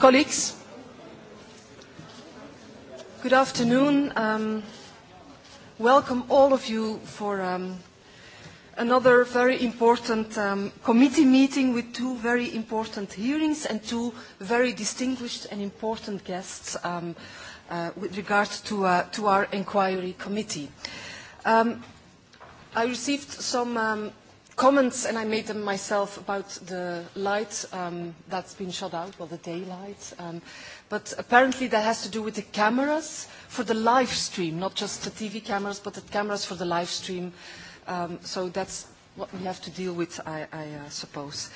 Colleagues, good afternoon. Um, welcome all of you for um, another very important um, committee meeting with two very important hearings and two very distinguished and important guests um, uh, with regard to, uh, to our inquiry committee. Um, I received some um, comments, and I made them myself, about the light um, that's been shut out, well, the daylight. Um, but apparently that has to do with the cameras for the live stream, not just the TV cameras, but the cameras for the live stream. Um, so that's what we have to deal with, I, I uh, suppose.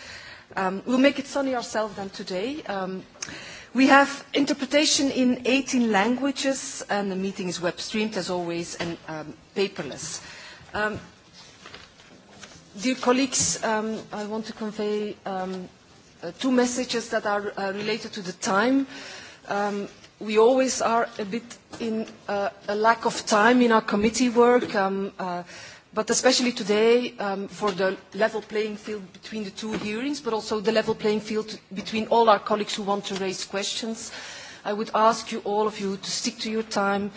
Um, we'll make it sunny ourselves then today. Um, we have interpretation in 18 languages, and the meeting is web-streamed as always, and um, paperless. Um, Dear colleagues, um, I want to convey um, uh, two messages that are uh, related to the time. Um, we always are a bit in uh, a lack of time in our committee work, um, uh, but especially today um, for the level playing field between the two hearings, but also the level playing field between all our colleagues who want to raise questions. I would ask you, all of you, to stick to your time,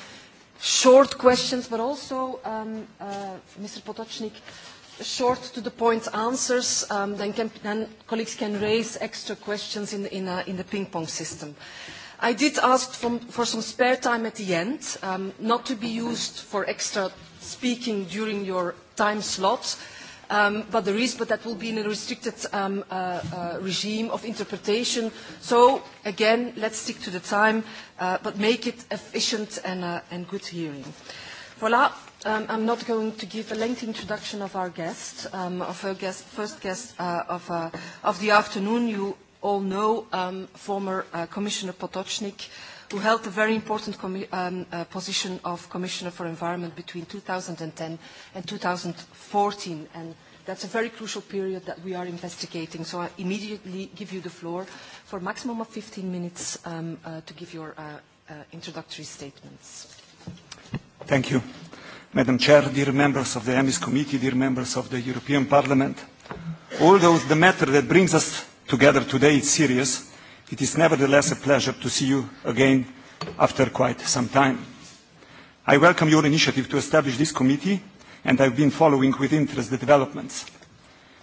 short questions, but also, um, uh, Mr. Potocznik, short to the point answers, um, then, can, then colleagues can raise extra questions in, in, uh, in the ping pong system. I did ask from, for some spare time at the end, um, not to be used for extra speaking during your time slot, um, but there is, but that will be in a restricted um, uh, uh, regime of interpretation. So again, let's stick to the time, uh, but make it efficient and, uh, and good hearing. Voilà, Um, I'm not going to give a lengthy introduction of our guest, um, of our guest, first guest uh, of, uh, of the afternoon. You all know um, former uh, Commissioner Potocznik, who held a very important um, uh, position of Commissioner for Environment between 2010 and 2014. And that's a very crucial period that we are investigating. So I immediately give you the floor for a maximum of 15 minutes um, uh, to give your uh, uh, introductory statements. Thank you. Madam Chair, dear members of the EMIS Committee, dear members of the European Parliament, although the matter that brings us together today is serious, it is nevertheless a pleasure to see you again after quite some time. I welcome your initiative to establish this committee, and I've been following with interest the developments.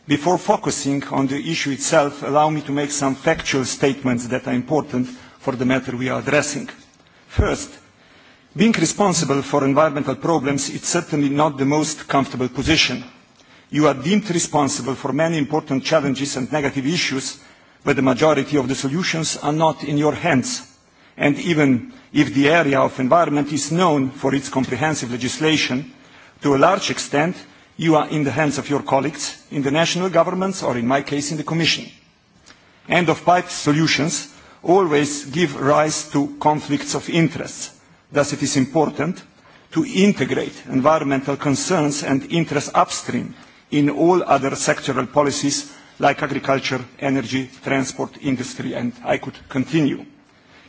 Before focusing on the issue itself, allow me to make some factual statements that are important for the matter we are addressing. First, Being responsible for environmental problems is certainly not the most comfortable position. You are deemed responsible for many important challenges and negative issues, but the majority of the solutions are not in your hands. And even if the area of environment is known for its comprehensive legislation, to a large extent, you are in the hands of your colleagues in the national governments or in my case in the Commission. End-of-pipe solutions always give rise to conflicts of interests. Thus, it is important to integrate environmental concerns and interests upstream in all other sectoral policies like agriculture, energy, transport, industry, and I could continue.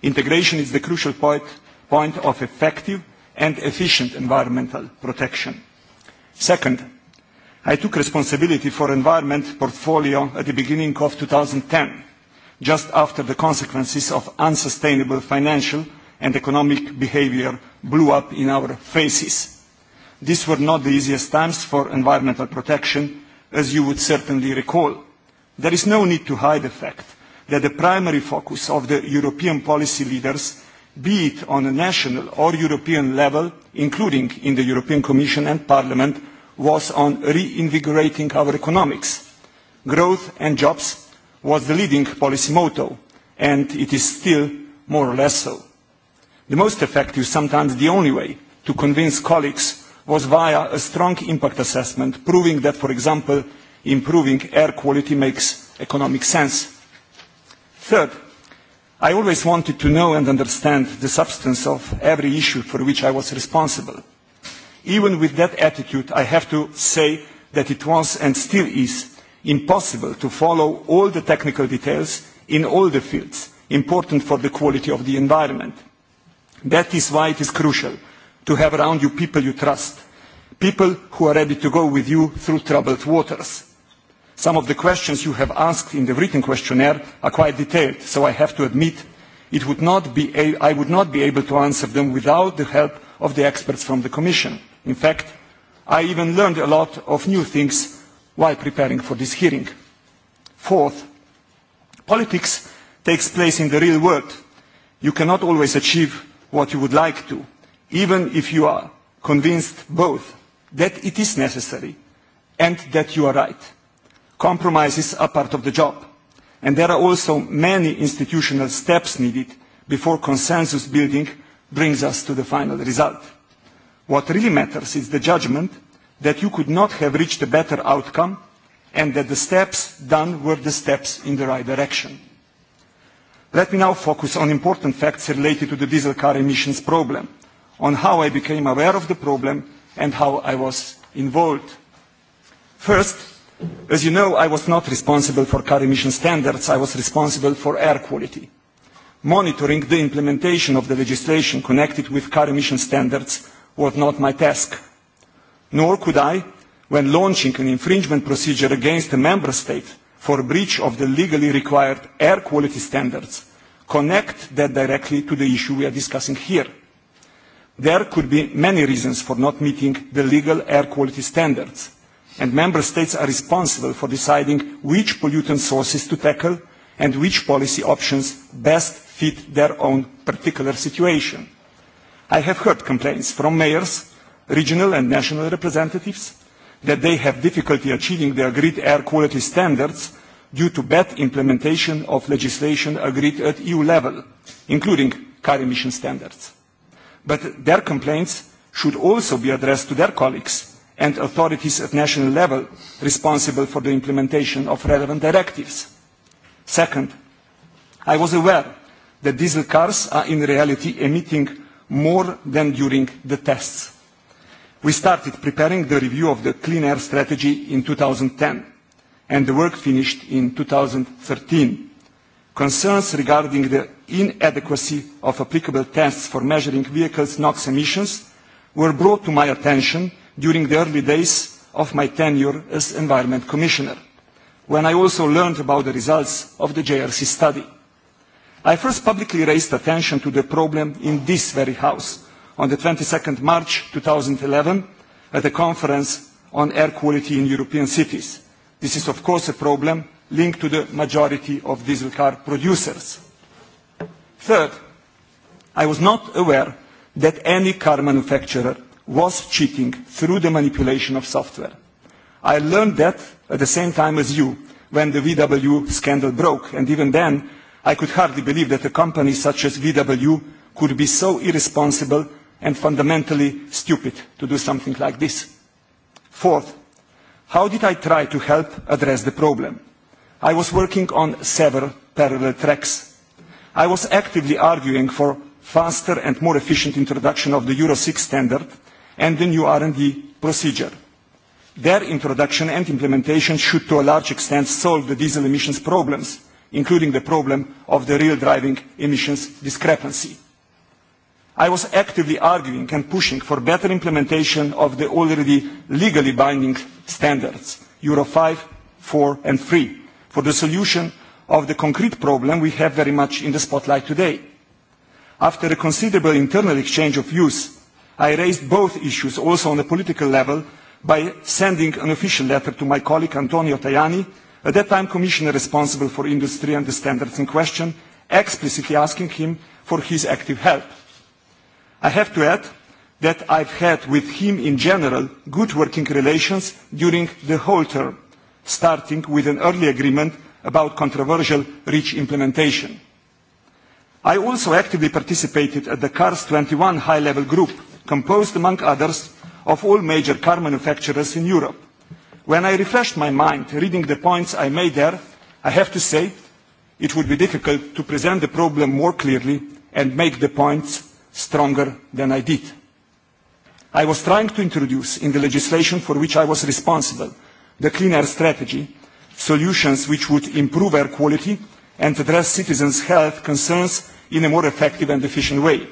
Integration is the crucial point, point of effective and efficient environmental protection. Second, I took responsibility for environment portfolio at the beginning of 2010, just after the consequences of unsustainable financial and economic behavior blew up in our faces. These were not the easiest times for environmental protection, as you would certainly recall. There is no need to hide the fact that the primary focus of the European policy leaders, be it on a national or European level, including in the European Commission and Parliament, was on reinvigorating our economics. Growth and jobs was the leading policy motto, and it is still more or less so. The most effective, sometimes the only way, to convince colleagues was via a strong impact assessment proving that, for example, improving air quality makes economic sense. Third, I always wanted to know and understand the substance of every issue for which I was responsible. Even with that attitude, I have to say that it was and still is impossible to follow all the technical details in all the fields important for the quality of the environment. That is why it is crucial to have around you people you trust, people who are ready to go with you through troubled waters. Some of the questions you have asked in the written questionnaire are quite detailed, so I have to admit it would not be a I would not be able to answer them without the help of the experts from the Commission. In fact, I even learned a lot of new things while preparing for this hearing. Fourth, politics takes place in the real world. You cannot always achieve what you would like to, even if you are convinced both that it is necessary and that you are right. Compromises are part of the job, and there are also many institutional steps needed before consensus building brings us to the final result. What really matters is the judgment that you could not have reached a better outcome and that the steps done were the steps in the right direction. Let me now focus on important facts related to the diesel car emissions problem, on how I became aware of the problem and how I was involved. First, as you know, I was not responsible for car emission standards, I was responsible for air quality. Monitoring the implementation of the legislation connected with car emission standards was not my task. Nor could I, when launching an infringement procedure against a member state, for breach of the legally required air quality standards connect that directly to the issue we are discussing here. There could be many reasons for not meeting the legal air quality standards, and member states are responsible for deciding which pollutant sources to tackle and which policy options best fit their own particular situation. I have heard complaints from mayors, regional and national representatives, that they have difficulty achieving their grid air quality standards due to bad implementation of legislation agreed at EU level, including car emission standards. But their complaints should also be addressed to their colleagues and authorities at national level responsible for the implementation of relevant directives. Second, I was aware that diesel cars are in reality emitting more than during the tests. We started preparing the review of the clean air strategy in 2010, and the work finished in 2013. Concerns regarding the inadequacy of applicable tests for measuring vehicles' NOx emissions were brought to my attention during the early days of my tenure as Environment Commissioner, when I also learned about the results of the JRC study. I first publicly raised attention to the problem in this very house on the 22nd March 2011 at a conference on air quality in European cities. This is of course a problem linked to the majority of diesel car producers. Third, I was not aware that any car manufacturer was cheating through the manipulation of software. I learned that at the same time as you when the VW scandal broke and even then I could hardly believe that a company such as VW could be so irresponsible and fundamentally stupid to do something like this. Fourth, how did I try to help address the problem? I was working on several parallel tracks. I was actively arguing for faster and more efficient introduction of the Euro 6 standard and the new R&D procedure. Their introduction and implementation should to a large extent solve the diesel emissions problems, including the problem of the real driving emissions discrepancy. I was actively arguing and pushing for better implementation of the already legally binding standards, Euro 5, 4 and 3, for the solution of the concrete problem we have very much in the spotlight today. After a considerable internal exchange of views, I raised both issues also on a political level by sending an official letter to my colleague Antonio Tajani, at that time Commissioner responsible for industry and the standards in question, explicitly asking him for his active help. I have to add that I've had with him in general good working relations during the whole term, starting with an early agreement about controversial REACH implementation. I also actively participated at the CARS 21 high-level group, composed among others of all major car manufacturers in Europe. When I refreshed my mind reading the points I made there, I have to say it would be difficult to present the problem more clearly and make the points stronger than I did. I was trying to introduce in the legislation for which I was responsible, the Clean Air Strategy, solutions which would improve air quality and address citizens' health concerns in a more effective and efficient way.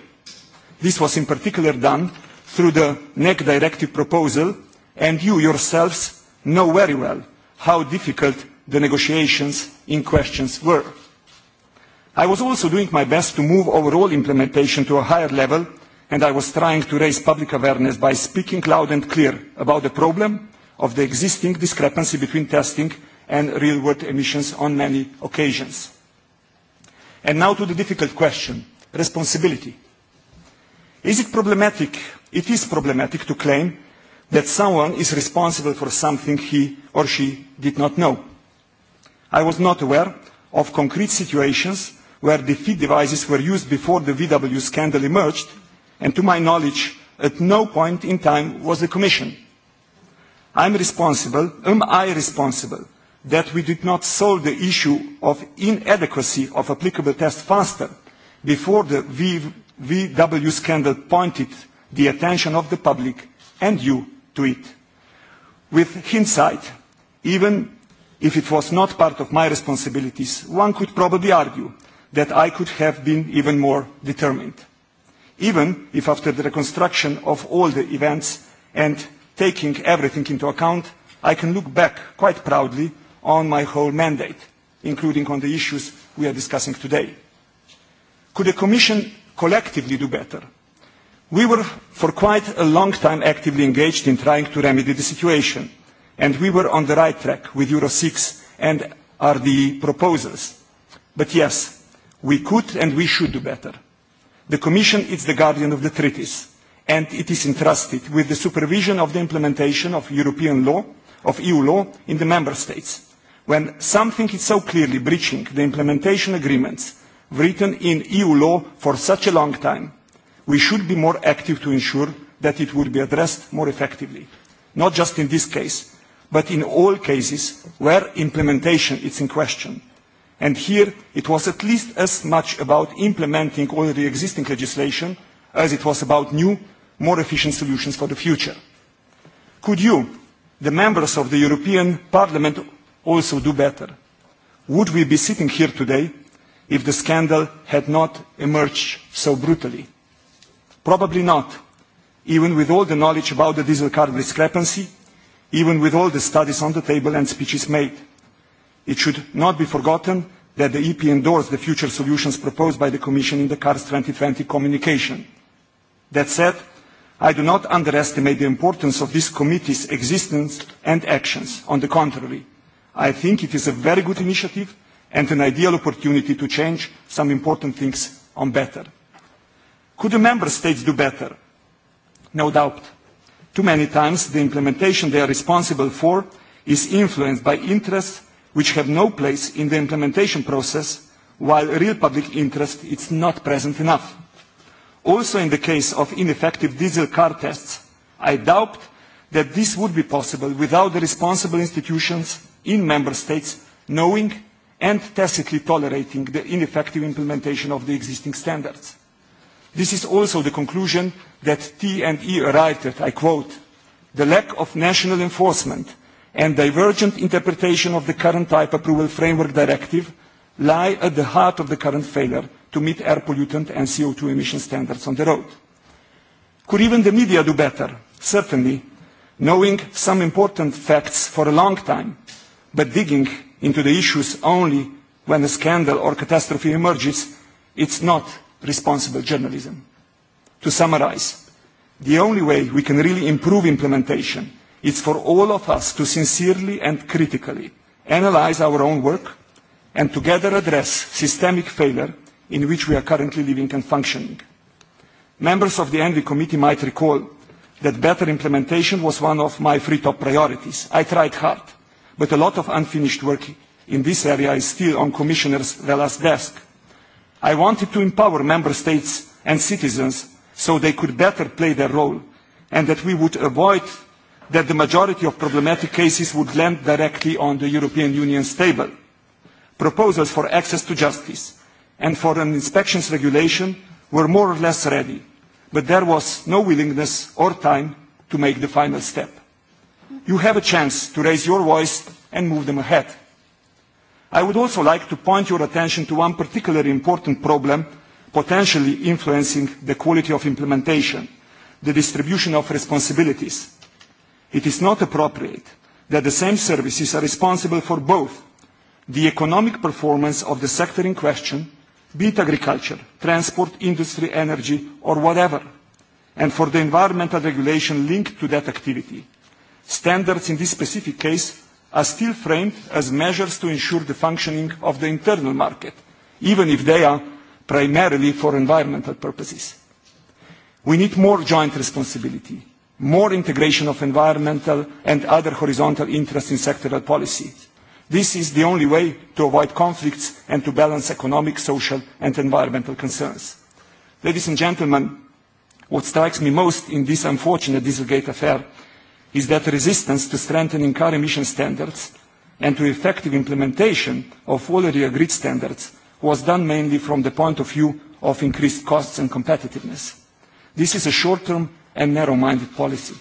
This was in particular done through the NEC directive proposal, and you yourselves know very well how difficult the negotiations in questions were. I was also doing my best to move overall implementation to a higher level, and I was trying to raise public awareness by speaking loud and clear about the problem of the existing discrepancy between testing and real-world emissions on many occasions. And now to the difficult question, responsibility. Is it problematic? It is problematic to claim that someone is responsible for something he or she did not know. I was not aware of concrete situations where the feed devices were used before the VW scandal emerged, and to my knowledge, at no point in time was the Commission. I'm responsible, am I responsible, that we did not solve the issue of inadequacy of applicable tests faster before the v VW scandal pointed the attention of the public and you to it. With hindsight, even if it was not part of my responsibilities, one could probably argue that I could have been even more determined. Even if after the reconstruction of all the events and taking everything into account, I can look back quite proudly on my whole mandate, including on the issues we are discussing today. Could the Commission collectively do better? We were for quite a long time actively engaged in trying to remedy the situation, and we were on the right track with Euro 6 and RDE proposals. But yes, We could and we should do better. The Commission is the guardian of the treaties, and it is entrusted with the supervision of the implementation of European law, of EU law, in the Member States. When something is so clearly breaching the implementation agreements written in EU law for such a long time, we should be more active to ensure that it would be addressed more effectively, not just in this case, but in all cases where implementation is in question And here it was at least as much about implementing already existing legislation as it was about new, more efficient solutions for the future. Could you, the members of the European Parliament, also do better? Would we be sitting here today if the scandal had not emerged so brutally? Probably not, even with all the knowledge about the diesel car discrepancy, even with all the studies on the table and speeches made. It should not be forgotten that the EP endorsed the future solutions proposed by the Commission in the CARS 2020 communication. That said, I do not underestimate the importance of this committee's existence and actions. On the contrary, I think it is a very good initiative and an ideal opportunity to change some important things on better. Could the member states do better? No doubt. Too many times the implementation they are responsible for is influenced by interests which have no place in the implementation process while real public interest is not present enough. Also in the case of ineffective diesel car tests, I doubt that this would be possible without the responsible institutions in Member States knowing and tacitly tolerating the ineffective implementation of the existing standards. This is also the conclusion that T&E arrived at, I quote, the lack of national enforcement and divergent interpretation of the current type approval framework directive lie at the heart of the current failure to meet air pollutant and CO2 emission standards on the road. Could even the media do better? Certainly, knowing some important facts for a long time, but digging into the issues only when a scandal or catastrophe emerges, it's not responsible journalism. To summarize, the only way we can really improve implementation It's for all of us to sincerely and critically analyze our own work and together address systemic failure in which we are currently living and functioning. Members of the ENVI committee might recall that better implementation was one of my three top priorities. I tried hard, but a lot of unfinished work in this area is still on Commissioner Vela's desk. I wanted to empower member states and citizens so they could better play their role and that we would avoid that the majority of problematic cases would land directly on the European Union's table. Proposals for access to justice and for an inspections regulation were more or less ready, but there was no willingness or time to make the final step. You have a chance to raise your voice and move them ahead. I would also like to point your attention to one particularly important problem potentially influencing the quality of implementation, the distribution of responsibilities. It is not appropriate that the same services are responsible for both the economic performance of the sector in question, be it agriculture, transport, industry, energy, or whatever, and for the environmental regulation linked to that activity. Standards in this specific case are still framed as measures to ensure the functioning of the internal market, even if they are primarily for environmental purposes. We need more joint responsibility more integration of environmental and other horizontal interests in sectoral policy. This is the only way to avoid conflicts and to balance economic, social and environmental concerns. Ladies and gentlemen, what strikes me most in this unfortunate Dieselgate affair is that resistance to strengthening car emission standards and to effective implementation of already agreed standards was done mainly from the point of view of increased costs and competitiveness. This is a short-term and narrow-minded policy.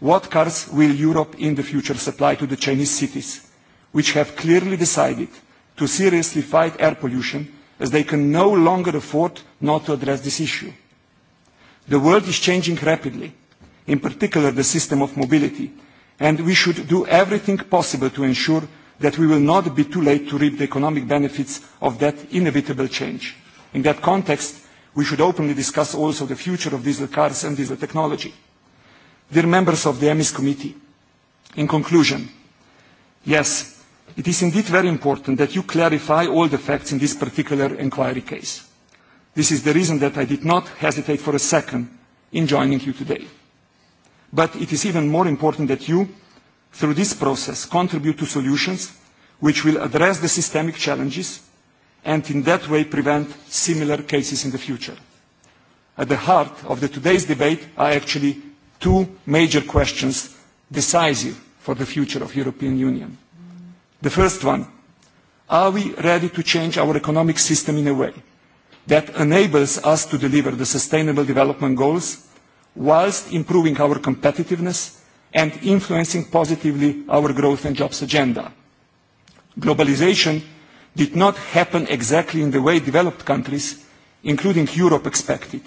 What cars will Europe in the future supply to the Chinese cities, which have clearly decided to seriously fight air pollution as they can no longer afford not to address this issue? The world is changing rapidly, in particular the system of mobility, and we should do everything possible to ensure that we will not be too late to reap the economic benefits of that inevitable change. In that context, we should openly discuss also the future of diesel cars and diesel technology. Dear members of the EMIS committee, in conclusion, yes, it is indeed very important that you clarify all the facts in this particular inquiry case. This is the reason that I did not hesitate for a second in joining you today. But it is even more important that you, through this process, contribute to solutions which will address the systemic challenges and in that way prevent similar cases in the future. At the heart of the today's debate are actually two major questions decisive for the future of European Union. The first one, are we ready to change our economic system in a way that enables us to deliver the sustainable development goals whilst improving our competitiveness and influencing positively our growth and jobs agenda? Globalization did not happen exactly in the way developed countries, including Europe, expected.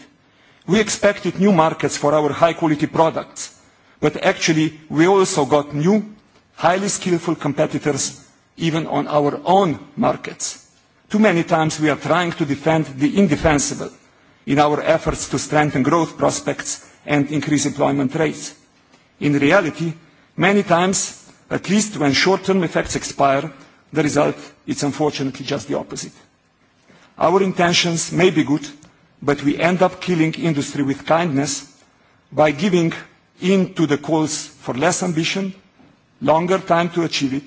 We expected new markets for our high-quality products, but actually we also got new, highly skillful competitors even on our own markets. Too many times we are trying to defend the indefensible in our efforts to strengthen growth prospects and increase employment rates. In reality, many times, at least when short-term effects expire, The result is unfortunately just the opposite. Our intentions may be good, but we end up killing industry with kindness by giving in to the calls for less ambition, longer time to achieve it,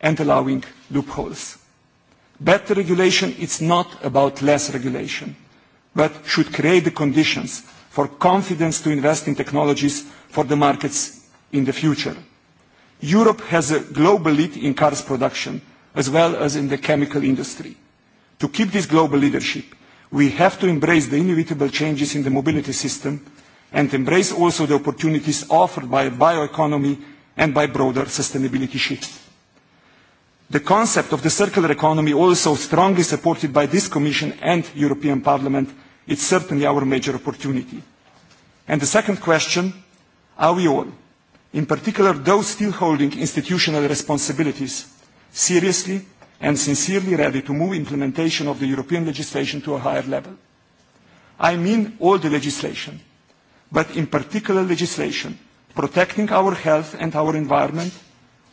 and allowing loopholes. Better regulation is not about less regulation, but should create the conditions for confidence to invest in technologies for the markets in the future. Europe has a global lead in cars production, as well as in the chemical industry. To keep this global leadership, we have to embrace the inevitable changes in the mobility system and embrace also the opportunities offered by bioeconomy and by broader sustainability shifts. The concept of the circular economy, also strongly supported by this Commission and European Parliament, is certainly our major opportunity. And the second question, are we all, in particular those still holding institutional responsibilities, seriously and sincerely ready to move implementation of the European legislation to a higher level. I mean all the legislation, but in particular legislation protecting our health and our environment,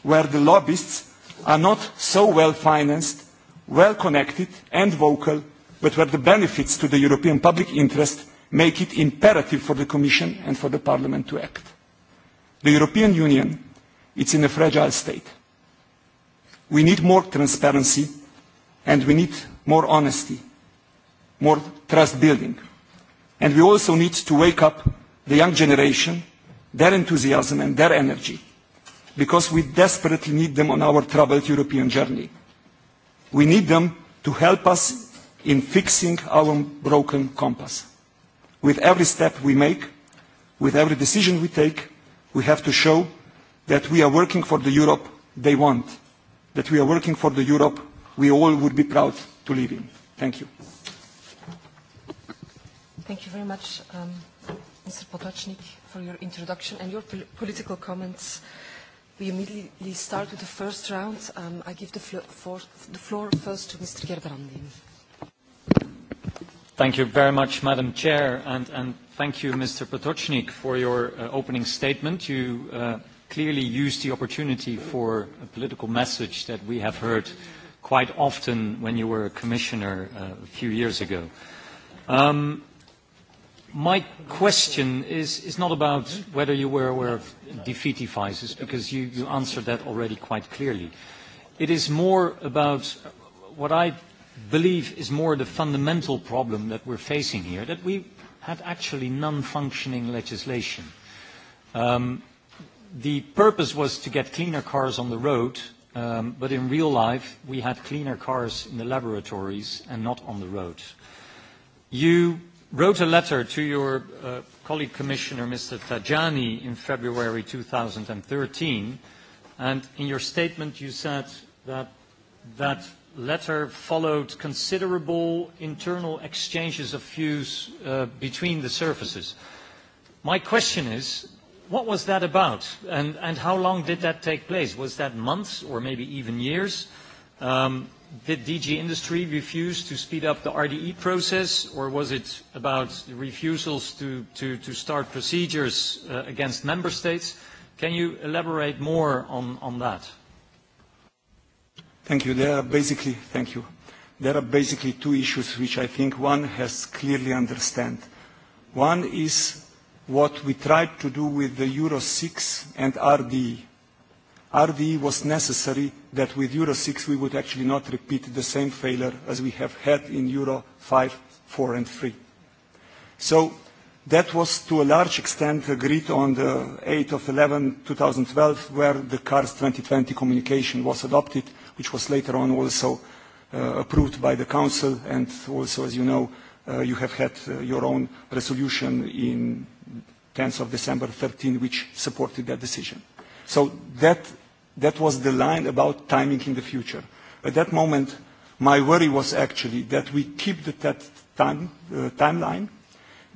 where the lobbyists are not so well financed, well connected and vocal, but where the benefits to the European public interest make it imperative for the Commission and for the Parliament to act. The European Union is in a fragile state. We need more transparency and we need more honesty, more trust building. And we also need to wake up the young generation, their enthusiasm and their energy, because we desperately need them on our troubled European journey. We need them to help us in fixing our broken compass. With every step we make, with every decision we take, we have to show that we are working for the Europe they want that we are working for the Europe we all would be proud to live in. Thank you. Thank you very much, um, Mr. Potocznik, for your introduction and your pol political comments. We immediately start with the first round. Um, I give the, flo for the floor first to Mr. Gerbrandi. Thank you very much, Madam Chair, and, and thank you, Mr. Potocznik, for your uh, opening statement. You uh, clearly used the opportunity for a political message that we have heard quite often when you were a commissioner uh, a few years ago. Um, my question is, is not about whether you were aware of defeat devices, because you, you answered that already quite clearly. It is more about what I believe is more the fundamental problem that we're facing here, that we had actually non-functioning legislation. Um, the purpose was to get cleaner cars on the road, um, but in real life we had cleaner cars in the laboratories and not on the road. You wrote a letter to your uh, colleague commissioner, Mr. Tajani, in February 2013, and in your statement you said that that letter followed considerable internal exchanges of views uh, between the services. My question is, What was that about? And, and how long did that take place? Was that months or maybe even years? Um, did DG Industry refuse to speed up the RDE process, or was it about the refusals to, to, to start procedures uh, against member states? Can you elaborate more on, on that? Thank you. There are basically, thank you. There are basically two issues which I think one has clearly understand. One is what we tried to do with the Euro 6 and RDE. RDE was necessary that with Euro 6 we would actually not repeat the same failure as we have had in Euro 5, 4 and 3. So that was to a large extent agreed on the 8th of 11, 2012 where the CARS 2020 communication was adopted which was later on also uh, approved by the Council and also as you know uh, you have had uh, your own resolution in 10th of December 13, which supported that decision. So that, that was the line about timing in the future. At that moment, my worry was actually that we keep the, that time, uh, timeline,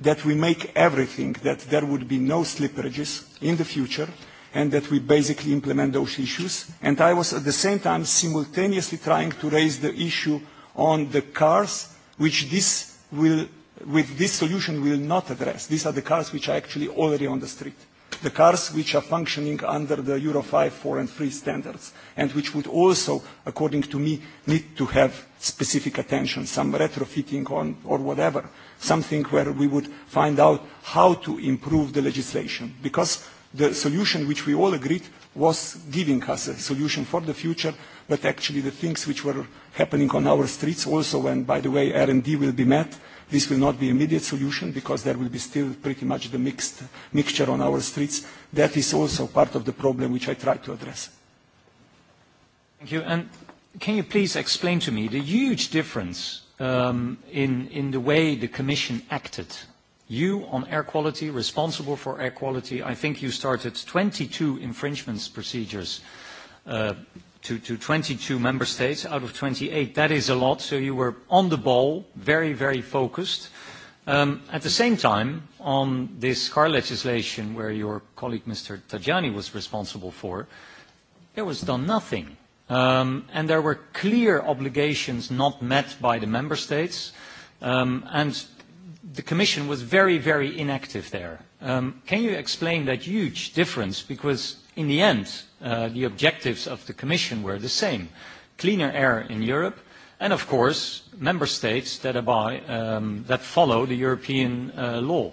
that we make everything, that there would be no slippages in the future, and that we basically implement those issues. And I was at the same time simultaneously trying to raise the issue on the cars, which this will with this solution we will not address. These are the cars which are actually already on the street. The cars which are functioning under the Euro 5, 4 and 3 standards and which would also, according to me, need to have specific attention, some retrofitting on, or whatever, something where we would find out how to improve the legislation. Because the solution which we all agreed was giving us a solution for the future, but actually the things which were happening on our streets also, and by the way, R&D will be met, This will not be immediate solution because there will be still pretty much the mixed mixture on our streets. That is also part of the problem which I tried to address. Thank you. And can you please explain to me the huge difference um, in, in the way the Commission acted You on air quality, responsible for air quality, I think you started 22 infringements procedures uh, to, to 22 member states out of 28. That is a lot, so you were on the ball, very, very focused. Um, at the same time, on this car legislation where your colleague Mr. Tajani was responsible for, there was done nothing. Um, and there were clear obligations not met by the member states, um, and the Commission was very, very inactive there. Um, can you explain that huge difference? Because in the end, uh, the objectives of the Commission were the same. Cleaner air in Europe, and of course, member states that, abide, um, that follow the European uh, law.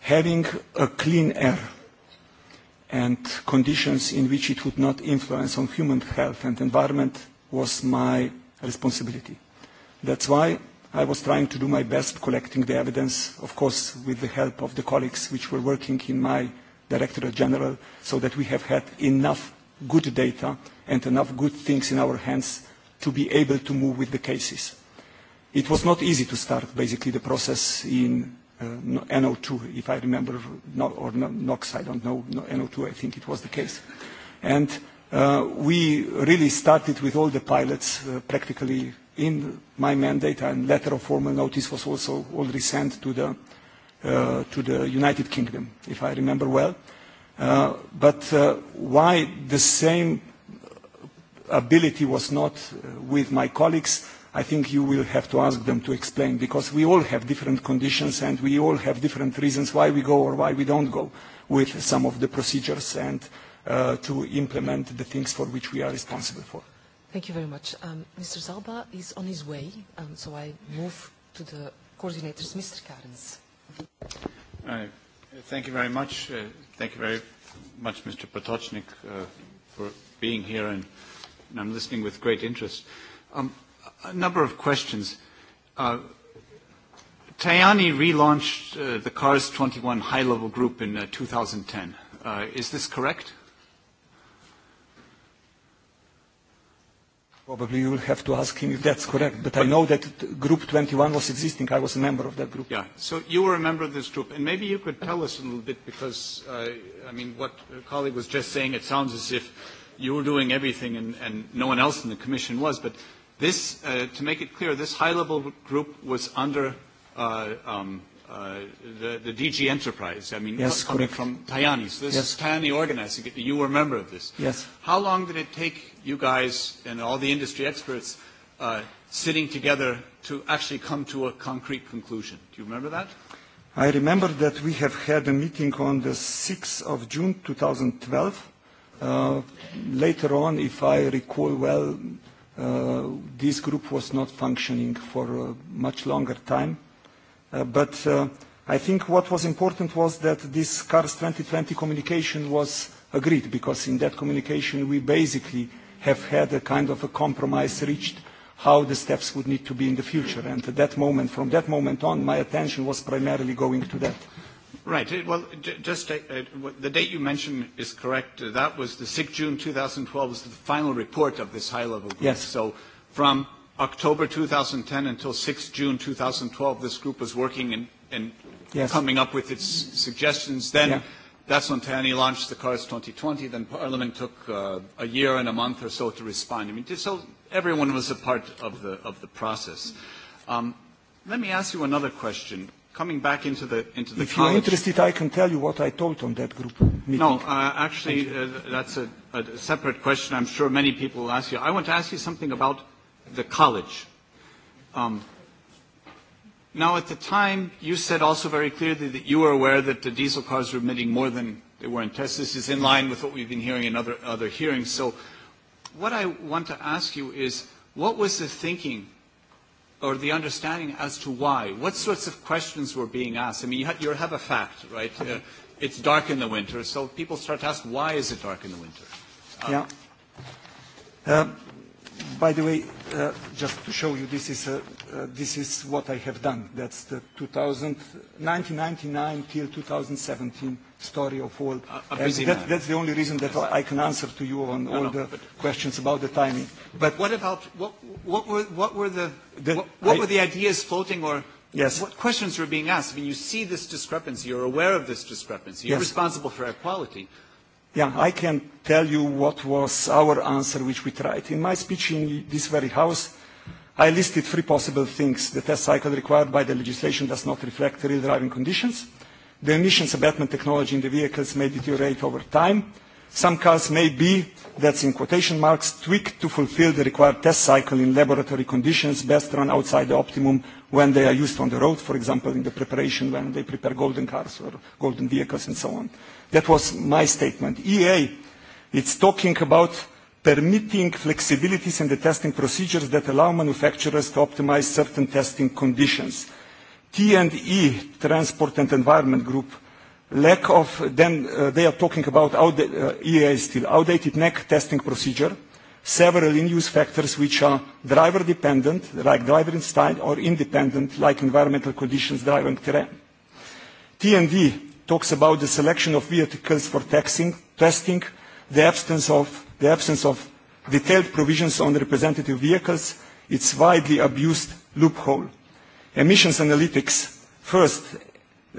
Having a clean air and conditions in which it would not influence on human health and environment was my responsibility. That's why I was trying to do my best collecting the evidence, of course, with the help of the colleagues which were working in my Directorate General, so that we have had enough good data and enough good things in our hands to be able to move with the cases. It was not easy to start, basically, the process in uh, NO2, if I remember, no, or NOx, I don't know, no, NO2, I think it was the case. And uh, we really started with all the pilots, uh, practically in my mandate and letter of formal notice was also already sent to the, uh, to the United Kingdom, if I remember well. Uh, but uh, why the same ability was not uh, with my colleagues, I think you will have to ask them to explain, because we all have different conditions and we all have different reasons why we go or why we don't go with some of the procedures and uh, to implement the things for which we are responsible for. Thank you very much. Um, Mr. Zalba is on his way, um, so I move to the coordinators, Mr. Karens. Uh, thank you very much. Uh, thank you very much, Mr. Potocznik, uh, for being here, and, and I'm listening with great interest. Um, a number of questions. Uh, Tajani relaunched uh, the CARS 21 high-level group in uh, 2010. Uh, is this correct? Probably you will have to ask him if that's correct, but, but I know that Group 21 was existing. I was a member of that group. Yeah, so you were a member of this group, and maybe you could tell us a little bit, because, uh, I mean, what a colleague was just saying, it sounds as if you were doing everything and, and no one else in the Commission was, but this, uh, to make it clear, this high-level group was under uh, um, uh, the, the DG Enterprise, I mean, yes, coming from Tajani. So this yes. is Tajani organizing it. You were a member of this. Yes. How long did it take you guys and all the industry experts uh, sitting together to actually come to a concrete conclusion? Do you remember that? I remember that we have had a meeting on the 6th of June 2012. Uh, later on, if I recall well, uh, this group was not functioning for a uh, much longer time Uh, but uh, I think what was important was that this CARS 2020 communication was agreed, because in that communication we basically have had a kind of a compromise reached how the steps would need to be in the future. And at that moment, from that moment on, my attention was primarily going to that. Right. Uh, well, just uh, uh the date you mentioned is correct. That was the 6th June 2012 was the final report of this high-level group. Yes. So from October 2010 until 6 June 2012, this group was working and, and yes. coming up with its suggestions. Then yeah. that's when Tani launched the CARS 2020. Then Parliament took uh, a year and a month or so to respond. I mean, so everyone was a part of the, of the process. Um, let me ask you another question. Coming back into the into the. If college, you're interested, I can tell you what I told on that group meeting. No, uh, actually, uh, that's a, a separate question. I'm sure many people will ask you. I want to ask you something about the college. Um, now, at the time, you said also very clearly that you were aware that the diesel cars were emitting more than they were in tests. This is in line with what we've been hearing in other, other hearings. So what I want to ask you is, what was the thinking or the understanding as to why? What sorts of questions were being asked? I mean, you, have, you have a fact, right? Uh, it's dark in the winter, so people start to ask, why is it dark in the winter? Um, yeah. Uh, um, by the way, uh, just to show you, this is, uh, uh, this is what I have done. That's the 2000, 1999 till 2017 story of all. A, a busy that's the only reason that I can answer to you on no, all no, the questions about the timing. But what about, what, what, were, what were the, the what, what I, were the ideas floating or Yes. What questions were being asked? I mean, you see this discrepancy, you're aware of this discrepancy, you're yes. responsible for equality. Yeah, I can tell you what was our answer which we tried. In my speech in this very house, I listed three possible things. The test cycle required by the legislation does not reflect real driving conditions. The emissions abatement technology in the vehicles may deteriorate over time. Some cars may be, that's in quotation marks, tweaked to fulfill the required test cycle in laboratory conditions, best run outside the optimum when they are used on the road, for example, in the preparation when they prepare golden cars or golden vehicles and so on. That was my statement. EA, it's talking about permitting flexibilities in the testing procedures that allow manufacturers to optimize certain testing conditions. T&E, Transport and Environment Group, lack of, then uh, they are talking about outda- uh, EA still, outdated neck testing procedure, several in-use factors which are driver-dependent, like driver instinct, or independent, like environmental conditions, driving terrain. D talks about the selection of vehicles for taxing, testing, the absence of, the absence of detailed provisions on representative vehicles, its widely abused loophole. Emissions analytics. First,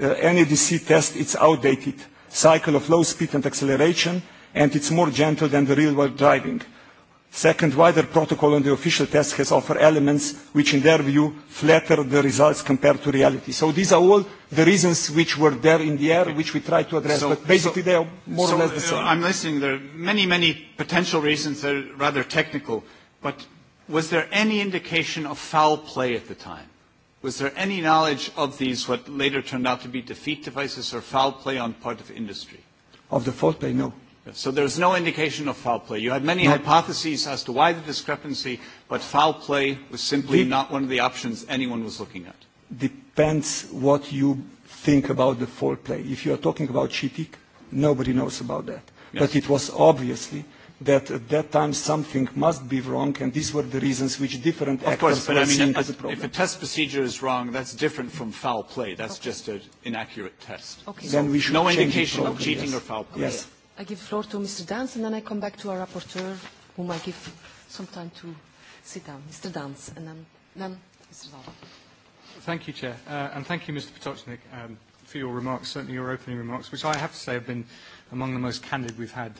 uh, NADC test, it's outdated. Cycle of low speed and acceleration, and it's more gentle than the real-world driving. Second, wider protocol on the official test has offered elements which, in their view, flatter the results compared to reality. So these are all the reasons which were there in the air, which we tried to address. So, but basically, so, they are more so, or less the same. Uh, I'm listening. There are many, many potential reasons that are rather technical. But was there any indication of foul play at the time? Was there any knowledge of these, what later turned out to be defeat devices or foul play on part of industry? Of the foul play, no. So there's no indication of foul play. You had many no. hypotheses as to why the discrepancy, but foul play was simply De not one of the options anyone was looking at. Depends what you think about the foul play. If you are talking about cheating, nobody knows about that. Yes. But it was obviously that at that time something must be wrong, and these were the reasons which different of actors course, but were I mean, seeing as a problem. If a test procedure is wrong, that's different from foul play. That's okay. just an inaccurate test. Okay. So then we should no indication of cheating yes. or foul play. Yes. I give the floor to Mr. Dance and then I come back to our rapporteur, whom I give some time to sit down. Mr. Dance and then, then Mr. Zalba. Thank you, Chair. Uh, and thank you, Mr. Potocznik, um, for your remarks, certainly your opening remarks, which I have to say have been among the most candid we've had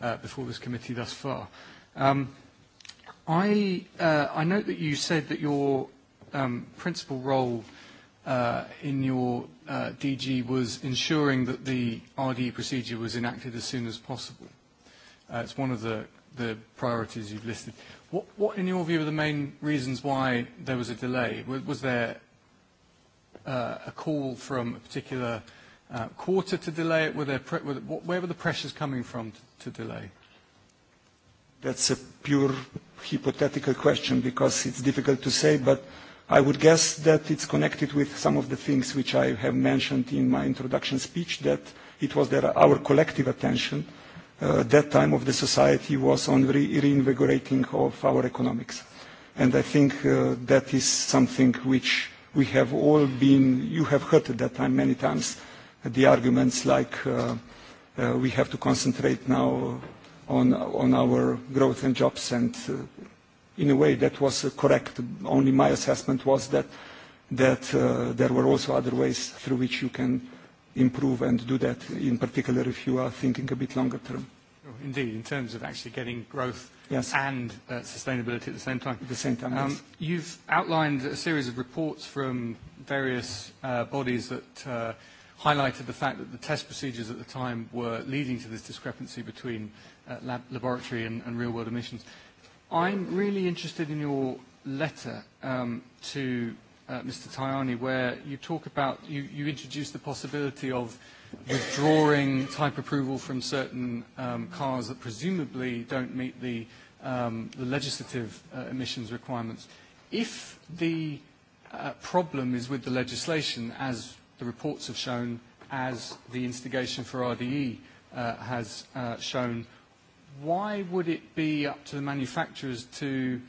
uh, before this committee thus far. Um, I, uh, I note that you said that your um, principal role – uh, in your uh, DG was ensuring that the RD procedure was enacted as soon as possible. Uh, it's one of the, the priorities you've listed. What, what, in your view, are the main reasons why there was a delay? Was, was there uh, a call from a particular uh, quarter to delay it? Were there pre were, what, where were the pressures coming from to, to delay? That's a pure hypothetical question because it's difficult to say, but I would guess that it's connected with some of the things which I have mentioned in my introduction speech, that it was that our collective attention uh, that time of the society was on re reinvigorating of our economics. And I think uh, that is something which we have all been, you have heard at that time many times, the arguments like uh, uh, we have to concentrate now on, on our growth and jobs and uh, in a way that was uh, correct. Only my assessment was that, that uh, there were also other ways through which you can improve and do that, in particular if you are thinking a bit longer term. Indeed, in terms of actually getting growth yes. and uh, sustainability at the same time. At the same time, um, yes. You've outlined a series of reports from various uh, bodies that uh, highlighted the fact that the test procedures at the time were leading to this discrepancy between uh, lab laboratory and, and real-world emissions. I'm really interested in your letter um, to uh, Mr. Tajani where you talk about, you, you introduce the possibility of withdrawing type approval from certain um, cars that presumably don't meet the, um, the legislative uh, emissions requirements. If the uh, problem is with the legislation, as the reports have shown, as the instigation for RDE uh, has uh, shown, why would it be up to the manufacturers to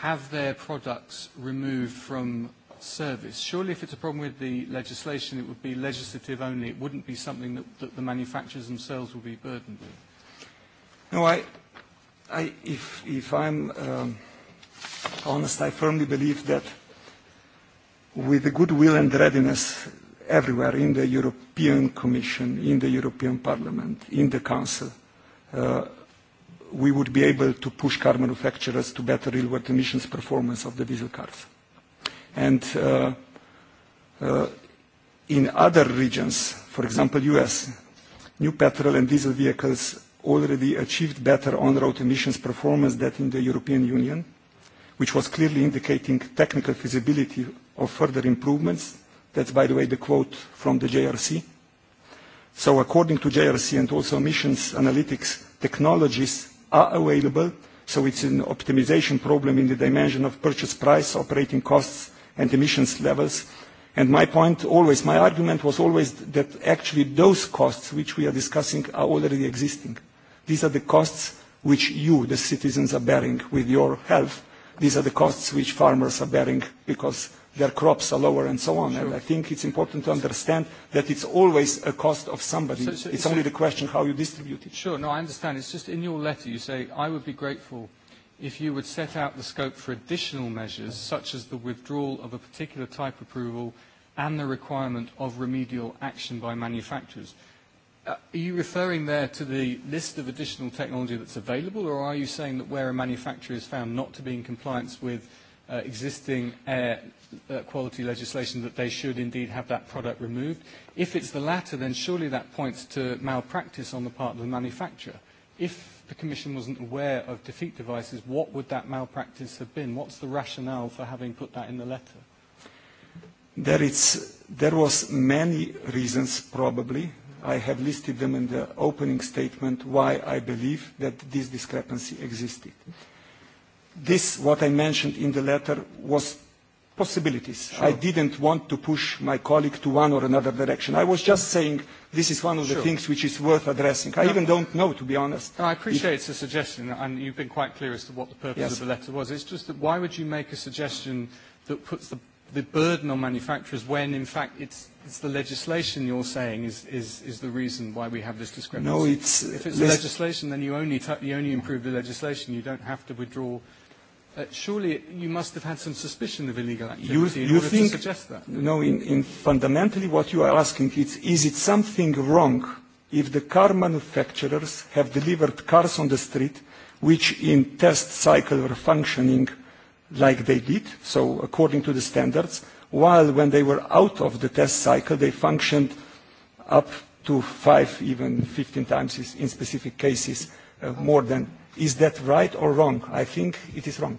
have their products removed from service? Surely if it's a problem with the legislation, it would be legislative only. It wouldn't be something that, that the manufacturers themselves would be burdened with. No, I, I, if, if I'm um, honest, I firmly believe that with the goodwill and readiness everywhere in the European Commission, in the European Parliament, in the Council, uh, we would be able to push car manufacturers to better real-world emissions performance of the diesel cars. And uh, uh, in other regions, for example, US, new petrol and diesel vehicles already achieved better on-road emissions performance than in the European Union, which was clearly indicating technical feasibility of further improvements. That's, by the way, the quote from the JRC. So according to JRC and also emissions analytics, technologies are available, so it's an optimization problem in the dimension of purchase price, operating costs, and emissions levels. And my point always, my argument was always that actually those costs which we are discussing are already existing. These are the costs which you, the citizens, are bearing with your health. These are the costs which farmers are bearing because their crops are lower and so on. Sure. And I think it's important to understand that it's always a cost of somebody. So, so, it's so, only the question how you distribute it. Sure, no, I understand. It's just in your letter you say, I would be grateful if you would set out the scope for additional measures, such as the withdrawal of a particular type approval and the requirement of remedial action by manufacturers. Uh, are you referring there to the list of additional technology that's available, or are you saying that where a manufacturer is found not to be in compliance with uh, existing air uh, quality legislation that they should indeed have that product removed. If it's the latter, then surely that points to malpractice on the part of the manufacturer. If the Commission wasn't aware of defeat devices, what would that malpractice have been? What's the rationale for having put that in the letter? There, is, there was many reasons, probably. I have listed them in the opening statement why I believe that this discrepancy existed. This, what I mentioned in the letter, was possibilities. Sure. I didn't want to push my colleague to one or another direction. I was just saying this is one of the sure. things which is worth addressing. I no. even don't know, to be honest. No, I appreciate it's a suggestion, and you've been quite clear as to what the purpose yes. of the letter was. It's just that why would you make a suggestion that puts the, the burden on manufacturers when, in fact, it's, it's the legislation you're saying is, is, is the reason why we have this discrepancy? No, it's... If it's the legislation, then you only, you only improve the legislation. You don't have to withdraw Uh, surely you must have had some suspicion of illegal activity you, you in order think, to suggest that. No, in, in fundamentally what you are asking is, is it something wrong if the car manufacturers have delivered cars on the street which in test cycle were functioning like they did, so according to the standards, while when they were out of the test cycle they functioned up to five, even 15 times in specific cases uh, more than Is that right or wrong? I think it is wrong.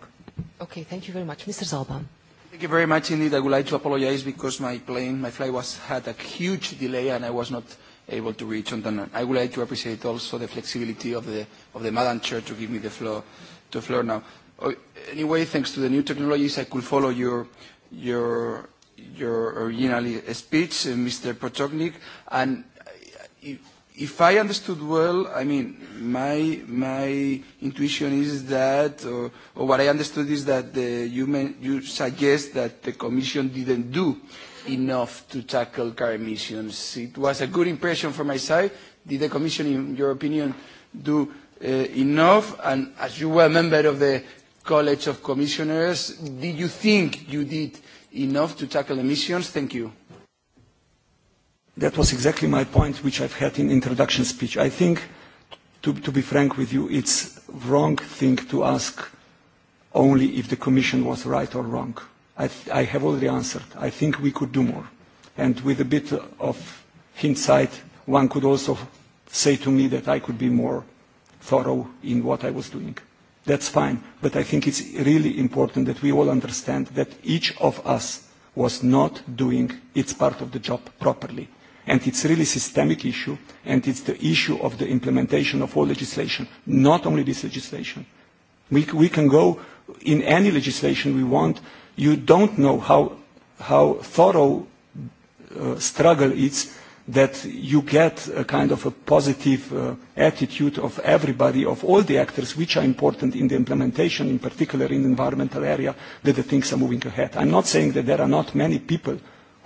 Okay, thank you very much. Mr. Zalban. Thank you very much indeed. I would like to apologize because my plane, my flight was had a huge delay and I was not able to reach London. I would like to appreciate also the flexibility of the, of the Madam Chair to give me the floor, to floor now. Oh, anyway, thanks to the new technologies, I could follow your, your, your original speech, uh, Mr. Potoknik, and uh, if I understood well, I mean, my, my intuition is that, or, or what I understood is that the, you, may, you suggest that the Commission didn't do enough to tackle car emissions. It was a good impression from my side. Did the Commission, in your opinion, do uh, enough? And as you were a member of the College of Commissioners, did you think you did enough to tackle emissions? Thank you that was exactly my point which I've had in introduction speech. I think, to, to be frank with you, it's wrong thing to ask only if the Commission was right or wrong. I, th I have already answered. I think we could do more. And with a bit of hindsight, one could also say to me that I could be more thorough in what I was doing. That's fine, but I think it's really important that we all understand that each of us was not doing its part of the job properly. And it's really a systemic issue, and it's the issue of the implementation of all legislation, not only this legislation. We, we can go in any legislation we want. You don't know how, how thorough uh, struggle it's that you get a kind of a positive uh, attitude of everybody, of all the actors which are important in the implementation, in particular in the environmental area, that the things are moving ahead. I'm not saying that there are not many people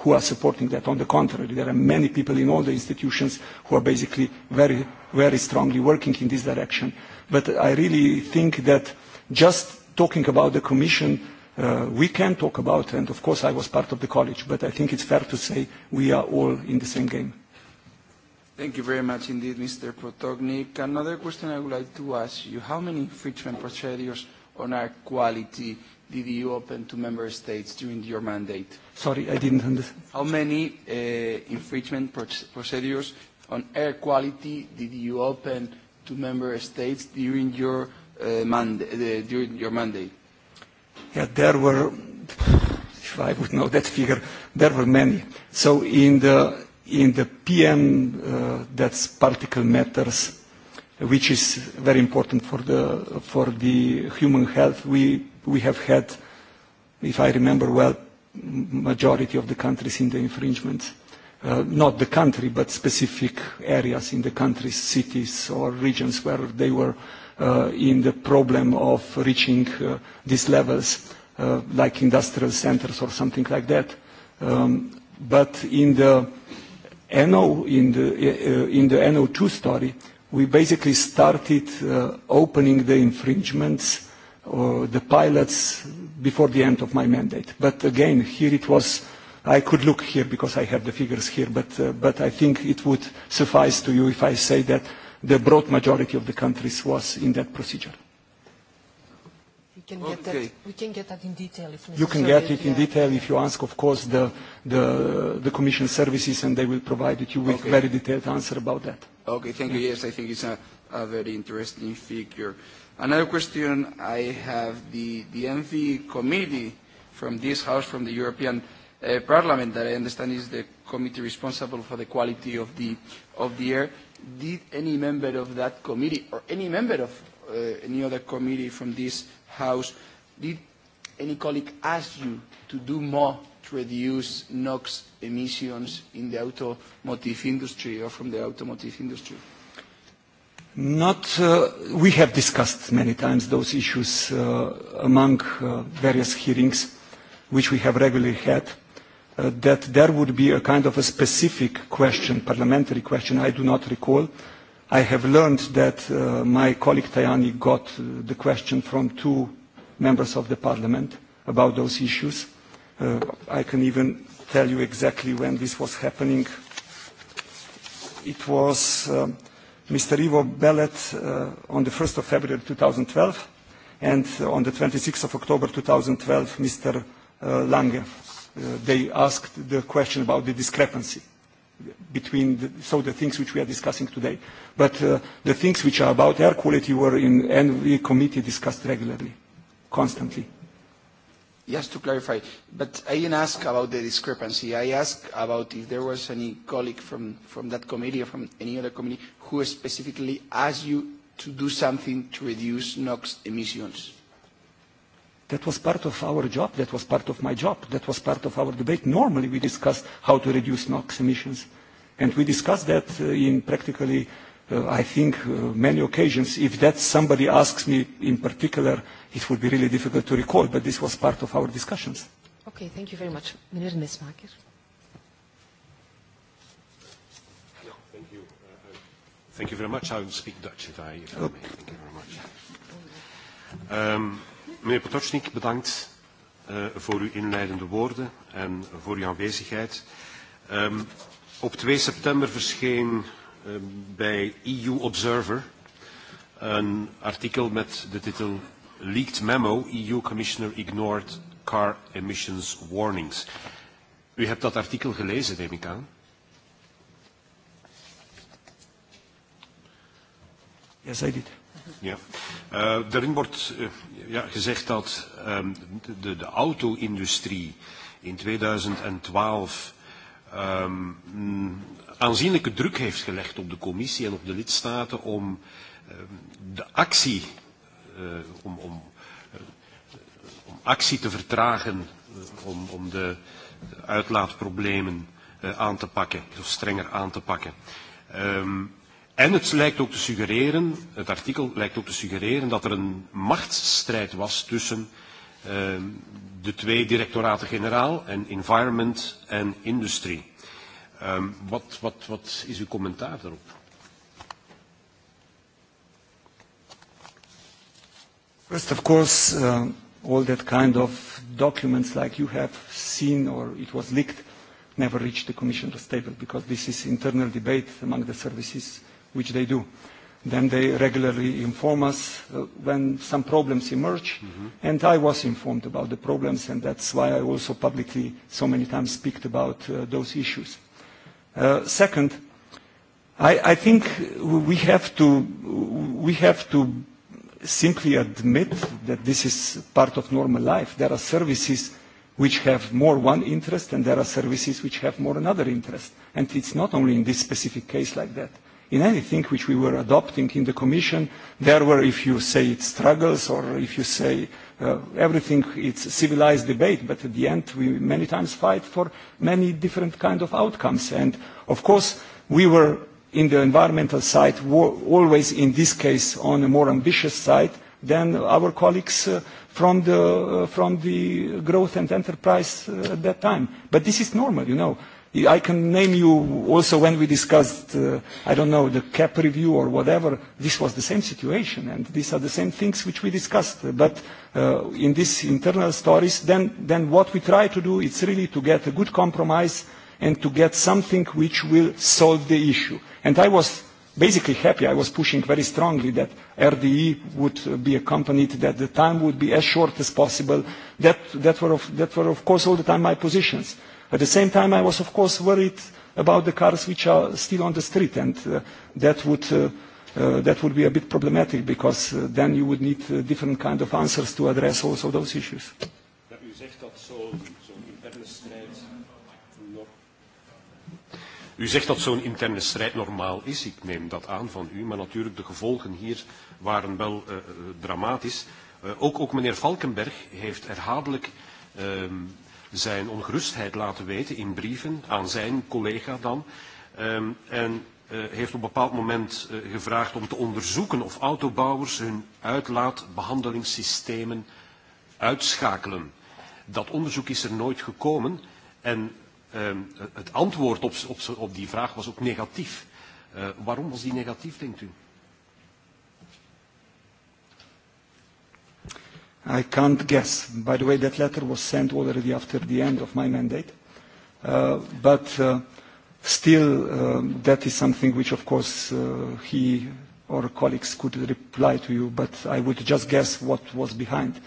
who are supporting that. On the contrary, there are many people in all the institutions who are basically very, very strongly working in this direction. But I really think that just talking about the Commission, uh, we can talk about, and of course I was part of the college, but I think it's fair to say we are all in the same game. Thank you very much indeed, Mr. Protognik. Another question I would like to ask you, how many infringement procedures on our quality did you open to member states during your mandate? Sorry, I didn't understand. How many uh, infringement procedures on air quality did you open to member states during your uh, mand uh, during your mandate? Yeah, there were, if I would know that figure, there were many. So in the in the PM, uh, that's particle matters which is very important for the, for the human health. We, we have had, if I remember well, majority of the countries in the infringement Uh, not the country, but specific areas in the countries, cities or regions where they were uh, in the problem of reaching uh, these levels, uh, like industrial centers or something like that. Um, but in the NO, in the, uh, in the NO2 story, we basically started uh, opening the infringements or the pilots before the end of my mandate. But again, here it was, I could look here because I have the figures here, but, uh, but I think it would suffice to you if I say that the broad majority of the countries was in that procedure can okay. that. We can get that in detail if necessary. You can get it in yeah. detail if you ask, of course, the, the, the Commission services, and they will provide it you with okay. very detailed answer about that. Okay, thank yeah. you. Yes, I think it's a, a very interesting figure. Another question I have the, the MV committee from this House, from the European uh, Parliament, that I understand is the committee responsible for the quality of the, of the air. Did any member of that committee or any member of uh, any other committee from this House, did any colleague ask you to do more to reduce NOx emissions in the automotive industry or from the automotive industry? Not, uh, we have discussed many times those issues uh, among uh, various hearings which we have regularly had, uh, that there would be a kind of a specific question, parliamentary question, I do not recall, I have learned that uh, my colleague Tajani got uh, the question from two members of the parliament about those issues. Uh, I can even tell you exactly when this was happening. It was uh, um, Mr. Ivo Bellet uh, on the 1st of February 2012 and uh, on the 26th of October 2012, Mr. Uh, Lange. Uh, they asked the question about the discrepancy between the, so the things which we are discussing today. But uh, the things which are about air quality were in the committee discussed regularly, constantly. Just to clarify, but I didn't ask about the discrepancy. I asked about if there was any colleague from, from that committee or from any other committee who specifically asked you to do something to reduce NOx emissions. That was part of our job, that was part of my job, that was part of our debate. Normally we discuss how to reduce NOx emissions. And we discussed that uh, in practically, uh, I think, uh, many occasions. If that somebody asks me in particular, it would be really difficult to recall, but this was part of our discussions. Okay, thank you very much. Meneer Hello, thank you. Uh, thank you very much. I will speak Dutch if I, if I may. Thank you very much. Um, Meneer Potocznik, bedankt uh, voor uw inleidende woorden en voor uw aanwezigheid. Um, op 2 september verscheen um, bij EU Observer een artikel met de titel Leaked Memo, EU Commissioner Ignored Car Emissions Warnings. U hebt dat artikel gelezen, neem ik aan. Yes, I did. Ja. Uh, daarin wordt uh, ja, gezegd dat um, de, de auto-industrie in 2012 um, ehm, mm, aanzienlijke druk heeft gelegd op de commissie en op de lidstaten om um, de actie, uh, om, om, uh, om actie te vertragen, uh, om, om de uitlaatproblemen uh, aan te pakken, of strenger aan te pakken. Um, En het lijkt ook te suggereren, het artikel lijkt ook te suggereren dat er een machtsstrijd was tussen uh, de twee directoraten-generaal en environment en Industry. Um, ehm, wat, wat, wat is uw commentaar daarop? First, of course, uh, all that kind of documents like you have seen or it was leaked never reached the Commissioner's table because this is internal debate among the services which they do. Then they regularly inform us uh, when some problems emerge, mm -hmm. and I was informed about the problems, and that's why I also publicly so many times speak about uh, those issues. Uh, second, I, I think we have, to, we have to simply admit that this is part of normal life. There are services which have more one interest, and there are services which have more another interest. And it's not only in this specific case like that in anything which we were adopting in the Commission, there were, if you say it struggles or if you say uh, everything, it's civilized debate, but at the end we many times fight for many different kind of outcomes. And of course we were in the environmental side always in this case on a more ambitious side than our colleagues uh, from, the, uh, from the growth and enterprise uh, at that time. But this is normal, you know. I can name you also when we discussed, uh, I don't know, the cap review or whatever, this was the same situation and these are the same things which we discussed. But uh, in these internal stories, then, then what we try to do is really to get a good compromise and to get something which will solve the issue. And I was basically happy. I was pushing very strongly that RDE would uh, be accompanied, that the time would be as short as possible. That, that, were, of, that were, of course, all the time my positions. At the same time, I was, of course, worried about the cars which are still on the street, and uh, that, would, uh, uh, that would be a bit problematic because uh, then you would need uh, different kind of answers to address also those issues. U zegt dat zo'n interne strijd normaal is. Ik neem dat aan van u. Maar natuurlijk, de gevolgen hier waren wel uh, dramatisch. Uh, ook, ook meneer Valkenberg heeft herhaaldelijk uh, zijn ongerustheid laten weten in brieven aan zijn collega dan. Um, en uh, heeft op een bepaald moment uh, gevraagd om te onderzoeken of autobouwers hun uitlaatbehandelingssystemen uitschakelen. Dat onderzoek is er nooit gekomen en um, het antwoord op, op, op die vraag was ook negatief. Uh, waarom was die negatief, denkt u? I can't guess. By the way, that letter was sent already after the end of my mandate. Uh, but uh, still, uh, that is something which, of course, uh, he or colleagues could reply to you, but I would just guess what was behind.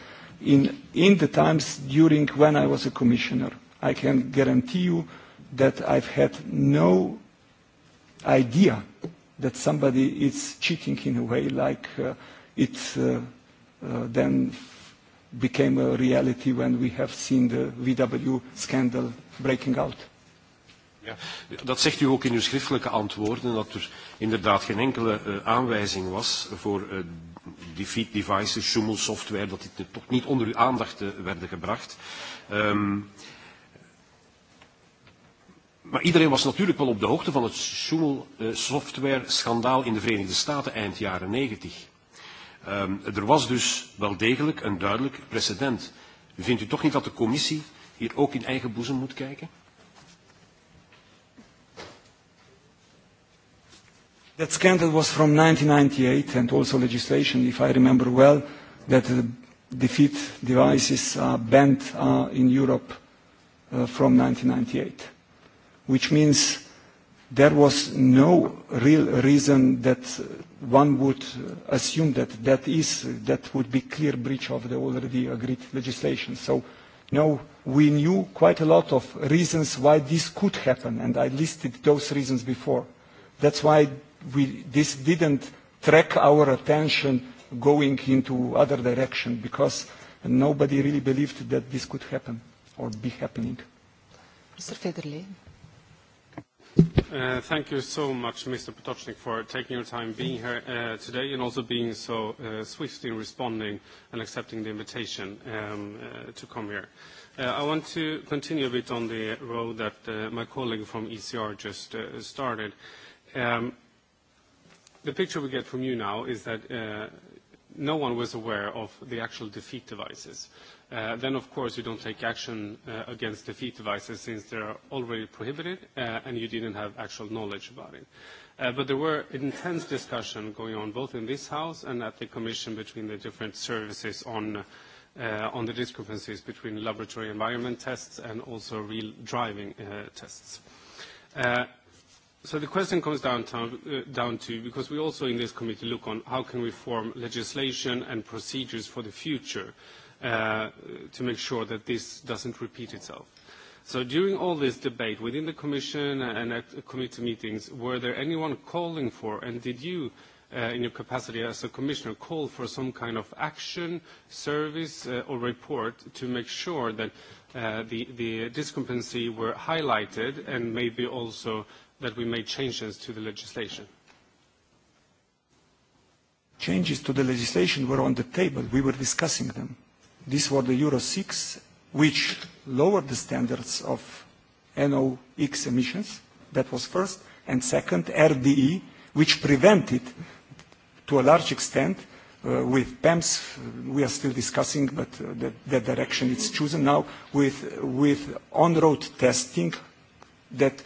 In, in the times during when I was a commissioner, I can guarantee you that I've had no idea that somebody is cheating in a way like uh, it uh, uh, then became a reality when we have seen the VW scandal breaking out. Ja, dat zegt u ook in uw schriftelijke antwoorden, dat er inderdaad geen enkele uh, aanwijzing was voor uh, eh, defeat devices, software, dat dit toch niet onder uw aandacht uh, werden gebracht. Um, Maar iedereen was natuurlijk wel op de hoogte van het Schummel-software-schandaal in de Verenigde Staten eind jaren negentig. Um, er was dus wel degelijk een duidelijk precedent. Vindt u toch niet dat de commissie hier ook in eigen boezem moet kijken? That scandal was from 1998 and also legislation, if I remember well, that the defeat devices are banned uh, in Europe uh, from 1998, which means there was no real reason that one would assume that that, is, that would be clear breach of the already agreed legislation. So, no, we knew quite a lot of reasons why this could happen, and I listed those reasons before. That's why we, this didn't track our attention going into other direction, because nobody really believed that this could happen or be happening. Mr. Federley. Uh, thank you so much, Mr. Potocznik, for taking your time being here uh, today and also being so uh, swift in responding and accepting the invitation um, uh, to come here. Uh, I want to continue a bit on the road that uh, my colleague from ECR just uh, started. Um, the picture we get from you now is that uh, no one was aware of the actual defeat devices. Uh, then of course you don't take action uh, against the feed devices since they are already prohibited uh, and you didn't have actual knowledge about it. Uh, but there were intense discussion going on both in this house and at the commission between the different services on uh, on the discrepancies between laboratory environment tests and also real driving uh, tests. Uh, So the question comes down to, uh, down to, because we also in this committee look on how can we form legislation and procedures for the future uh, to make sure that this doesn't repeat itself. So during all this debate within the Commission and at committee meetings, were there anyone calling for, and did you, uh, in your capacity as a Commissioner, call for some kind of action, service, uh, or report to make sure that uh, the, the discrepancy were highlighted and maybe also that we made changes to the legislation? Changes to the legislation were on the table. We were discussing them. These were the Euro 6, which lowered the standards of NOx emissions. That was first. And second, RDE, which prevented, to a large extent, uh, with PEMS, uh, we are still discussing, but uh, the, the direction it's chosen now, with, with on-road testing that,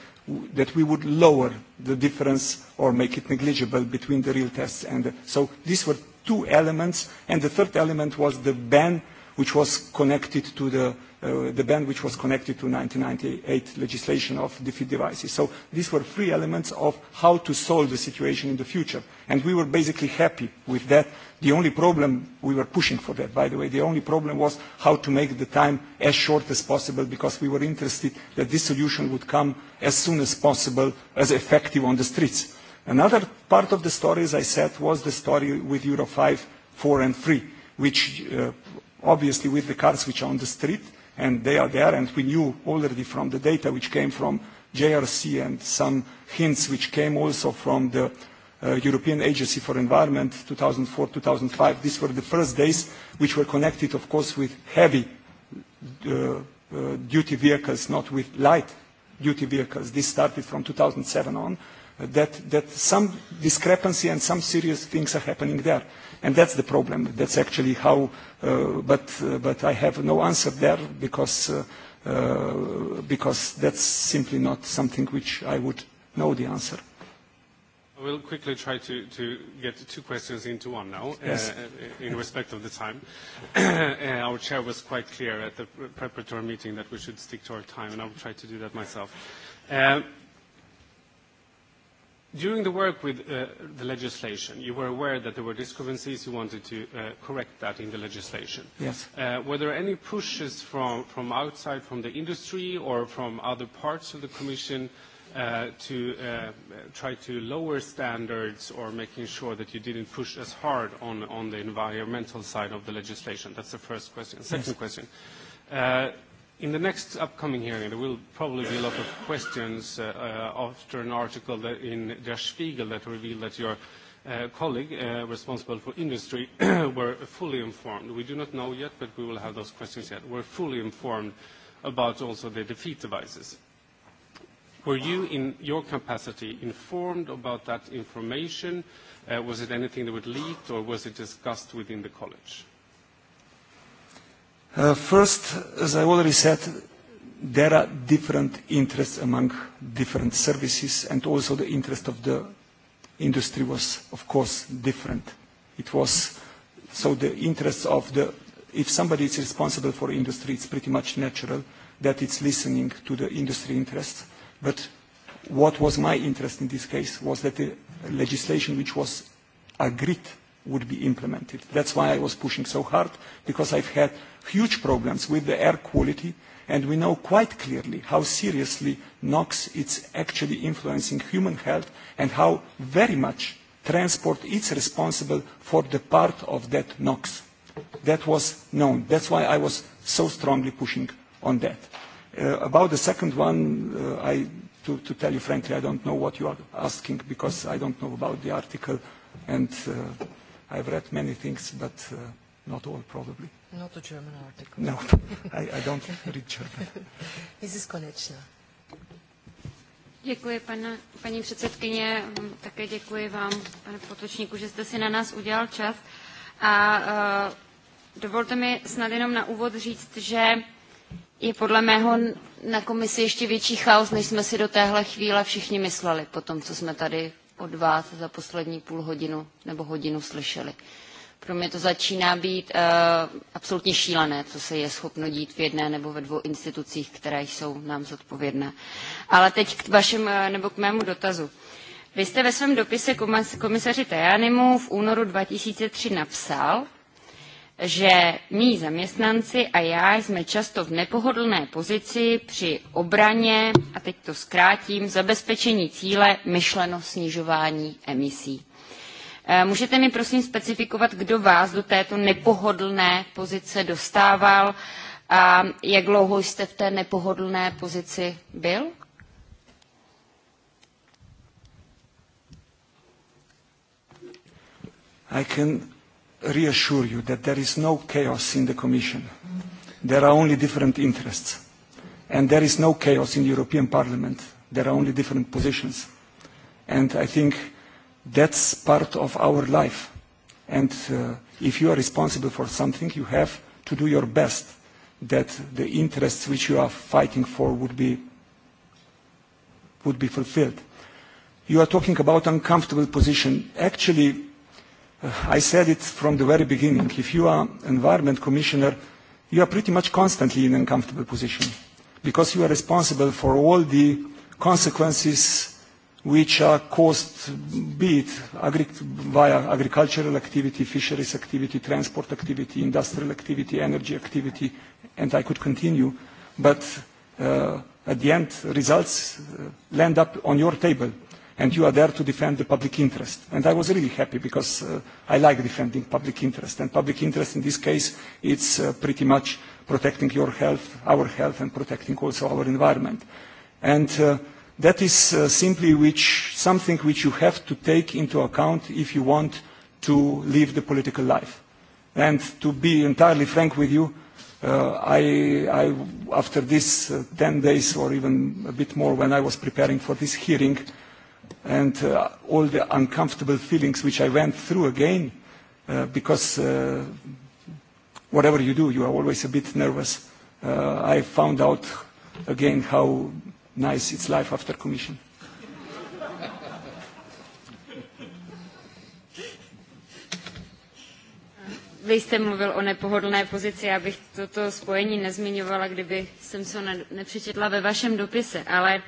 that we would lower the difference or make it negligible between the real tests. And the, so these were two elements, and the third element was the ban which was connected to the, uh, the ban which was connected to 1998 legislation of defeat devices. So these were three elements of how to solve the situation in the future. And we were basically happy with that. The only problem, we were pushing for that, by the way, the only problem was how to make the time as short as possible because we were interested that this solution would come as soon as possible, as effective on the streets. Another part of the story, as I said, was the story with Euro 5, 4 and 3, which uh, obviously with the cars which are on the street, and they are there, and we knew already from the data which came from JRC and some hints which came also from the uh, European Agency for Environment 2004-2005. These were the first days which were connected, of course, with heavy uh, uh, duty vehicles, not with light duty vehicles. This started from 2007 on. Uh, that, that some discrepancy and some serious things are happening there. And that's the problem. That's actually how, uh, but, uh, but I have no answer there because, uh, uh, because that's simply not something which I would know the answer. We'll quickly try to, to get two questions into one now, uh, yes. uh, in respect of the time. uh, our chair was quite clear at the preparatory meeting that we should stick to our time, and I will try to do that myself. Uh, During the work with uh, the legislation, you were aware that there were discrepancies. You wanted to uh, correct that in the legislation. Yes. Uh, were there any pushes from, from outside, from the industry or from other parts of the Commission uh, to uh, try to lower standards or making sure that you didn't push as hard on, on the environmental side of the legislation? That's the first question. Second yes. question. Uh, In the next upcoming hearing, there will probably be a lot of questions uh, uh, after an article that in Der Spiegel that revealed that your uh, colleague uh, responsible for industry were fully informed. We do not know yet, but we will have those questions yet. We're fully informed about also the defeat devices. Were you, in your capacity, informed about that information? Uh, was it anything that was leaked, or was it discussed within the college? Uh, first, as I already said, there are different interests among different services and also the interest of the industry was, of course, different. It was, so the interests of the, if somebody is responsible for industry, it's pretty much natural that it's listening to the industry interests. But what was my interest in this case was that the legislation which was agreed would be implemented. That's why I was pushing so hard, because I've had huge problems with the air quality, and we know quite clearly how seriously NOx is actually influencing human health and how very much transport is responsible for the part of that NOx. That was known. That's why I was so strongly pushing on that. Uh, about the second one, uh, I, to, to tell you frankly, I don't know what you are asking because I don't know about the article and uh, I've read many things, but uh, not all probably. Not a German article. No, I, I don't read German. This is Konečná. Děkuji, pane, paní předsedkyně. Mm, také děkuji vám, pane Potočníku, že jste si na nás udělal čas. A uh, dovolte mi snad jenom na úvod říct, že je podle mého na komisi ještě větší chaos, než jsme si do téhle chvíle všichni mysleli po tom, co jsme tady od vás za poslední půl hodinu nebo hodinu slyšeli. Pro mě to začíná být uh, absolutně šílené, co se je schopno dít v jedné nebo ve dvou institucích, které jsou nám zodpovědné. Ale teď k vašem eh, nebo k mému dotazu. Vy jste ve svém dopise komisaři Tajanimu v únoru 2003 napsal, že mý zaměstnanci a já jsme často v nepohodlné pozici při obraně, a teď to zkrátím, zabezpečení cíle myšleno snižování emisí. Eh, můžete mi prosím specifikovat, kdo vás do této nepohodlné pozice dostával a jak dlouho jste v té nepohodlné pozici byl? I can reassure you that there is no chaos in the Commission. There are only different interests. And there is no chaos in the European Parliament. There are only different positions. And I think that's part of our life. And uh, if you are responsible for something, you have to do your best that the interests which you are fighting for would be, would be fulfilled. You are talking about uncomfortable position. Actually, I said it from the very beginning. If you are environment commissioner, you are pretty much constantly in an uncomfortable position because you are responsible for all the consequences which are caused, be it agri via agricultural activity, fisheries activity, transport activity, industrial activity, energy activity, and I could continue. But uh, at the end, results uh, land up on your table and you are there to defend the public interest. And I was really happy because uh, I like defending public interest. And public interest in this case, it's uh, pretty much protecting your health, our health, and protecting also our environment. And uh, that is uh, simply which, something which you have to take into account if you want to live the political life. And to be entirely frank with you, uh, I, I, after this uh, 10 days or even a bit more when I was preparing for this hearing, uh, and uh, all the uncomfortable feelings which I went through again uh, because uh, whatever you do, you are always a bit nervous. Uh, I found out again how nice it's life after commission. Vy jste mluvil o nepohodlné pozici, já bych toto spojení nezmiňovala, kdyby jsem se nepřečetla ve vašem dopise, ale uh,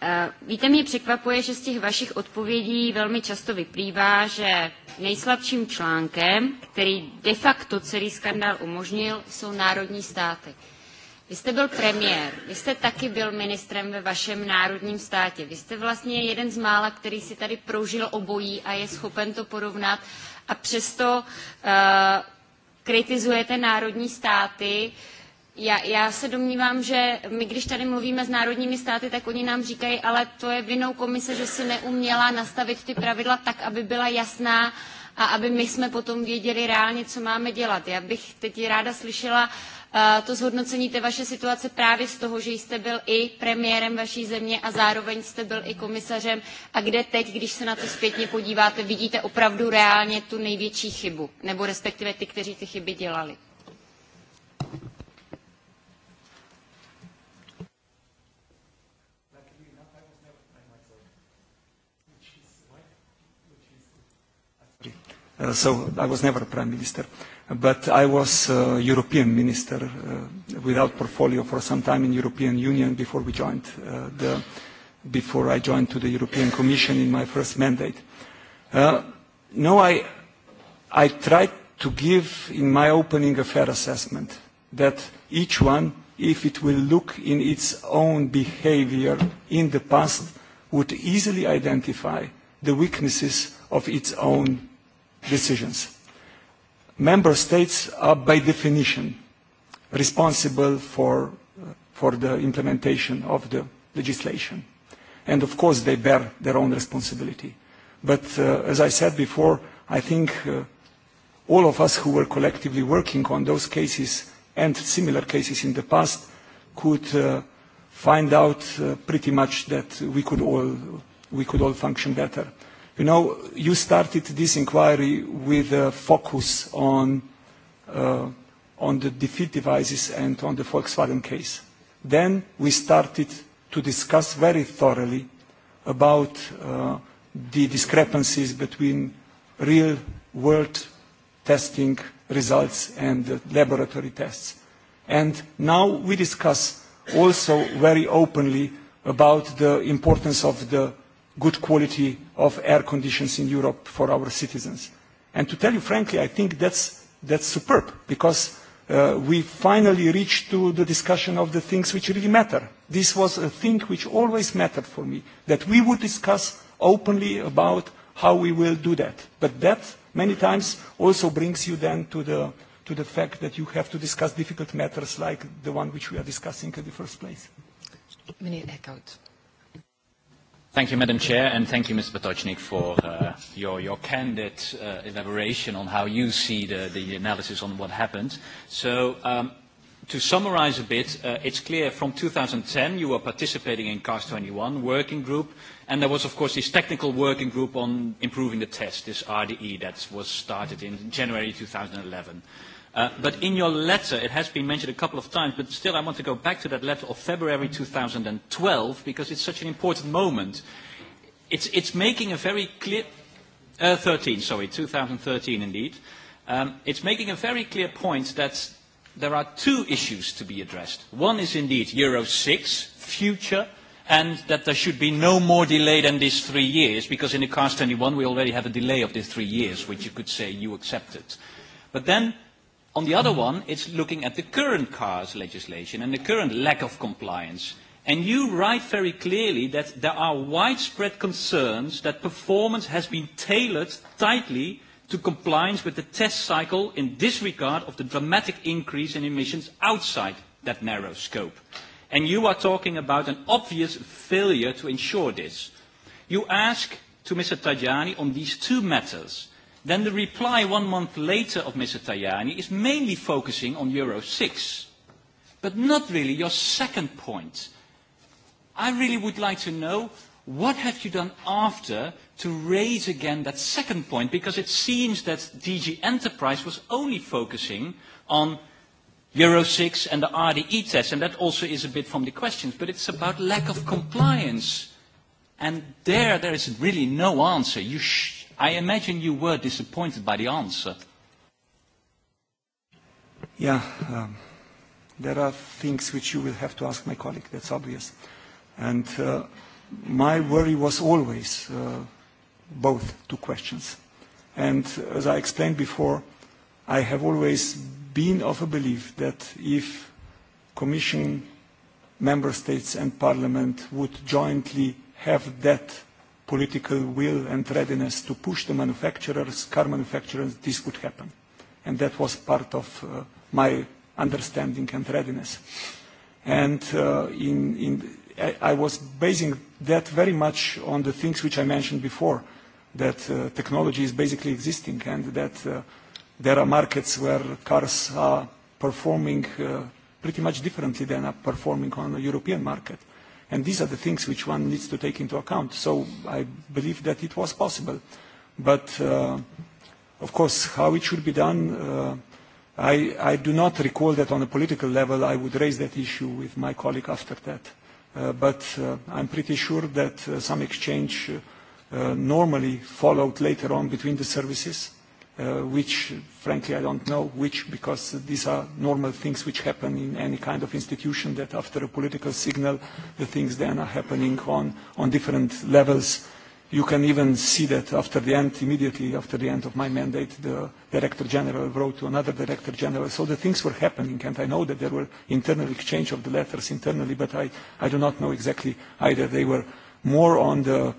Eh, víte, mě překvapuje, že z těch vašich odpovědí velmi často vyplývá, že nejslabším článkem, který de facto celý skandál umožnil, jsou národní státy. Vy jste byl premiér, vy jste taky byl ministrem ve vašem národním státě. Vy jste vlastně jeden z mála, který si tady proužil obojí a je schopen to porovnat a přesto uh, kritizujete národní státy uh, Já, já se domnívám, že my, když tady mluvíme s národními státy, tak oni nám říkají, ale to je vinou komise, že si neuměla nastavit ty pravidla tak, aby byla jasná a aby my jsme potom věděli reálně, co máme dělat. Já bych teď ráda slyšela uh, to zhodnocení té vaše situace právě z toho, že jste byl i premiérem vaší země a zároveň jste byl i komisařem a kde teď, když se na to zpětně podíváte, vidíte opravdu reálně tu největší chybu, nebo respektive ty, kteří ty chyby dělali. Uh, so I was never prime minister, but I was uh, European minister uh, without portfolio for some time in European Union before we joined uh, the, before I joined to the European Commission in my first mandate. Uh, no, I, I tried to give in my opening a fair assessment that each one, if it will look in its own behavior in the past, would easily identify the weaknesses of its own decisions. Member states are by definition responsible for, uh, for the implementation of the legislation. And of course they bear their own responsibility. But uh, as I said before, I think uh, all of us who were collectively working on those cases and similar cases in the past could uh, find out uh, pretty much that we could all, we could all function better. You know, you started this inquiry with a focus on, uh, on the defeat devices and on the Volkswagen case. Then we started to discuss very thoroughly about uh, the discrepancies between real world testing results and uh, laboratory tests. And now we discuss also very openly about the importance of the good quality of air conditions in Europe for our citizens. And to tell you frankly, I think that's, that's superb because uh, we finally reached to the discussion of the things which really matter. This was a thing which always mattered for me, that we would discuss openly about how we will do that. But that many times also brings you then to the, to the fact that you have to discuss difficult matters like the one which we are discussing in the first place. Meneer Eckhout. Thank you, Madam Chair, and thank you, Ms. Patochnik, for uh, your, your candid uh, elaboration on how you see the, the analysis on what happened. So um, to summarize a bit, uh, it's clear from 2010 you were participating in CARS 21 working group, and there was, of course, this technical working group on improving the test, this RDE that was started in January 2011. Uh, but in your letter, it has been mentioned a couple of times, but still I want to go back to that letter of February 2012 because it's such an important moment. It's, it's making a very clear, uh, 13, sorry, 2013 indeed. Um, it's making a very clear point that there are two issues to be addressed. One is indeed Euro 6, future, and that there should be no more delay than these three years, because in the CARS 21 we already have a delay of these three years, which you could say you accepted. But then On the other one, it's looking at the current cars legislation and the current lack of compliance. And you write very clearly that there are widespread concerns that performance has been tailored tightly to compliance with the test cycle in disregard of the dramatic increase in emissions outside that narrow scope. And you are talking about an obvious failure to ensure this. You ask to Mr. Tajani on these two matters – Then the reply one month later of Mr. Tajani is mainly focusing on Euro 6, but not really your second point. I really would like to know what have you done after to raise again that second point, because it seems that DG Enterprise was only focusing on Euro 6 and the RDE test, and that also is a bit from the questions, but it's about lack of compliance. And there, there is really no answer. You, sh I imagine you were disappointed by the answer. Yeah, um, there are things which you will have to ask my colleague, that's obvious. And uh, my worry was always uh, both two questions. And as I explained before, I have always been of a belief that if Commission, Member States and Parliament would jointly have that political will and readiness to push the manufacturers, car manufacturers, this could happen. And that was part of uh, my understanding and readiness. And uh, in, in, I, I was basing that very much on the things which I mentioned before, that uh, technology is basically existing and that uh, there are markets where cars are performing uh, pretty much differently than are performing on the European market. And these are the things which one needs to take into account. So I believe that it was possible. But, uh, of course, how it should be done, uh, I, I do not recall that on a political level I would raise that issue with my colleague after that. Uh, but uh, I'm pretty sure that uh, some exchange uh, uh normally followed later on between the services uh, which frankly I don't know which because these are normal things which happen in any kind of institution that after a political signal the things then are happening on, on different levels. You can even see that after the end, immediately after the end of my mandate, the Director General wrote to another Director General. So the things were happening, and I know that there were internal exchange of the letters internally, but I, I do not know exactly either. They were more on the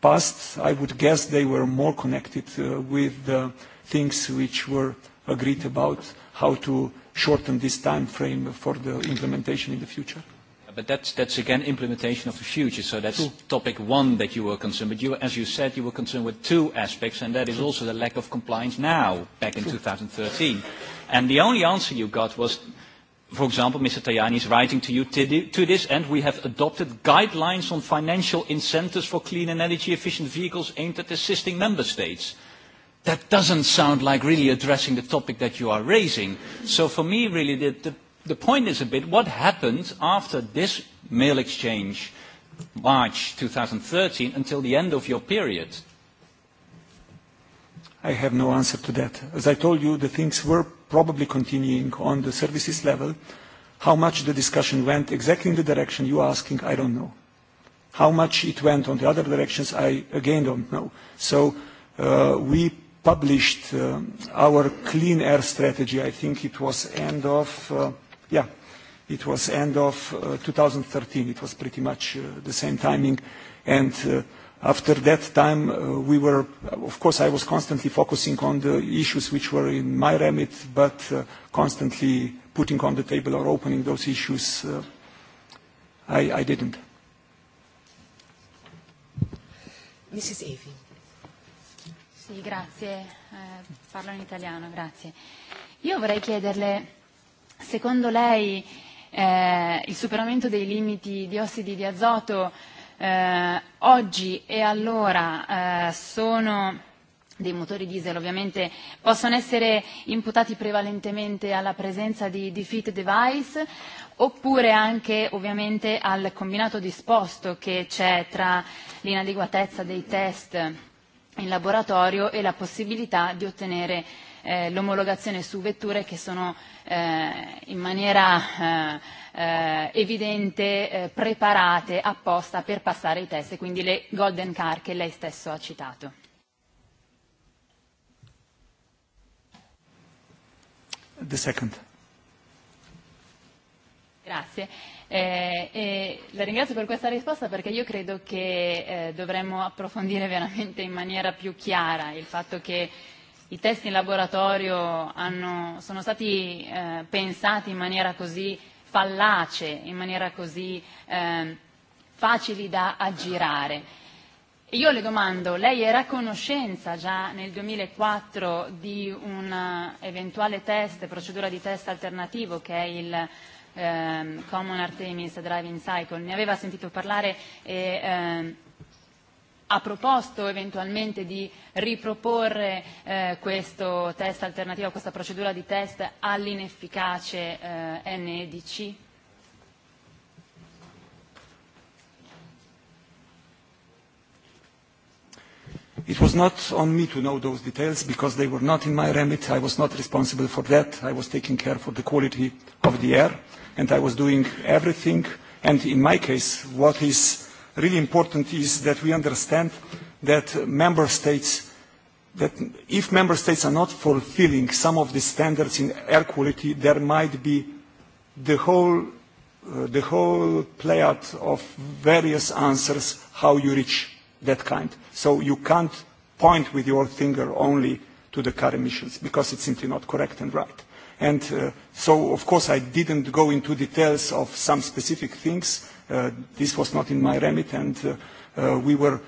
past. I would guess they were more connected uh, with the things which were agreed about how to shorten this time frame for the implementation in the future. Uh, but that's, that's again implementation of the future, so that's True. topic one that you were concerned. But you, as you said, you were concerned with two aspects, and that is True. also the lack of compliance now, back in True. 2013. And the only answer you got was, for example, Mr. Tajani is writing to you, to this end we have adopted guidelines on financial incentives for clean and energy efficient vehicles aimed at assisting member states that doesn't sound like really addressing the topic that you are raising. So for me, really, the, the, the point is a bit what happened after this mail exchange, March 2013, until the end of your period? I have no answer to that. As I told you, the things were probably continuing on the services level. How much the discussion went exactly in the direction you are asking, I don't know. How much it went on the other directions, I again don't know. So uh, we published uh, our clean air strategy. I think it was end of, uh, yeah, it was end of uh, 2013. It was pretty much uh, the same timing. And uh, after that time, uh, we were, of course, I was constantly focusing on the issues which were in my remit, but uh, constantly putting on the table or opening those issues, uh, I, I didn't. Mrs. Avey. Sì, grazie. Eh, parlo in italiano, grazie. Io vorrei chiederle, secondo lei eh, il superamento dei limiti di ossidi di azoto eh, oggi e allora eh, sono dei motori diesel ovviamente possono essere imputati prevalentemente alla presenza di, di fit device oppure anche ovviamente al combinato disposto che c'è tra l'inadeguatezza dei test in laboratorio e la possibilità di ottenere eh, l'omologazione su vetture che sono eh, in maniera eh, eh, evidente eh, preparate apposta per passare i test, quindi le golden car che lei stesso ha citato. The second. Grazie. Eh, eh, la ringrazio per questa risposta perché io credo che eh, dovremmo approfondire veramente in maniera più chiara il fatto che i test in laboratorio hanno, sono stati eh, pensati in maniera così fallace, in maniera così eh, facili da aggirare. Io le domando, lei era a conoscenza già nel 2004 e di un eh, eventuale test, procedura di test alternativo che è il um, ehm, Common Artemis Driving Cycle, ne aveva sentito parlare e um, ha proposto eventualmente di riproporre eh, questo test alternativo, questa procedura di test all'inefficace eh, NEDC? It was not on me to know those details because they were not in my remit. I was not responsible for that. I was taking care for the quality of the air and I was doing everything. And in my case, what is really important is that we understand that member states that if member states are not fulfilling some of the standards in air quality, there might be the whole, uh, the whole playat of various answers how you reach that kind. So you can't point with your finger only to the car emissions because it's simply not correct and right. And uh, so, of course, I didn't go into details of some specific things. Uh, this was not in my remit, and uh, uh, we were,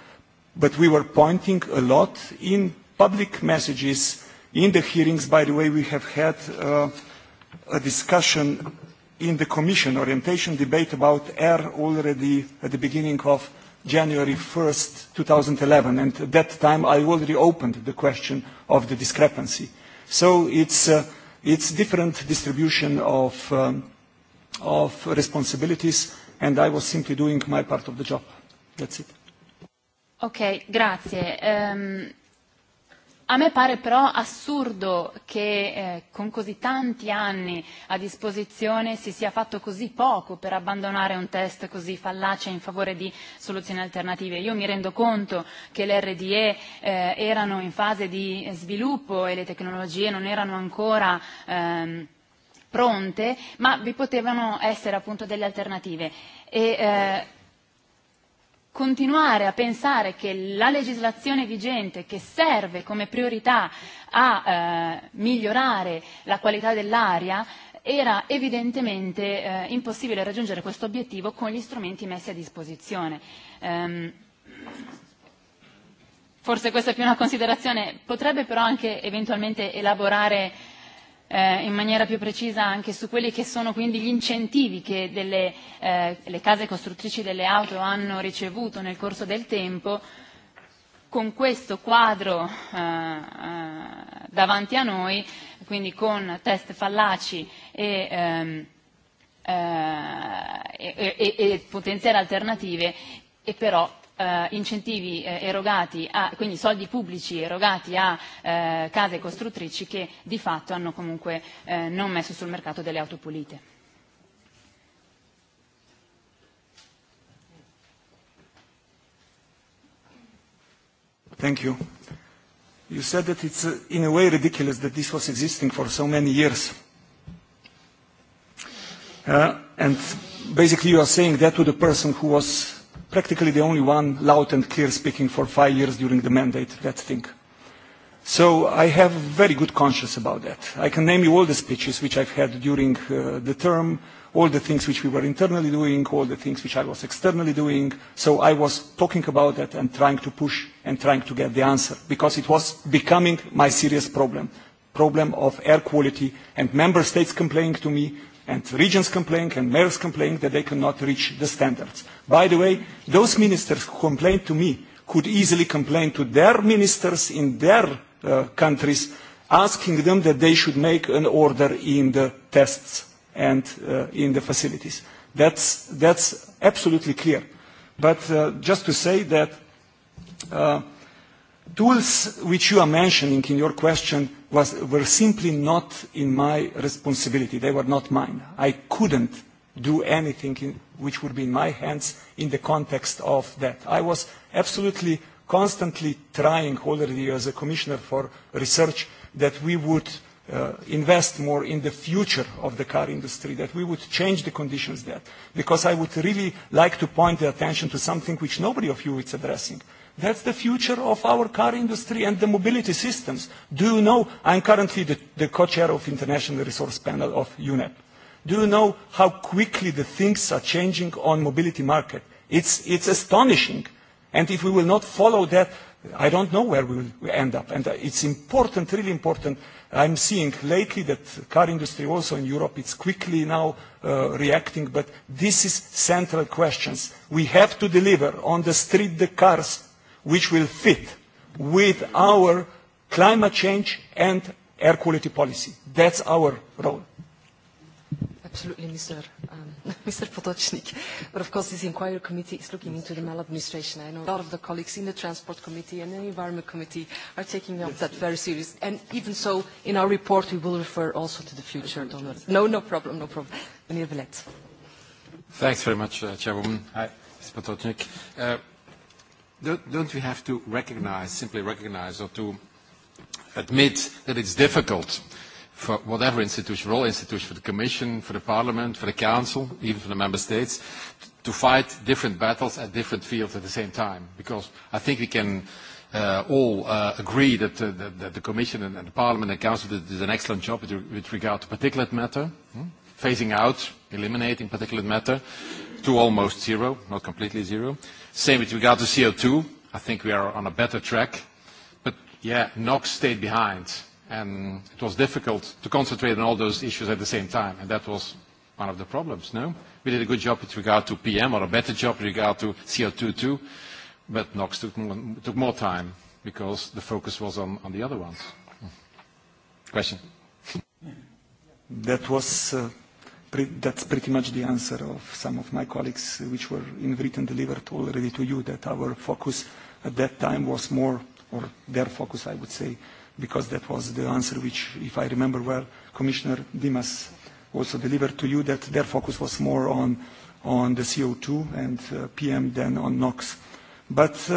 but we were pointing a lot in public messages in the hearings. By the way, we have had uh, a discussion in the Commission orientation debate about air already at the beginning of January 1st, 2011, and at that time I already opened the question of the discrepancy. So it's uh, It's different distribution of, um, of responsibilities and I was simply doing my part of the job. That's it. Ok, grazie. Um, A me pare però assurdo che eh, con così tanti anni a disposizione si sia fatto così poco per abbandonare un test così fallace in favore di soluzioni alternative. Io mi rendo conto che le RDE eh, erano in fase di sviluppo e le tecnologie non erano ancora ehm, pronte, ma vi potevano essere appunto delle alternative. E, eh, continuare a pensare che la legislazione vigente che serve come priorità a eh, migliorare la qualità dell'aria era evidentemente eh, impossibile raggiungere questo obiettivo con gli strumenti messi a disposizione. Um, forse questa è più una considerazione, potrebbe però anche eventualmente elaborare eh, in maniera più precisa anche su quelli che sono quindi gli incentivi che delle, eh, le case costruttrici delle auto hanno ricevuto nel corso del tempo, con questo quadro eh, eh, davanti a noi, quindi con test fallaci e ehm, eh, e, e, e, e potenziali alternative e però eh, incentivi eh, erogati, a, quindi soldi pubblici erogati a eh, case costruttrici che di fatto hanno comunque eh, non messo sul mercato delle auto pulite. Thank you. You said that it's uh, in a way ridiculous that this was existing for so many years. Uh, and basically you are saying that to the person who was practically the only one loud and clear speaking for five years during the mandate, that thing. So I have very good conscience about that. I can name you all the speeches which I've had during uh, the term, all the things which we were internally doing, all the things which I was externally doing. So I was talking about that and trying to push and trying to get the answer because it was becoming my serious problem, problem of air quality and member states complaining to me, and regions complain and mayors complain that they cannot reach the standards. By the way, those ministers who complained to me could easily complain to their ministers in their uh, countries, asking them that they should make an order in the tests and uh, in the facilities. That's, that's absolutely clear. But uh, just to say that uh, tools which you are mentioning in your question was, were simply not in my responsibility. They were not mine. I couldn't do anything in, which would be in my hands in the context of that. I was absolutely constantly trying already as a commissioner for research that we would uh, invest more in the future of the car industry, that we would change the conditions there. Because I would really like to point the attention to something which nobody of you is addressing, That's the future of our car industry and the mobility systems. Do you know, I'm currently the, the co-chair of International Resource Panel of UNEP. Do you know how quickly the things are changing on mobility market? It's, it's astonishing. And if we will not follow that, I don't know where we will end up. And uh, it's important, really important. I'm seeing lately that car industry also in Europe, it's quickly now uh, reacting, but this is central questions. We have to deliver on the street the cars which will fit with our climate change and air quality policy. That's our role. Absolutely, Mr. Um, Mr. Potocznik. But of course, this inquiry committee is looking into the maladministration. I know a lot of the colleagues in the Transport Committee and the Environment Committee are taking up yes. that very seriously And even so, in our report, we will refer also to the future. Don't no, no problem, no problem. Thanks very much, uh, Chairwoman. Hi, Mr. Potocznik. Uh, Don't, don't we have to recognize, simply recognize or to admit that it's difficult for whatever institution, for all institutions, for the Commission, for the Parliament, for the Council, even for the Member States, to fight different battles at different fields at the same time. Because I think we can uh, all uh, agree that, uh, that, that the Commission and, and the Parliament and the Council did, did an excellent job with, with regard to particulate matter, hmm? phasing out, eliminating particulate matter, to almost zero, not completely zero. Same with regard to CO2. I think we are on a better track. But yeah, NOx stayed behind, and it was difficult to concentrate on all those issues at the same time, and that was one of the problems, no? We did a good job with regard to PM, or a better job with regard to CO2 too, but NOx took, took more time because the focus was on, the other ones. Hmm. Question? That was uh, that's pretty much the answer of some of my colleagues, uh, which were in written delivered already to you, that our focus at that time was more, or their focus, I would say, because that was the answer which, if I remember well, Commissioner Dimas also delivered to you, that their focus was more on, on the CO2 and uh, PM than on NOx. But uh,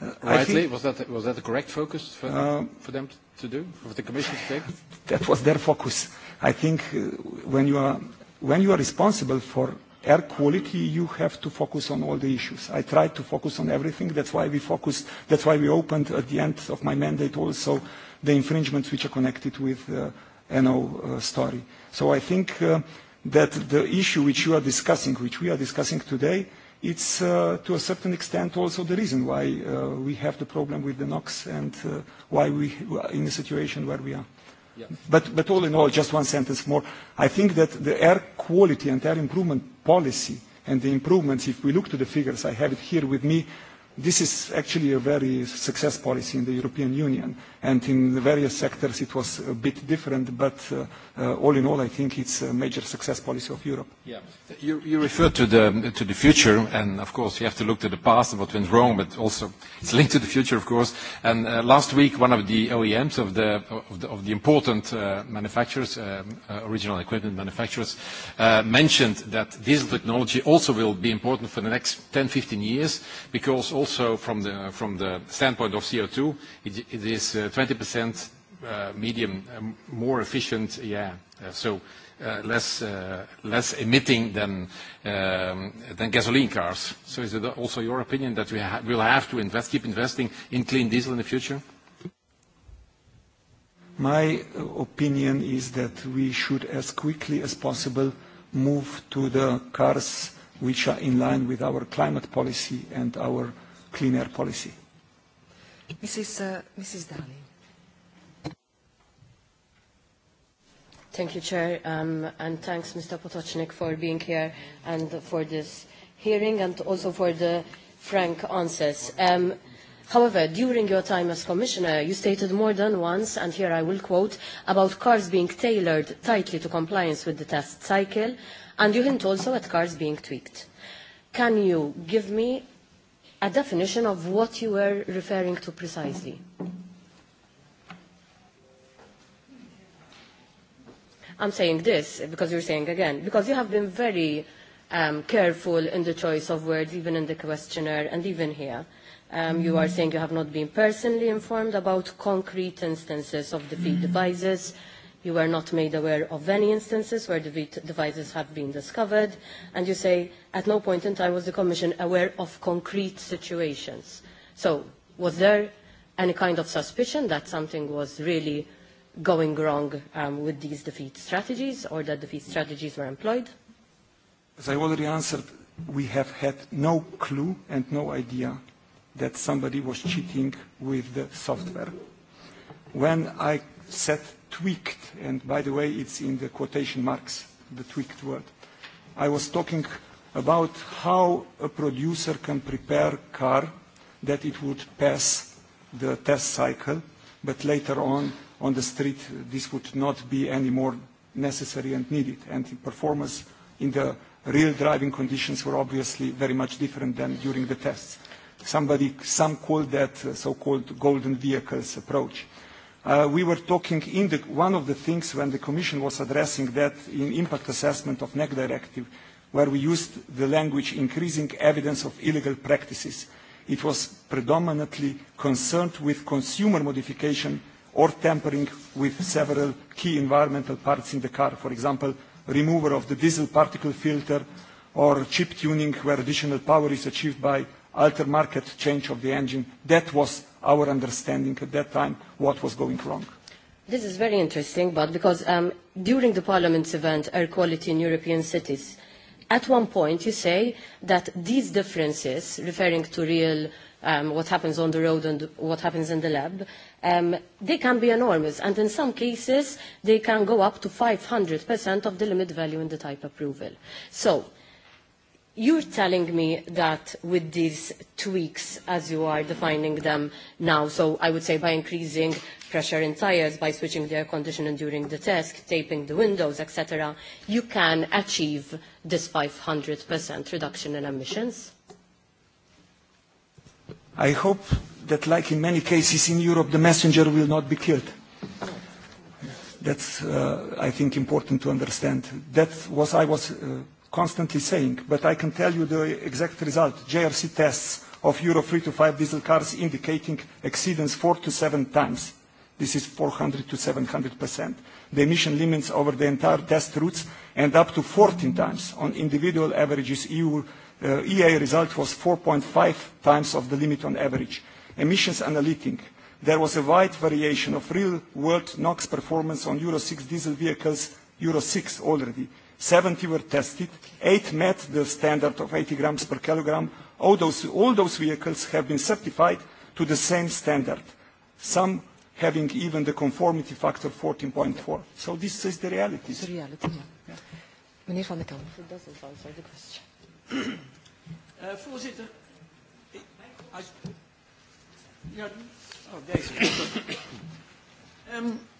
uh Rightly, think, was, that, was that the correct focus for, uh, for them to do, for the Commission to take? That was their focus. I think uh, when you are, when you are responsible for air quality, you have to focus on all the issues. I tried to focus on everything. That's why we focused, that's why we opened at the end of my mandate also the infringements which are connected with uh, NO uh, story. So I think uh, that the issue which you are discussing, which we are discussing today, it's uh, to a certain extent also the reason why uh, we have the problem with the NOx and uh, why we are in the situation where we are. Yeah. But, but all in all, just one sentence more. I think that the air quality and air improvement policy and the improvements, if we look to the figures, I have it here with me, This is actually a very success policy in the European Union, and in the various sectors it was a bit different, but uh, uh, all in all I think it's a major success policy of Europe. Yeah. You, you referred to the, to the future, and of course you have to look to the past what went wrong, but also it's linked to the future, of course. And uh, last week one of the OEMs of the, of the, of the important uh, manufacturers, um, uh, original equipment manufacturers, uh, mentioned that diesel technology also will be important for the next 10, 15 years, because also also from the, from the standpoint of CO2, it, it is 20% uh, uh, medium um, more efficient, yeah, uh, so uh, less, uh, less emitting than, um, than gasoline cars. So is it also your opinion that we ha will have to invest, keep investing in clean diesel in the future? My opinion is that we should, as quickly as possible, move to the cars which are in line with our climate policy and our clean air policy. Mrs. Uh, Mrs. Daly. Thank you, Chair, um, and thanks, Mr. Potocnik, for being here and for this hearing and also for the frank answers. Um, However, during your time as Commissioner, you stated more than once, and here I will quote, about cars being tailored tightly to compliance with the test cycle, and you hint also at cars being tweaked. Can you give me a definition of what you were referring to precisely. I'm saying this because you're saying again, because you have been very um, careful in the choice of words, even in the questionnaire and even here. Um, you are saying you have not been personally informed about concrete instances of defeat devices. Mm -hmm you were not made aware of any instances where the devices have been discovered, and you say, at no point in time was the Commission aware of concrete situations. So, was there any kind of suspicion that something was really going wrong um, with these defeat strategies, or that defeat strategies were employed? As I already answered, we have had no clue and no idea that somebody was cheating with the software. When I said tweaked, and by the way, it's in the quotation marks, the tweaked word. I was talking about how a producer can prepare car that it would pass the test cycle, but later on, on the street, this would not be any more necessary and needed. And the performance in the real driving conditions were obviously very much different than during the tests. Somebody, some call that uh, so-called golden vehicles approach. Uh, Uh, we were talking in the, one of the things when the Commission was addressing that in impact assessment of NEC directive, where we used the language increasing evidence of illegal practices. It was predominantly concerned with consumer modification or tampering with several key environmental parts in the car, for example, remover of the diesel particle filter or chip tuning where additional power is achieved by alter market change of the engine. That was our understanding at that time, what was going wrong. This is very interesting, but because um, during the Parliament's event, Air Quality in European Cities, at one point you say that these differences, referring to real um, what happens on the road and what happens in the lab, um, they can be enormous. And in some cases, they can go up to 500% of the limit value in the type approval. So You're telling me that with these tweaks, as you are defining them now, so I would say by increasing pressure in tires, by switching the air conditioning during the test, taping the windows, etc., you can achieve this 500% reduction in emissions? I hope that, like in many cases in Europe, the messenger will not be killed. That's, uh, I think, important to understand. That was I was... Uh, constantly saying, but I can tell you the exact result. JRC tests of Euro 3 to 5 diesel cars indicating exceedance 4 to 7 times. This is 400 to 700 percent. The emission limits over the entire test routes and up to 14 times. On individual averages, EU, uh, EA result was 4.5 times of the limit on average. Emissions analytic. There was a wide variation of real-world NOx performance on Euro 6 diesel vehicles, Euro 6 already, 70 were tested, 8 met the standard of 80 grams per kilogram. All those, all those vehicles have been certified to the same standard, some having even the conformity factor 14.4. So this is the reality. It's the reality, yeah. Meneer Van der Kamp, it doesn't answer the question. Uh, voorzitter, ja, oh, deze. um,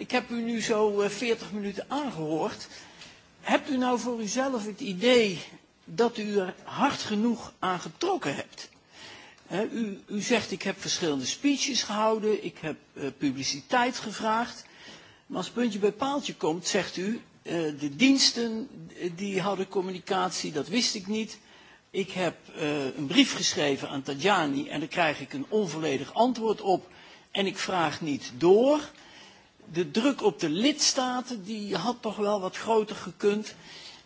Ik heb u nu zo 40 eh, minuten aangehoord. Hebt u nou voor uzelf het idee dat u er hard genoeg aan getrokken hebt? U, u zegt ik heb verschillende speeches gehouden, ik heb uh, publiciteit gevraagd. Maar als puntje bij paaltje komt, zegt u, uh, de diensten die hadden communicatie, dat wist ik niet. Ik heb uh, een brief geschreven aan Tajani en daar krijg ik een onvolledig antwoord op. En ik vraag niet door de druk op de lidstaten die had toch wel wat groter gekund.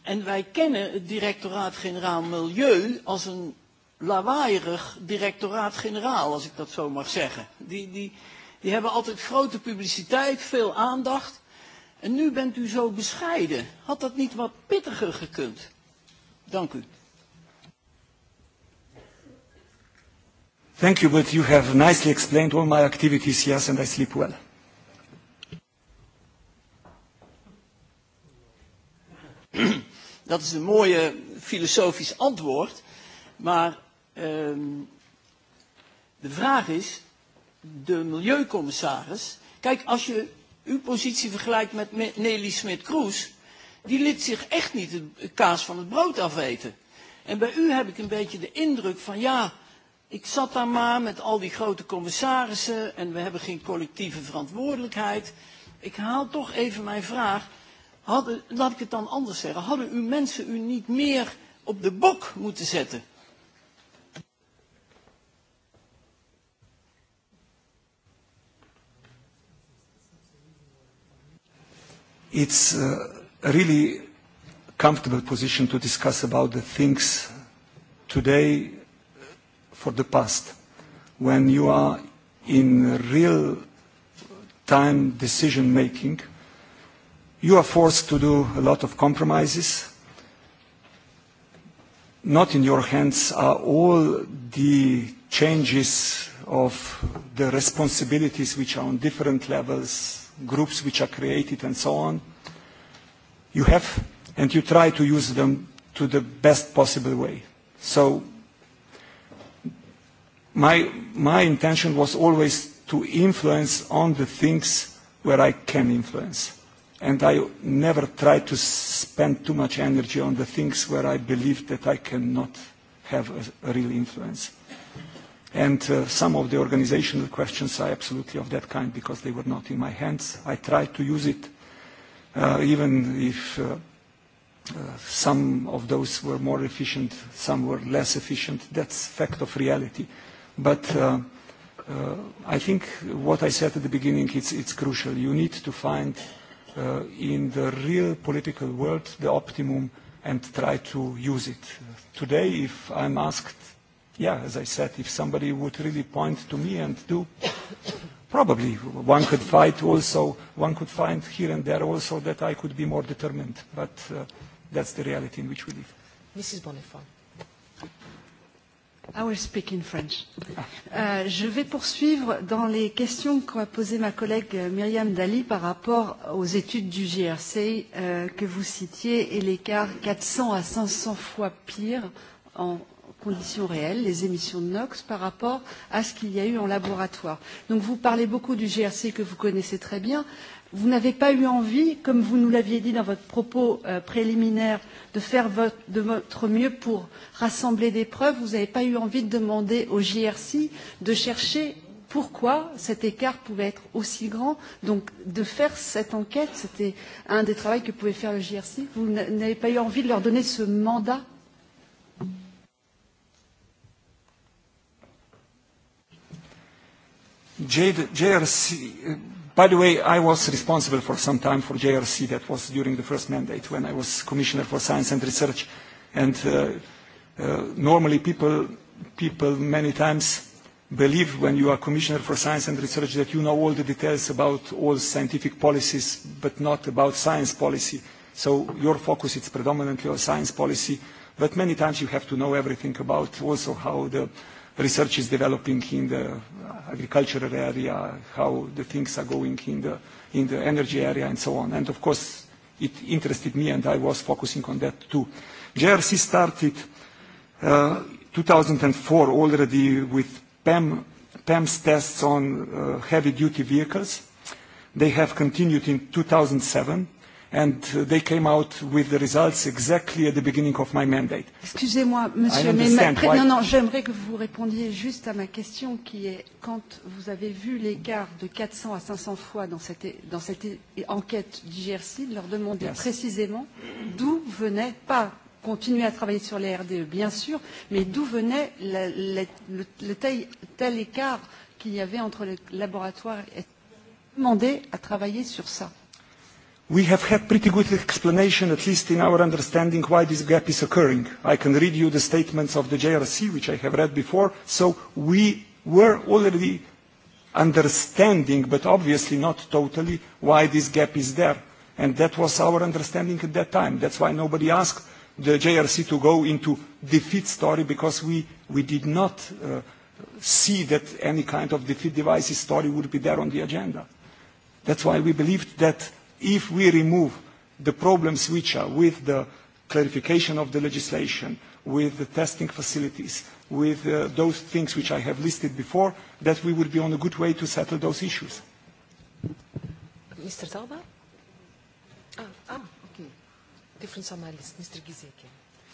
En wij kennen het directoraat-generaal Milieu als een lawaaierig directoraat-generaal, als ik dat zo mag zeggen. Die, die, die hebben altijd grote publiciteit, veel aandacht. En nu bent u zo bescheiden. Had dat niet wat pittiger gekund? Dank u. Thank you, but you have nicely explained all my activities, yes, and I sleep well. dat is een mooie filosofisch antwoord, maar um, de vraag is, de milieucommissaris, kijk als je uw positie vergelijkt met Nelly Smit-Kroes, die liet zich echt niet de kaas van het brood afeten. En bij u heb ik een beetje de indruk van ja, ik zat daar maar met al die grote commissarissen en we hebben geen collectieve verantwoordelijkheid. Ik haal toch even mijn vraag. Hadden, laat ik het dan anders zeggen. Hadden uw mensen u niet meer op de bok moeten zetten? It's uh, a really comfortable position to discuss about the things today uh, for the past. When you are in real time decision making, you are forced to do a lot of compromises. Not in your hands are all the changes of the responsibilities which are on different levels, groups which are created and so on. You have, and you try to use them to the best possible way. So my, my intention was always to influence on the things where I can influence and I never try to spend too much energy on the things where I believe that I cannot have a, a real influence. And uh, some of the organizational questions are absolutely of that kind because they were not in my hands. I tried to use it, uh, even if uh, uh, some of those were more efficient, some were less efficient. That's fact of reality. But uh, uh, I think what I said at the beginning, it's, it's crucial. You need to find uh, in the real political world the optimum and try to use it. Uh, today, if I'm asked, yeah, as I said, if somebody would really point to me and do, probably one could fight also, one could find here and there also that I could be more determined, but uh, that's the reality in which we live. Mrs. Bonifant. I will speak in French. Uh, je vais poursuivre dans les questions qu'a posées ma collègue Myriam Dali par rapport aux études du GRC euh, que vous citiez et l'écart 400 à 500 fois pire en conditions réelles, les émissions de NOx par rapport à ce qu'il y a eu en laboratoire. Donc vous parlez beaucoup du GRC que vous connaissez très bien. Vous n'avez pas eu envie, comme vous nous l'aviez dit dans votre propos euh, préliminaire, de faire votre, de votre mieux pour rassembler des preuves. Vous n'avez pas eu envie de demander au JRC de chercher pourquoi cet écart pouvait être aussi grand. Donc de faire cette enquête, c'était un des travaux que pouvait faire le JRC. Vous n'avez pas eu envie de leur donner ce mandat JRC, By the way, I was responsible for some time for JRC. That was during the first mandate when I was Commissioner for Science and Research. And uh, uh, normally people, people many times believe when you are Commissioner for Science and Research that you know all the details about all scientific policies, but not about science policy. So your focus is predominantly on science policy, but many times you have to know everything about also how the research is developing in the agricultural area, how the things are going in the, in the energy area and so on. And of course, it interested me and I was focusing on that too. JRC started uh, 2004 already with PEM, PEM's tests on uh, heavy-duty vehicles. They have continued in 2007 and they came out with the results exactly at the beginning of my mandate. Excusez-moi, monsieur, mais ma... why... non, non, j'aimerais que vous répondiez juste à ma question qui est quand vous avez vu l'écart de 400 à 500 fois dans cette, dans cette enquête d'IGRC, de leur demander yes. précisément d'où venait, pas continuer à travailler sur les RDE, bien sûr, mais d'où venait la, la, le, le tel, tel écart qu'il y avait entre les laboratoires et demander à travailler sur ça. We have had pretty good explanation, at least in our understanding, why this gap is occurring. I can read you the statements of the JRC, which I have read before. So we were already understanding, but obviously not totally, why this gap is there. And that was our understanding at that time. That's why nobody asked the JRC to go into defeat story, because we, we did not uh, see that any kind of defeat devices story would be there on the agenda. That's why we believed that if we remove the problems which are with the clarification of the legislation, with the testing facilities, with uh, those things which I have listed before, that we would be on a good way to settle those issues. Mr. Talba? Ah, ah, okay. Different Somalis, Mr. Gizeke.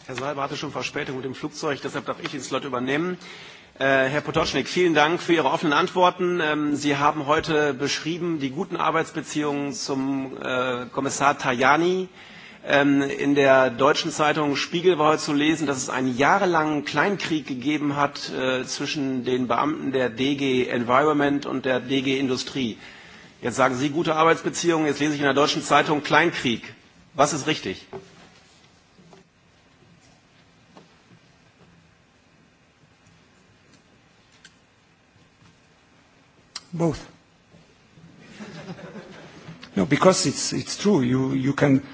Herr Seibert hatte schon Verspätung mit dem Flugzeug, deshalb darf ich den Slot übernehmen. Äh, Herr Potocznik, vielen Dank für Ihre offenen Antworten. Ähm, Sie haben heute beschrieben die guten Arbeitsbeziehungen zum äh, Kommissar Tajani. Ähm, in der deutschen Zeitung Spiegel war heute zu lesen, dass es einen jahrelangen Kleinkrieg gegeben hat äh, zwischen den Beamten der DG Environment und der DG Industrie. Jetzt sagen Sie gute Arbeitsbeziehungen, jetzt lese ich in der deutschen Zeitung Kleinkrieg. Was ist richtig? Both. No, because it's, it's true. You, you can,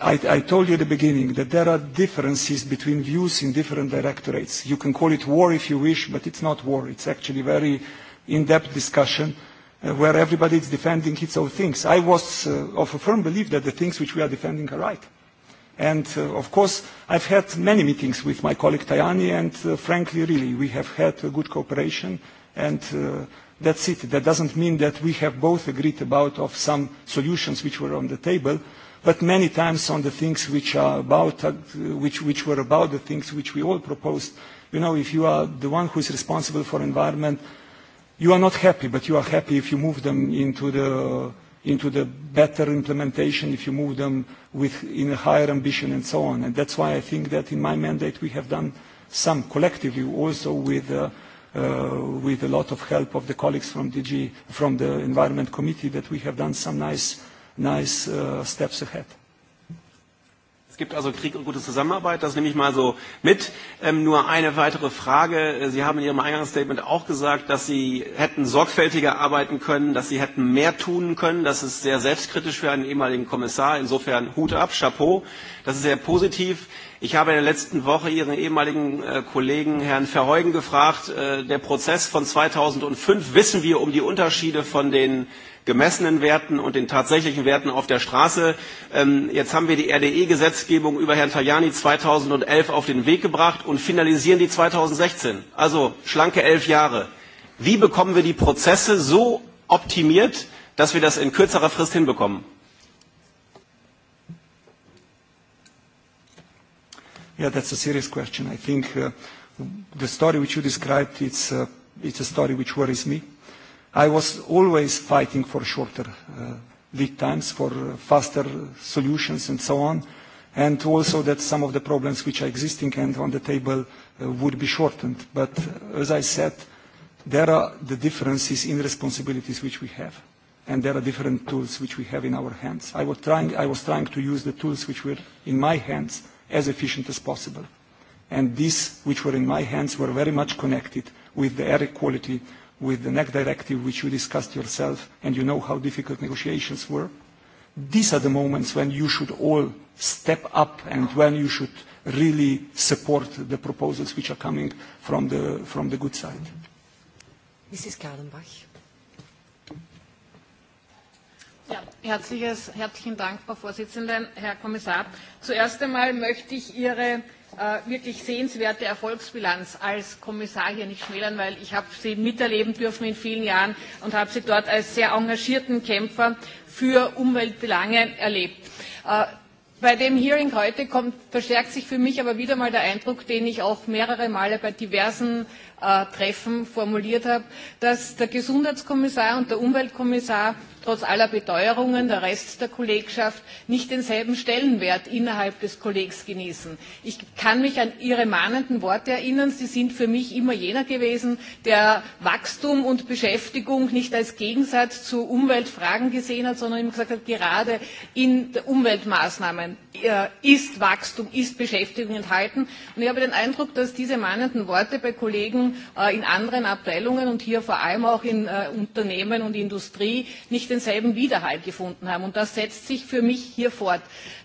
I, I told you at the beginning that there are differences between views in different directorates. You can call it war if you wish, but it's not war. It's actually very in-depth discussion uh, where everybody is defending its own things. I was uh, of a firm belief that the things which we are defending are right. And uh, of course, I've had many meetings with my colleague Tajani, and uh, frankly, really, we have had a good cooperation and uh, That's it. That doesn't mean that we have both agreed about of some solutions which were on the table, but many times on the things which are about, uh, which, which were about the things which we all proposed. You know, if you are the one who is responsible for environment, you are not happy, but you are happy if you move them into the, into the better implementation, if you move them with, in a higher ambition and so on. And that's why I think that in my mandate we have done some collectively also with uh, uh, with a lot of help of the colleagues from DG, from the Environment Committee, that we have done some nice, nice uh, steps ahead. Es gibt also Krieg und gute Zusammenarbeit, das nehme ich mal so mit. Ähm, nur eine weitere Frage. Sie haben in Ihrem Eingangsstatement auch gesagt, dass Sie hätten sorgfältiger arbeiten können, dass Sie hätten mehr tun können. Das ist sehr selbstkritisch für einen ehemaligen Kommissar. Insofern Hut ab, Chapeau. Das ist sehr positiv. Ich habe in der letzten Woche Ihren ehemaligen äh, Kollegen Herrn Verheugen gefragt, äh, der Prozess von 2005, wissen wir um die Unterschiede von den gemessenen Werten und den tatsächlichen Werten auf der Straße. Ähm, jetzt haben wir die RDE-Gesetzgebung über Herrn Tajani 2011 auf den Weg gebracht und finalisieren die 2016. Also schlanke elf Jahre. Wie bekommen wir die Prozesse so optimiert, dass wir das in kürzerer Frist hinbekommen? Yeah, that's a serious question. I think uh, the story which you described, it's, uh, it's a story which worries me. I was always fighting for shorter uh, lead times, for uh, faster solutions and so on, and also that some of the problems which are existing and on the table uh, would be shortened. But uh, as I said, there are the differences in responsibilities which we have, and there are different tools which we have in our hands. I was trying, I was trying to use the tools which were in my hands as efficient as possible. And these, which were in my hands, were very much connected with the air quality, with the NEC directive, which you discussed yourself, and you know how difficult negotiations were. These are the moments when you should all step up and when you should really support the proposals which are coming from the, from the good side. Mrs. Kallenbach. Ja, herzliches, herzlichen Dank, Frau Vorsitzende, Herr Kommissar. Zuerst einmal möchte ich Ihre äh, wirklich sehenswerte Erfolgsbilanz als Kommissar hier nicht schmälern, weil ich habe sie miterleben dürfen in vielen Jahren und habe sie dort als sehr engagierten Kämpfer für Umweltbelange erlebt. Äh, bei dem Hearing heute kommt, verstärkt sich für mich aber wieder mal der Eindruck, den ich auch mehrere Male bei diversen äh, Treffen formuliert habe, dass der Gesundheitskommissar und der Umweltkommissar trotz aller Beteuerungen der Rest der Kollegschaft nicht denselben Stellenwert innerhalb des Kollegs genießen. Ich kann mich an Ihre mahnenden Worte erinnern. Sie sind für mich immer jener gewesen, der Wachstum und Beschäftigung nicht als Gegensatz zu Umweltfragen gesehen hat, sondern immer gesagt hat, gerade in der Umweltmaßnahmen äh, ist Wachstum, ist Beschäftigung enthalten. Und ich habe den Eindruck, dass diese mahnenden Worte bei Kollegen äh, in anderen Abteilungen und hier vor allem auch in äh, Unternehmen und Industrie nicht denselben Widerhalt gefunden haben. Und das setzt sich für mich hier fort.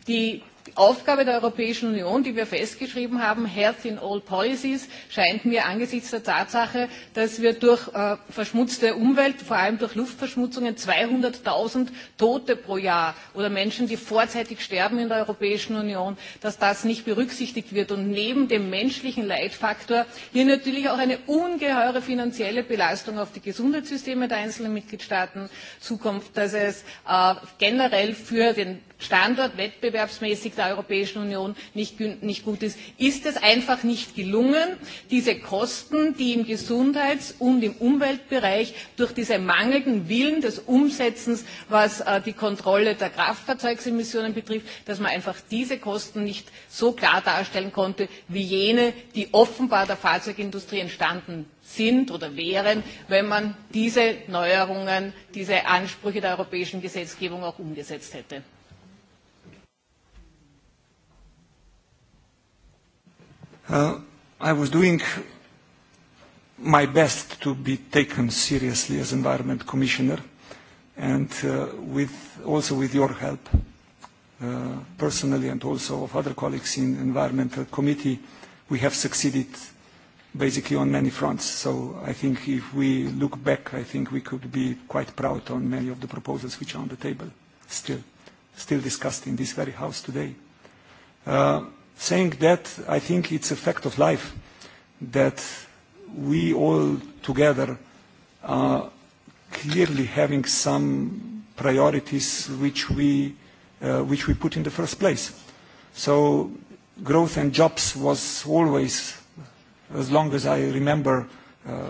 Die Aufgabe der Europäischen Union, die wir festgeschrieben haben, Health in all policies, scheint mir angesichts der Tatsache, dass wir durch äh, verschmutzte Umwelt, vor allem durch Luftverschmutzungen, 200.000 Tote pro Jahr oder Menschen, die vorzeitig sterben in der Europäischen Union, dass das nicht berücksichtigt wird und neben dem menschlichen Leitfaktor hier natürlich auch eine ungeheure finanzielle Belastung auf die Gesundheitssysteme der einzelnen Mitgliedstaaten zukommt, dass es äh, generell für den Standort wettbewerbsmäßig der der Europäischen Union nicht, nicht gut ist, ist es einfach nicht gelungen, diese Kosten, die im Gesundheits- und im Umweltbereich durch diesen mangelnden Willen des Umsetzens, was äh, die Kontrolle der Kraftfahrzeugsemissionen betrifft, dass man einfach diese Kosten nicht so klar darstellen konnte, wie jene, die offenbar der Fahrzeugindustrie entstanden sind oder wären, wenn man diese Neuerungen, diese Ansprüche der europäischen Gesetzgebung auch umgesetzt hätte. Uh, I was doing my best to be taken seriously as Environment Commissioner and uh, with, also with your help uh, personally and also of other colleagues in Environmental Committee, we have succeeded basically on many fronts. So I think if we look back, I think we could be quite proud on many of the proposals which are on the table still, still discussed in this very house today. Uh, Saying that, I think it's a fact of life that we all together are clearly having some priorities which we, uh, which we put in the first place. So growth and jobs was always, as long as I remember, uh,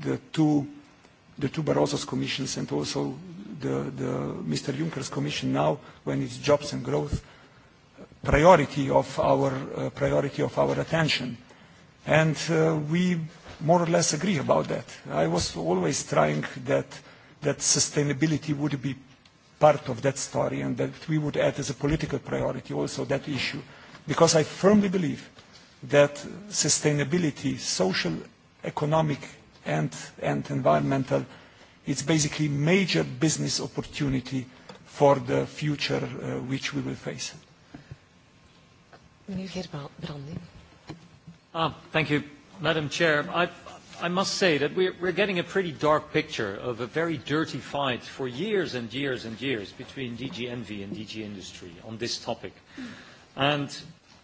the two the two Barroso's commissions and also the, the Mr. Juncker's commission now when it's jobs and growth priority of our, uh, priority of our attention. And uh, we more or less agree about that. I was always trying that, that sustainability would be part of that story and that we would add as a political priority also that issue. Because I firmly believe that sustainability, social, economic and, and environmental, it's basically major business opportunity for the future uh, which we will face. Ah, thank you, Madam Chair. I, I must say that we're, we're getting a pretty dark picture of a very dirty fight for years and years and years between DG Envy and DG Industry on this topic. And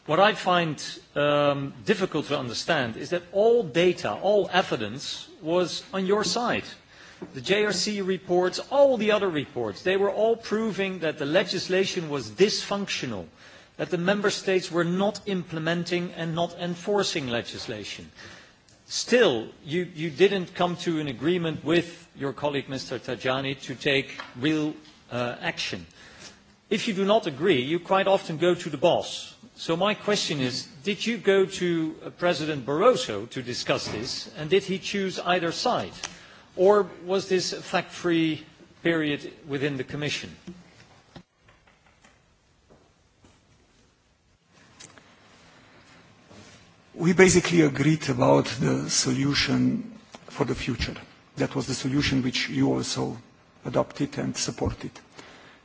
what I find um, difficult to understand is that all data, all evidence was on your side. The JRC reports, all the other reports, they were all proving that the legislation was dysfunctional – that the member states were not implementing and not enforcing legislation. Still, you, you didn't come to an agreement with your colleague, Mr. Tajani, to take real uh, action. If you do not agree, you quite often go to the boss. So my question is, did you go to uh, President Barroso to discuss this, and did he choose either side? Or was this a fact-free period within the Commission? we basically agreed about the solution for the future. That was the solution which you also adopted and supported.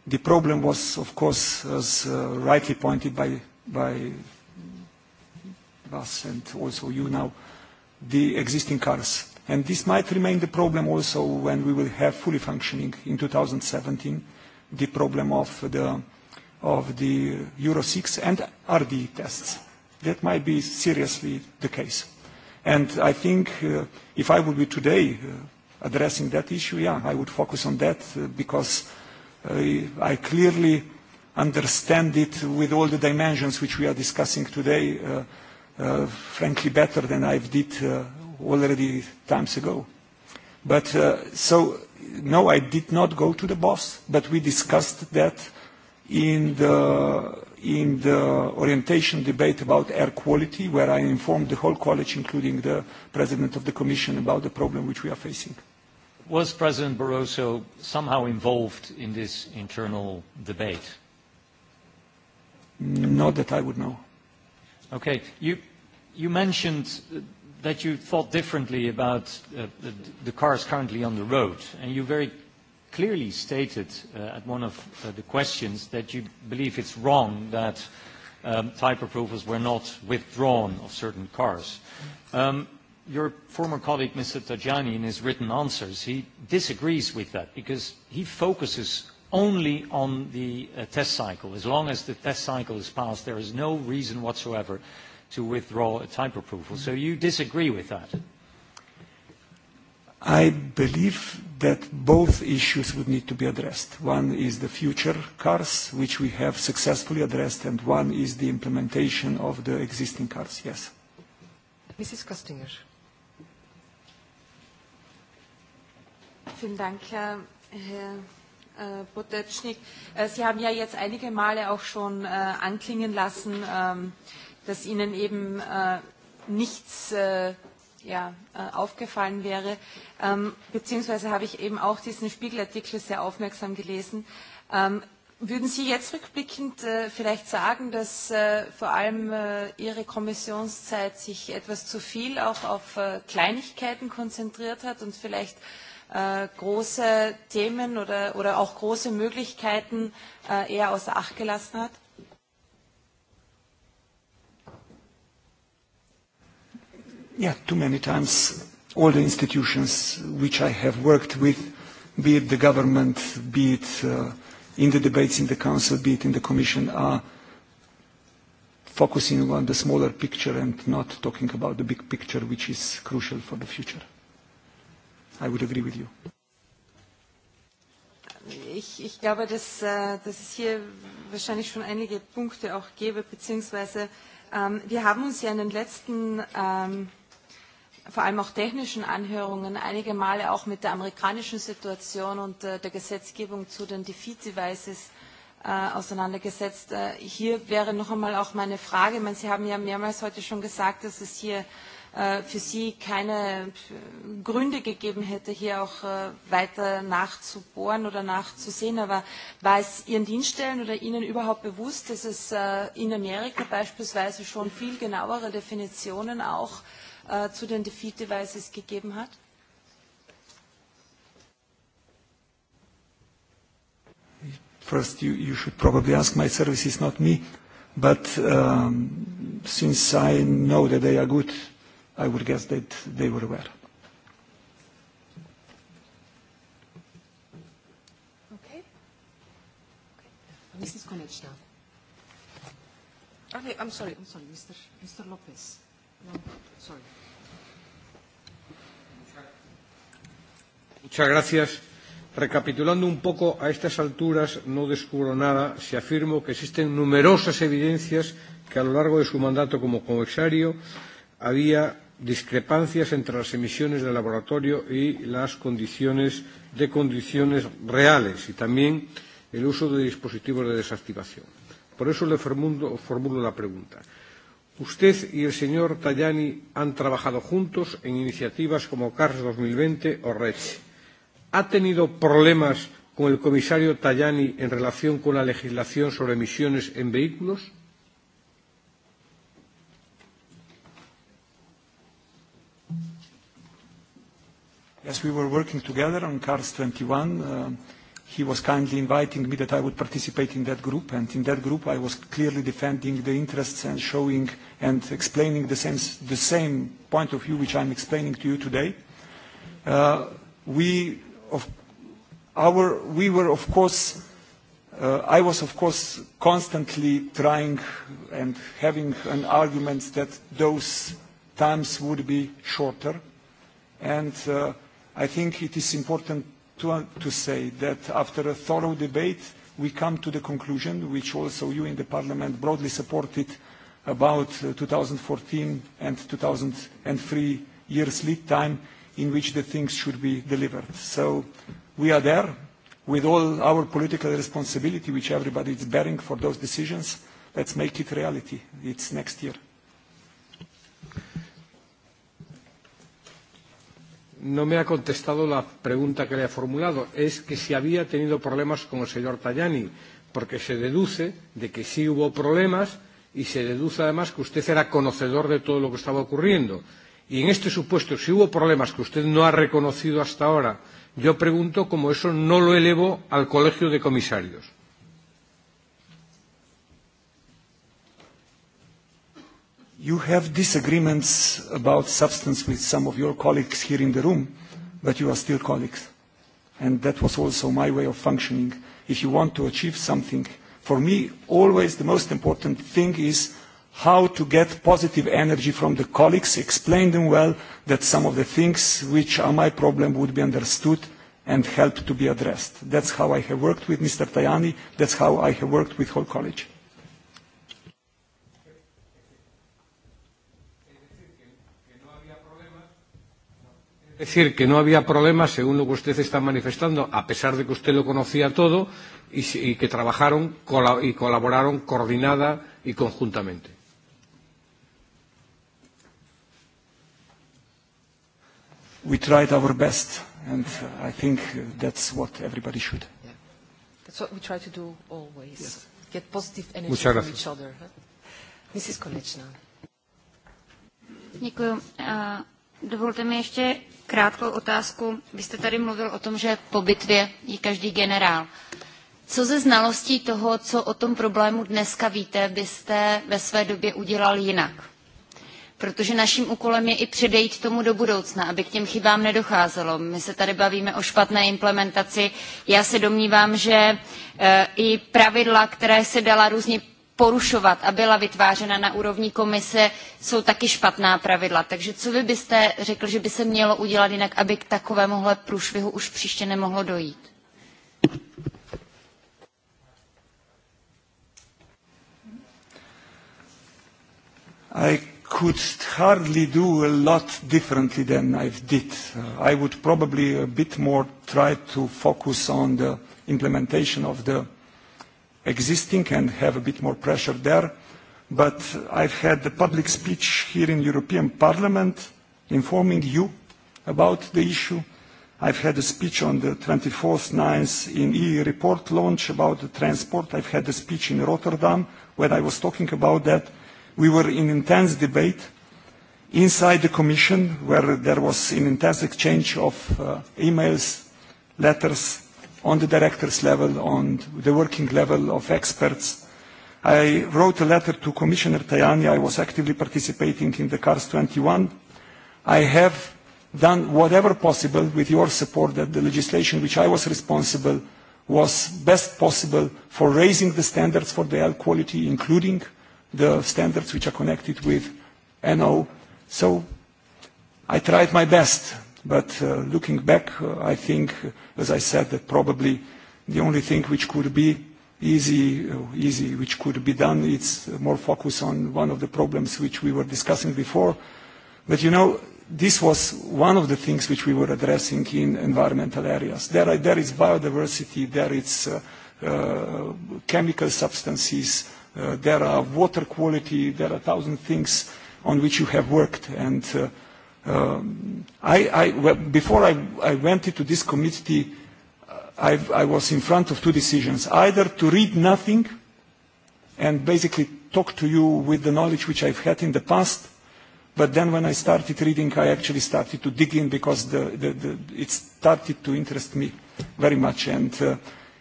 The problem was, of course, as uh, rightly pointed by, by us and also you now, the existing cars. And this might remain the problem also when we will have fully functioning in 2017, the problem of the, of the Euro 6 and RD tests That might be seriously the case. And I think uh, if I would be today uh, addressing that issue, yeah, I would focus on that uh, because uh, I clearly understand it with all the dimensions which we are discussing today, uh, uh, frankly, better than I did uh, already times ago. But uh, so, no, I did not go to the boss, but we discussed that in the in the orientation debate about air quality, where I informed the whole college, including the president of the commission, about the problem which we are facing. Was President Barroso somehow involved in this internal debate? Not that I would know. Okay. You, you mentioned that you thought differently about uh, the, the cars currently on the road, and you very clearly stated uh, at one of uh, the questions that you believe it's wrong that um, type approvals were not withdrawn of certain cars. Um, your former colleague, Mr. Tajani, in his written answers, he disagrees with that because he focuses only on the uh, test cycle. As long as the test cycle is passed, there is no reason whatsoever to withdraw a type approval. So you disagree with that? I believe that both issues would need to be addressed. One is the future cars, which we have successfully addressed, and one is the implementation of the existing cars, yes. Mrs. Kostinger. Vielen Dank, Herr, Herr äh, Potecznik. Äh, Sie haben ja jetzt einige Male auch schon äh, anklingen lassen, ähm, dass Ihnen eben äh, nichts äh, ja, äh, aufgefallen wäre. Ähm, beziehungsweise habe ich eben auch diesen Spiegelartikel sehr aufmerksam gelesen. Ähm, würden Sie jetzt rückblickend äh, vielleicht sagen, dass äh, vor allem äh, Ihre Kommissionszeit sich etwas zu viel auch auf äh, Kleinigkeiten konzentriert hat und vielleicht äh, große Themen oder, oder auch große Möglichkeiten äh, eher außer Acht gelassen hat? yeah, too many times all the institutions which I have worked with, be it the government, be it uh, in the debates in the Council, be it in the Commission, are focusing on the smaller picture and not talking about the big picture, which is crucial for the future. I would agree with you. Ich, ich glaube, dass, äh, dass es hier wahrscheinlich schon einige Punkte auch gäbe, beziehungsweise ähm, wir haben uns ja in den letzten ähm, vor allem auch technischen Anhörungen einige Male auch mit der amerikanischen Situation und äh, der Gesetzgebung zu den Defeat-Devices äh, auseinandergesetzt. Äh, hier wäre noch einmal auch meine Frage, meine, Sie haben ja mehrmals heute schon gesagt, dass es hier äh, für Sie keine äh, Gründe gegeben hätte, hier auch äh, weiter nachzubohren oder nachzusehen. Aber war es Ihren Dienststellen oder Ihnen überhaupt bewusst, dass es äh, in Amerika beispielsweise schon viel genauere Definitionen auch äh, Äh, zu den Defeat Devices gegeben hat? First, you, you should probably ask my services, not me. But um, since I know that they are good, I would guess that they were aware. Okay. okay. Mrs. Konechna. Okay, ah, I'm sorry, I'm sorry, Mr. Mr. Lopez. Muchas gracias. Recapitulando un poco, a estas alturas no descubro nada si afirmo que existen numerosas evidencias que a lo largo de su mandato como comisario había discrepancias entre las emisiones del laboratorio y las condiciones de condiciones reales y también el uso de dispositivos de desactivación. Por eso le formulo, formulo la pregunta. Usted y el señor Tajani han trabajado juntos en iniciativas como CARS 2020 o RECH. ¿Ha tenido problemas con el comisario Tajani en relación con la legislación sobre emisiones en vehículos? Yes, we were working together on CARS 21. Uh, he was kindly inviting me that I would participate in that group, and in that group I was clearly defending the interests and showing and explaining the same, the same point of view which I'm explaining to you today. Uh, we, of, our, we were, of course, uh, I was, of course, constantly trying and having an argument that those times would be shorter, and uh, I think it is important to, to say that after a thorough debate, we come to the conclusion, which also you in the Parliament broadly supported, about uh, 2014 and 2003 years lead time in which the things should be delivered. So we are there with all our political responsibility, which everybody is bearing for those decisions. Let's make it reality. It's next year. no me ha contestado la pregunta que le ha formulado. Es que si había tenido problemas con el señor Tajani, porque se deduce de que sí hubo problemas y se deduce además que usted era conocedor de todo lo que estaba ocurriendo. Y en este supuesto, si hubo problemas que usted no ha reconocido hasta ahora, yo pregunto cómo eso no lo elevó al colegio de comisarios. You have disagreements about substance with some of your colleagues here in the room, but you are still colleagues. And that was also my way of functioning. If you want to achieve something, for me, always the most important thing is how to get positive energy from the colleagues, explain them well that some of the things which are my problem would be understood and help to be addressed. That's how I have worked with Mr. Tajani, that's how I have worked with whole college. Es decir, que no había problema, según lo que usted está manifestando, a pesar de que usted lo conocía todo y, y que trabajaron col y colaboraron coordinada y conjuntamente. We tried our best, and I think that's what everybody should. Yeah. That's what we try to do always. Yes. Get positive energy Muchas from gracias. each other. Huh? Mrs. Konechna. Thank you. E, uh, Dovolte mi ještě krátkou otázku. Vy jste tady mluvil o tom, že po bitvě je každý generál. Co ze znalostí toho, co o tom problému dneska víte, byste ve své době udělal jinak? Protože naším úkolem je i předejít tomu do budoucna, aby k těm chybám nedocházelo. My se tady bavíme o špatné implementaci. Já se domnívám, že e, i pravidla, které se dala různě porušovat a byla vytvářena na úrovni komise, jsou taky špatná pravidla. Takže co vy byste řekl, že by se mělo udělat jinak, aby k takovémuhle průšvihu už příště nemohlo dojít? I could hardly do a lot differently than I did. I would probably a bit more try to focus on the implementation of the existing and have a bit more pressure there. But I've had a public speech here in European Parliament informing you about the issue. I've had a speech on the 24th, 9th in EU report launch about the transport. I've had a speech in Rotterdam when I was talking about that. We were in intense debate inside the Commission where there was an intense exchange of uh, emails, letters, on the director's level, on the working level of experts. I wrote a letter to Commissioner Tajani. I was actively participating in the CARS 21. I have done whatever possible with your support that the legislation which I was responsible was best possible for raising the standards for the air quality, including the standards which are connected with NO. So I tried my best But uh, looking back, uh, I think, uh, as I said, that probably the only thing which could be easy, uh, easy which could be done, it's more focus on one of the problems which we were discussing before. But you know, this was one of the things which we were addressing in environmental areas. There, are, there is biodiversity, there is uh, uh, chemical substances, uh, there are water quality, there are a thousand things on which you have worked. And uh, Um, I I, well before I, I went into this committee, uh, I, I was in front of two decisions, either to read nothing and basically talk to you with the knowledge which I've had in the past, but then when I started reading, I actually started to dig in because the, the, the, it started to interest me very much. And uh,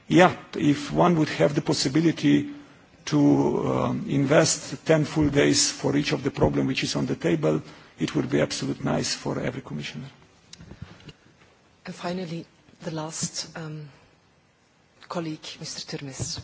yeah, if one would have the possibility to um, invest 10 full days for each of the problems which is on the table, it would be absolutely nice for every commissioner. And finally, the last um, colleague, Mr. Turmes.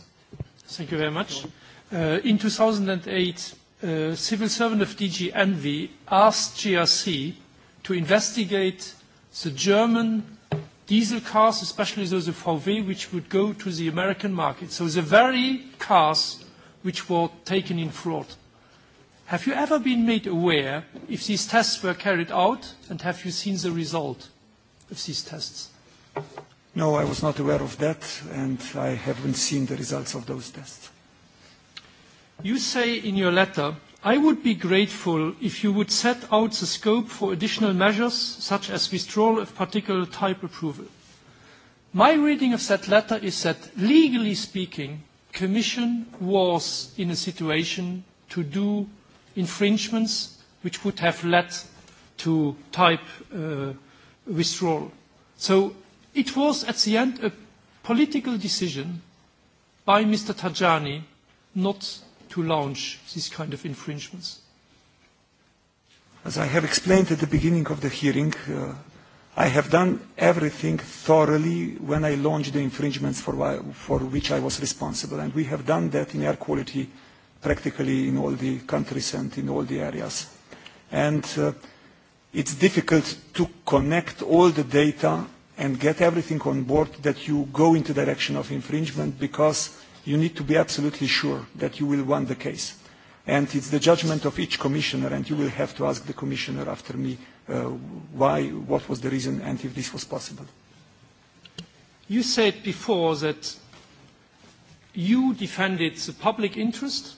Thank you very much. Uh, in 2008, uh, civil servant of DG Envy asked GRC to investigate the German diesel cars, especially those of VW, which would go to the American market. So the very cars which were taken in fraud. Have you ever been made aware if these tests were carried out and have you seen the result of these tests? No, I was not aware of that and I haven't seen the results of those tests. You say in your letter, I would be grateful if you would set out the scope for additional measures such as withdrawal of particular type approval. My reading of that letter is that legally speaking, Commission was in a situation to do infringements which would have led to type uh, withdrawal. So it was at the end a political decision by Mr. Tajani not to launch these kind of infringements. As I have explained at the beginning of the hearing, uh, I have done everything thoroughly when I launched the infringements for, for which I was responsible, and we have done that in air quality practically in all the countries and in all the areas. And uh, it's difficult to connect all the data and get everything on board that you go into direction of infringement because you need to be absolutely sure that you will win the case. And it's the judgment of each commissioner, and you will have to ask the commissioner after me uh, why, what was the reason, and if this was possible. You said before that you defended the public interest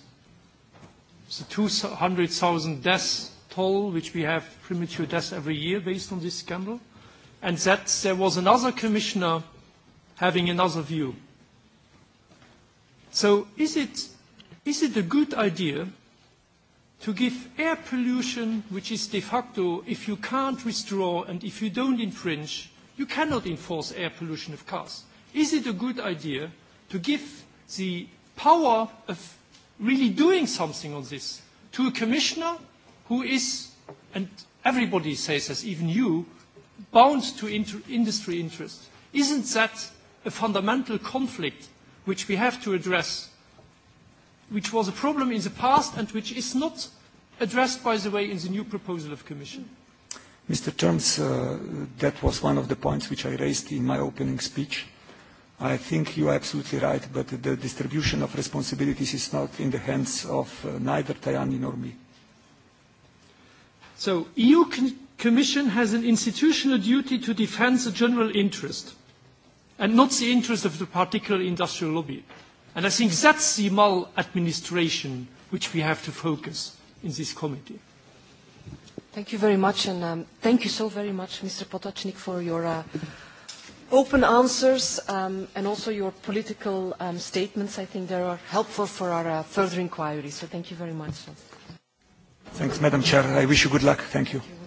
the 200,000 deaths toll which we have premature deaths every year based on this scandal, and that there was another commissioner having another view. So is it, is it a good idea to give air pollution, which is de facto, if you can't withdraw and if you don't infringe, you cannot enforce air pollution of cars. Is it a good idea to give the power of really doing something on this to a commissioner who is, and everybody says this, even you, bound to inter industry interests. Isn't that a fundamental conflict which we have to address, which was a problem in the past and which is not addressed, by the way, in the new proposal of Commission? Mr. Terms, uh, that was one of the points which I raised in my opening speech. I think you are absolutely right, but the distribution of responsibilities is not in the hands of uh, neither Tajani nor me. So EU con Commission has an institutional duty to defend the general interest and not the interest of the particular industrial lobby. And I think that's the maladministration which we have to focus in this committee. Thank you very much, and um, thank you so very much, Mr. Potocnik, for your uh, open answers um, and also your political um, statements. I think they are helpful for our uh, further inquiry. So thank you very much. Thanks, Madam Chair. I wish you good luck. Thank you. Thank you.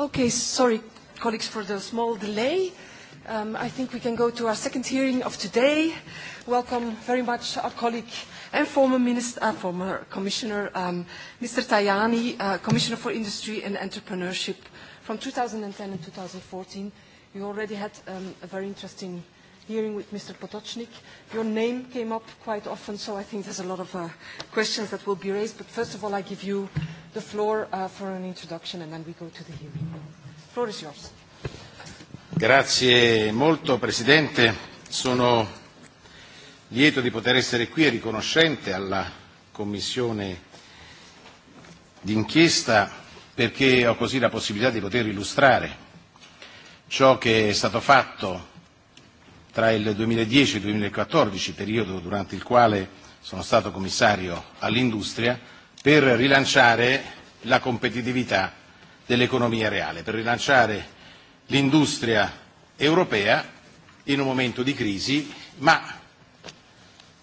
Okay, sorry, colleagues, for the small delay. Um, I think we can go to our second hearing of today. Welcome very much our colleague and former minister, uh, former commissioner, um, Mr. Tajani, uh, commissioner for industry and entrepreneurship from 2010 and 2014. You already had um, a very interesting hearing with Mr. Potocnik. Your name came up quite often, so I think there's a lot of uh, questions that will be raised. But first of all, I give you the floor uh, for an introduction and then we go to the hearing. The floor is yours. Grazie molto Presidente, sono lieto di poter essere qui e riconoscente alla Commissione d'inchiesta perché ho così la possibilità di poter illustrare ciò che è stato fatto tra il 2010 e il 2014, periodo durante il quale sono stato commissario all'industria, per rilanciare la competitività dell'economia reale, per rilanciare l'industria europea in un momento di crisi, ma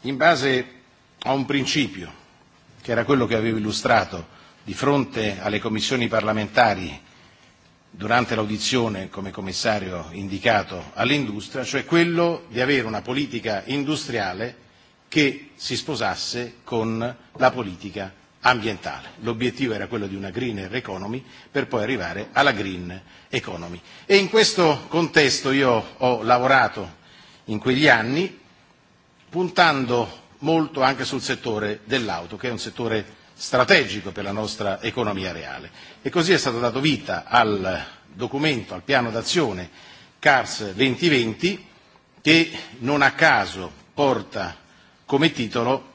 in base a un principio, che era quello che avevo illustrato di fronte alle commissioni parlamentari durante l'audizione come commissario indicato all'industria, cioè quello di avere una politica industriale che si sposasse con la politica ambientale. L'obiettivo era quello di una green economy per poi arrivare alla green economy. E in questo contesto io ho lavorato in quegli anni puntando molto anche sul settore dell'auto, che è un settore strategico per la nostra economia reale. E così è stato dato vita al documento, al piano d'azione CARS 2020, che non a caso porta come titolo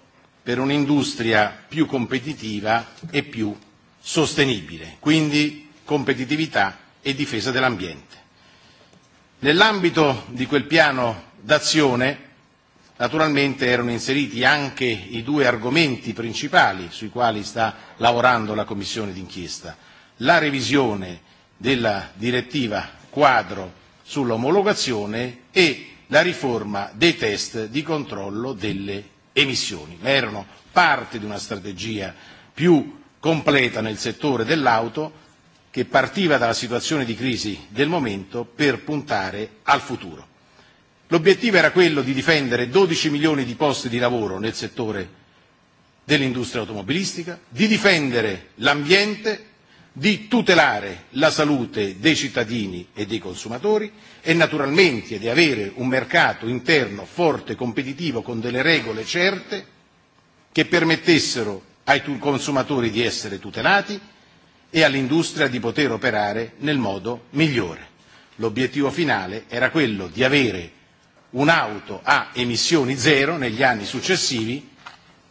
per un'industria più competitiva e più sostenibile, quindi competitività e difesa dell'ambiente. Nell'ambito di quel piano d'azione naturalmente erano inseriti anche i due argomenti principali sui quali sta lavorando la Commissione d'inchiesta, la revisione della direttiva quadro sull'omologazione e la riforma dei test di controllo delle emissioni, ma erano parte di una strategia più completa nel settore dell'auto che partiva dalla situazione di crisi del momento per puntare al futuro. L'obiettivo era quello di difendere 12 milioni di posti di lavoro nel settore dell'industria automobilistica, di difendere l'ambiente di tutelare la salute dei cittadini e dei consumatori e naturalmente di avere un mercato interno forte e competitivo con delle regole certe che permettessero ai consumatori di essere tutelati e all'industria di poter operare nel modo migliore. L'obiettivo finale era quello di avere un'auto a emissioni zero negli anni successivi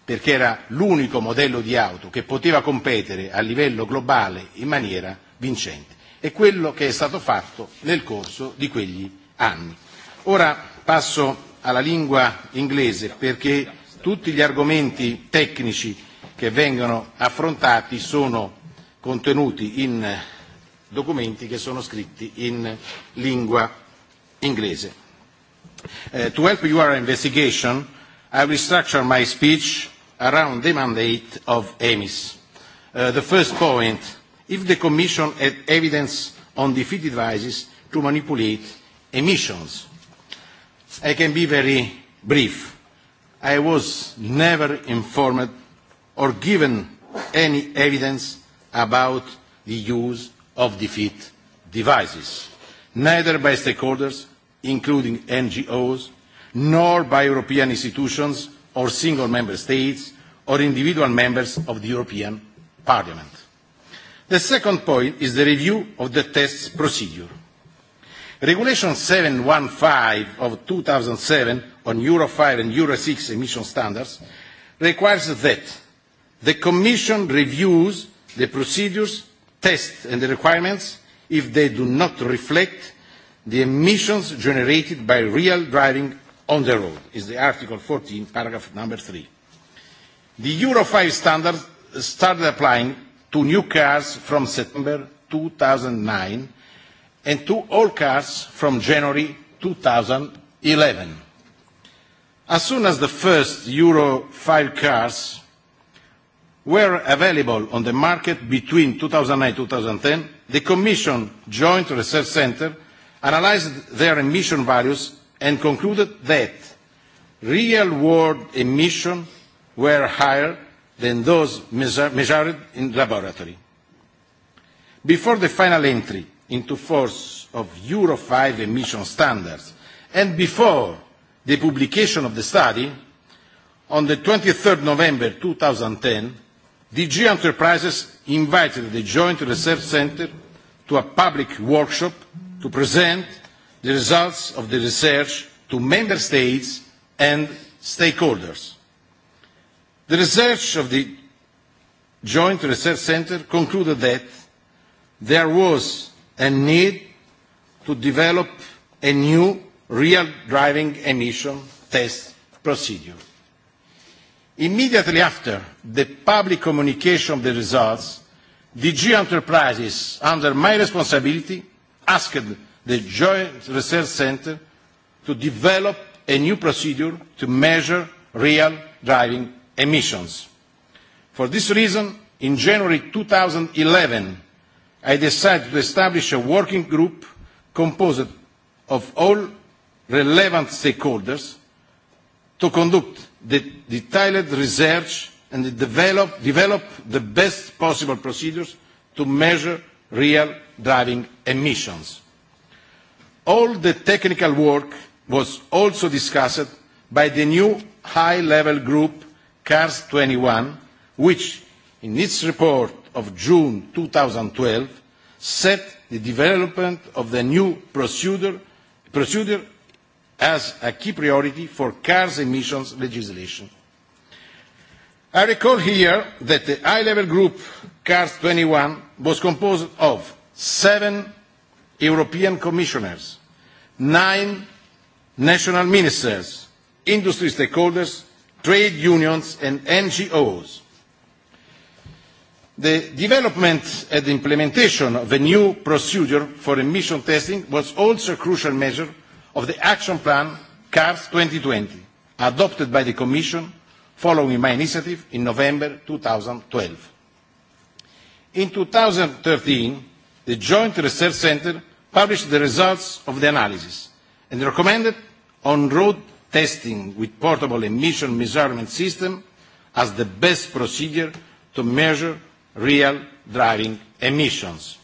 perché era l'unico modello di auto che poteva competere a livello globale in maniera vincente. È quello che è stato fatto nel corso di quegli anni. Ora passo alla lingua inglese perché tutti gli argomenti tecnici che vengono affrontati sono contenuti in documenti che sono scritti in lingua inglese. Uh, to help your investigation, I will structure my speech around the mandate of EMIS. Uh, the first point, if the Commission had evidence on defeat devices to manipulate emissions. I can be very brief. I was never informed or given any evidence about the use of defeat devices, neither by stakeholders, including NGOs, nor by European institutions or single member states or individual members of the European Parliament. The second point is the review of the test procedure. Regulation 715 of 2007 on Euro 5 and Euro 6 emission standards requires that the Commission reviews the procedures, tests and the requirements if they do not reflect the emissions generated by real driving on the road, is the Article 14, paragraph number 3. The Euro 5 standards started applying to new cars from September 2009 and to all cars from January 2011. As soon as the first Euro 5 cars were available on the market between 2009-2010, the Commission Joint Research center analyzed their emission values and concluded that real-world emissions were higher than those measured in laboratory. Before the final entry into force of Euro 5 emission standards and before the publication of the study, on the 23rd November 2010, DG Enterprises invited the Joint Research Centre to a public workshop to present the results of the research to member states and stakeholders. The research of the Joint Research Center concluded that there was a need to develop a new real driving emission test procedure. Immediately after the public communication of the results, DG Enterprises, under my responsibility, asked the Joint Research Center to develop a new procedure to measure real driving emissions. For this reason, in January 2011, I decided to establish a working group composed of all relevant stakeholders to conduct the detailed research and develop, develop the best possible procedures to measure real driving emissions. All the technical work was also discussed by the new high-level group CARS 21, which in its report of June 2012 set the development of the new procedure, procedure as a key priority for cars emissions legislation. I recall here that the high-level group CARS 21 was composed of seven European commissioners, nine national ministers, industry stakeholders, trade unions and NGOs. The development and implementation of a new procedure for emission testing was also a crucial measure of the action plan CARS 2020, adopted by the Commission following my initiative in November 2012. In 2013, the Joint Research Centre published the results of the analysis and recommended on-road testing with portable emission measurement system as the best procedure to measure real driving emissions.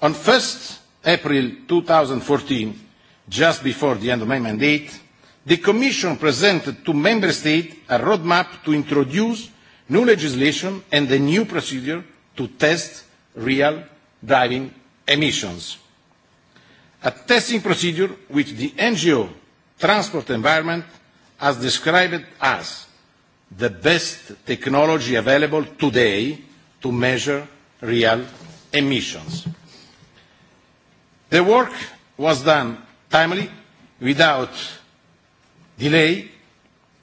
On 1st April 2014, just before the end of my mandate, the Commission presented to Member States a roadmap to introduce new legislation and a new procedure to test real driving emissions a testing procedure which the NGO Transport Environment has described as the best technology available today to measure real emissions. The work was done timely, without delay,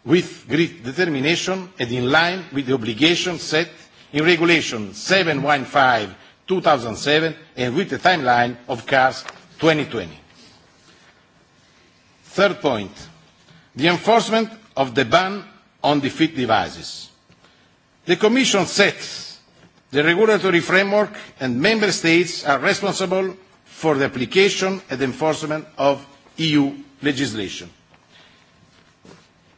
with great determination and in line with the obligation set in Regulation 715-2007 and with the timeline of CARS 2020. Third point, the enforcement of the ban on defeat devices. The Commission sets the regulatory framework and Member States are responsible for the application and enforcement of EU legislation.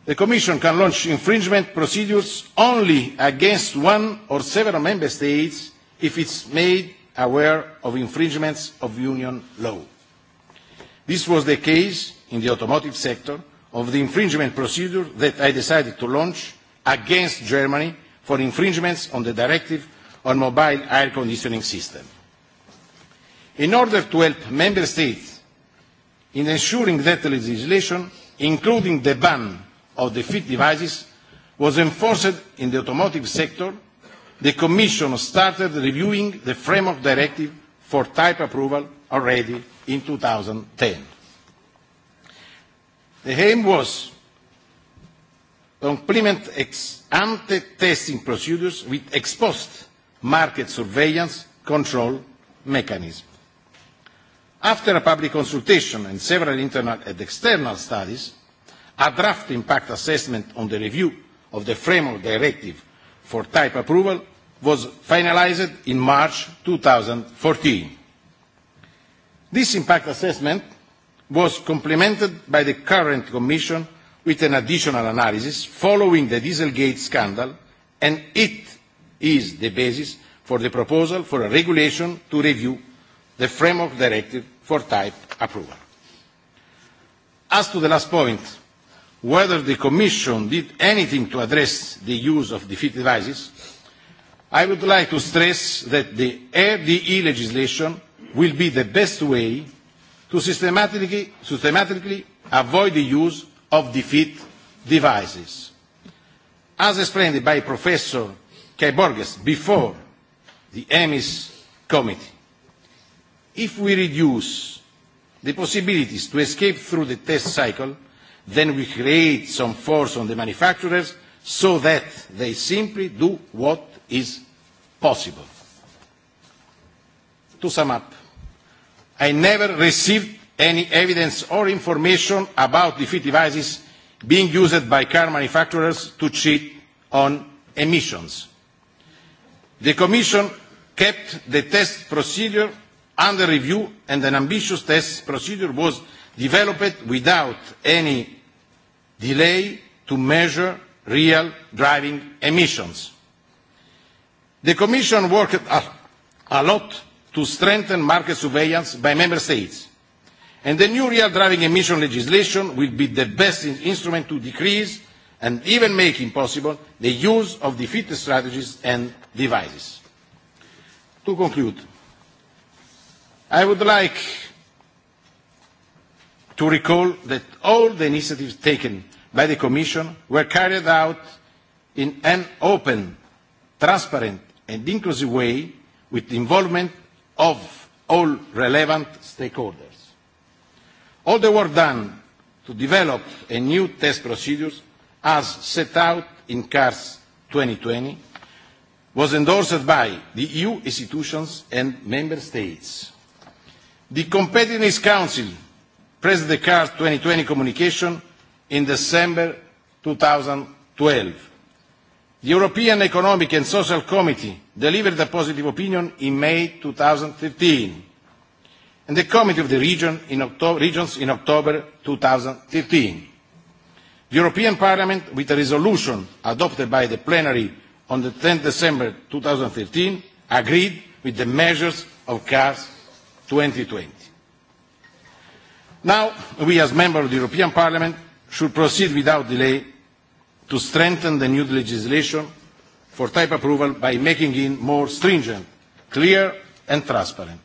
The Commission can launch infringement procedures only against one or several Member States if it's made aware of infringements of Union law. This was the case in the automotive sector of the infringement procedure that I decided to launch against Germany for infringements on the directive on mobile air conditioning system. In order to help member states in ensuring that the legislation, including the ban of the fit devices, was enforced in the automotive sector, the Commission started reviewing the framework directive for type approval already in 2010. The aim was to implement ex ante testing procedures with ex post market surveillance control mechanism. After a public consultation and several internal and external studies, a draft impact assessment on the review of the framework directive for type approval was finalized in March 2014. This impact assessment was complemented by the current Commission with an additional analysis following the Dieselgate scandal, and it is the basis for the proposal for a regulation to review the Framework Directive for type approval. As to the last point, whether the Commission did anything to address the use of defeat devices, I would like to stress that the RDE legislation will be the best way to systematically, systematically avoid the use of defeat devices. As explained by Professor K. Borges before the EMIS committee, if we reduce the possibilities to escape through the test cycle, then we create some force on the manufacturers so that they simply do what is possible. To sum up, I never received any evidence or information about defeat devices being used by car manufacturers to cheat on emissions. The Commission kept the test procedure under review and an ambitious test procedure was developed without any delay to measure real driving emissions. The Commission worked a lot to strengthen market surveillance by member states. And the new real driving emission legislation will be the best instrument to decrease and even make impossible the use of the fit strategies and devices. To conclude, I would like to recall that all the initiatives taken by the Commission were carried out in an open, transparent and inclusive way with the involvement of all relevant stakeholders. All the work done to develop a new test procedures as set out in CARS 2020 was endorsed by the EU institutions and Member States. The Competitiveness Council pressed the CARS 2020 communication in December 2012 The European Economic and Social Committee delivered a positive opinion in May 2013 and the Committee of the Region in October, Regions in October 2013. The European Parliament, with a resolution adopted by the plenary on the 10th December 2013, agreed with the measures of CARS 2020. Now, we as members of the European Parliament should proceed without delay to strengthen the new legislation for type approval by making it more stringent, clear and transparent.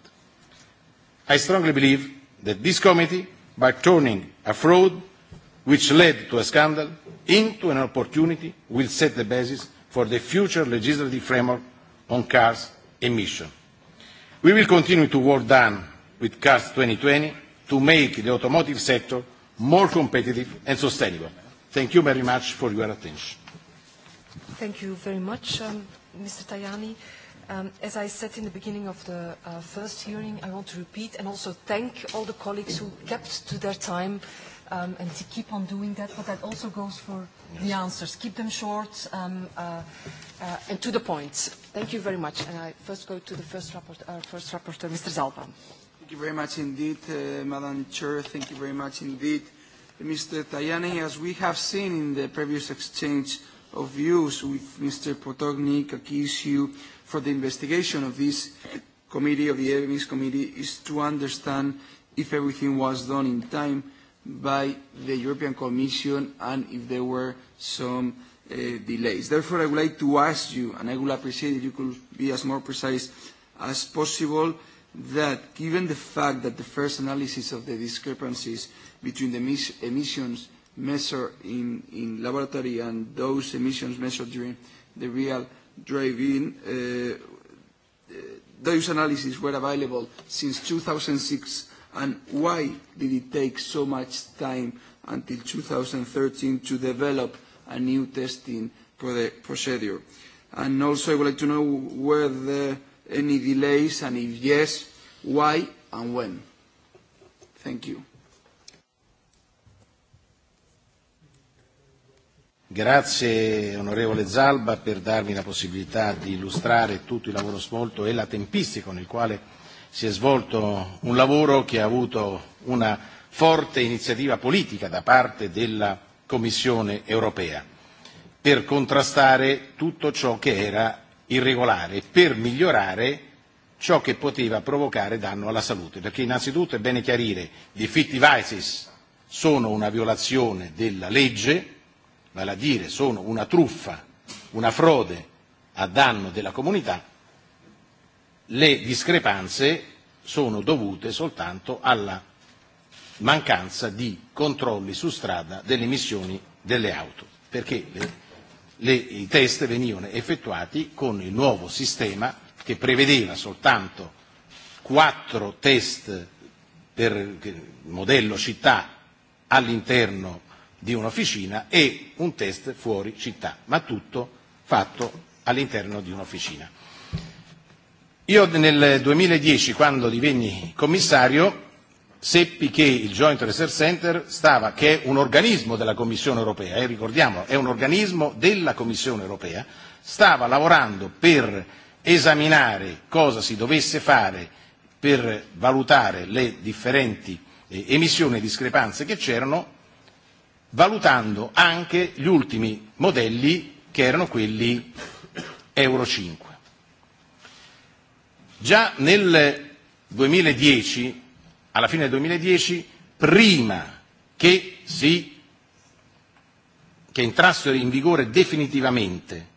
I strongly believe that this committee, by turning a fraud which led to a scandal into an opportunity, will set the basis for the future legislative framework on cars emission. We will continue to work done with Cars 2020 to make the automotive sector more competitive and sustainable. Thank you very much for your attention. Thank you very much, um, Mr. Tajani. Um, as I said in the beginning of the uh, first hearing, I want to repeat and also thank all the colleagues who kept to their time um, and to keep on doing that, but that also goes for yes. the answers. Keep them short um, uh, uh, and to the point. Thank you very much. And I first go to the first, rapport, uh, first rapporteur, Mr. Zalba. Thank you very much indeed, uh, Madam Chair. Thank you very much indeed Mr. Tajani, as we have seen in the previous exchange of views with Mr. Potognik, a key issue for the investigation of this committee, of the evidence committee, is to understand if everything was done in time by the European Commission and if there were some uh, delays. Therefore, I would like to ask you, and I would appreciate if you could be as more precise as possible, that given the fact that the first analysis of the discrepancies between the emis emissions measured in, in laboratory and those emissions measured during the real drive-in. Uh, uh those analyses were available since 2006 and why did it take so much time until 2013 to develop a new testing procedure? And also I would like to know were there any delays and if yes, why and when? Thank you. Grazie onorevole Zalba per darmi la possibilità di illustrare tutto il lavoro svolto e la tempistica con il quale si è svolto un lavoro che ha avuto una forte iniziativa politica da parte della Commissione europea per contrastare tutto ciò che era irregolare, per migliorare ciò che poteva provocare danno alla salute, perché innanzitutto è bene chiarire che i fit sono una violazione della legge vale a dire sono una truffa, una frode a danno della comunità, le discrepanze sono dovute soltanto alla mancanza di controlli su strada delle emissioni delle auto, perché le, le, i test venivano effettuati con il nuovo sistema che prevedeva soltanto quattro test per modello città all'interno di un'officina e un test fuori città, ma tutto fatto all'interno di un'officina. Io nel 2010, quando divenni commissario, seppi che il Joint Research Center stava, che è un organismo della Commissione europea, e eh, ricordiamo, è un organismo della Commissione europea, stava lavorando per esaminare cosa si dovesse fare per valutare le differenti eh, emissioni e discrepanze che c'erano valutando anche gli ultimi modelli che erano quelli Euro 5. Già nel 2010, alla fine del 2010, prima che, si, che entrassero in vigore definitivamente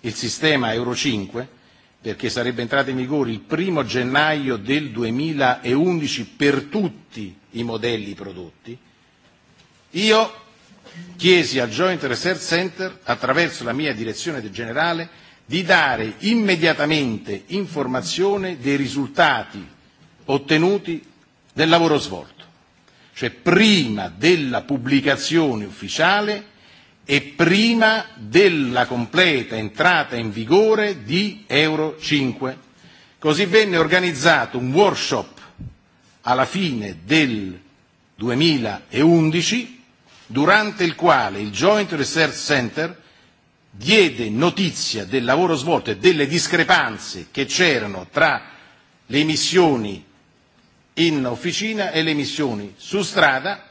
il sistema Euro 5, perché sarebbe entrato in vigore il primo gennaio del 2011 e per tutti i modelli prodotti, io chiesi al Joint Research Center, attraverso la mia direzione generale, di dare immediatamente informazione dei risultati ottenuti del lavoro svolto, cioè prima della pubblicazione ufficiale e prima della completa entrata in vigore di Euro 5. Così venne organizzato un workshop alla fine del 2011 durante il quale il Joint Research Center diede notizia del lavoro svolto e delle discrepanze che c'erano tra le emissioni in officina e le emissioni su strada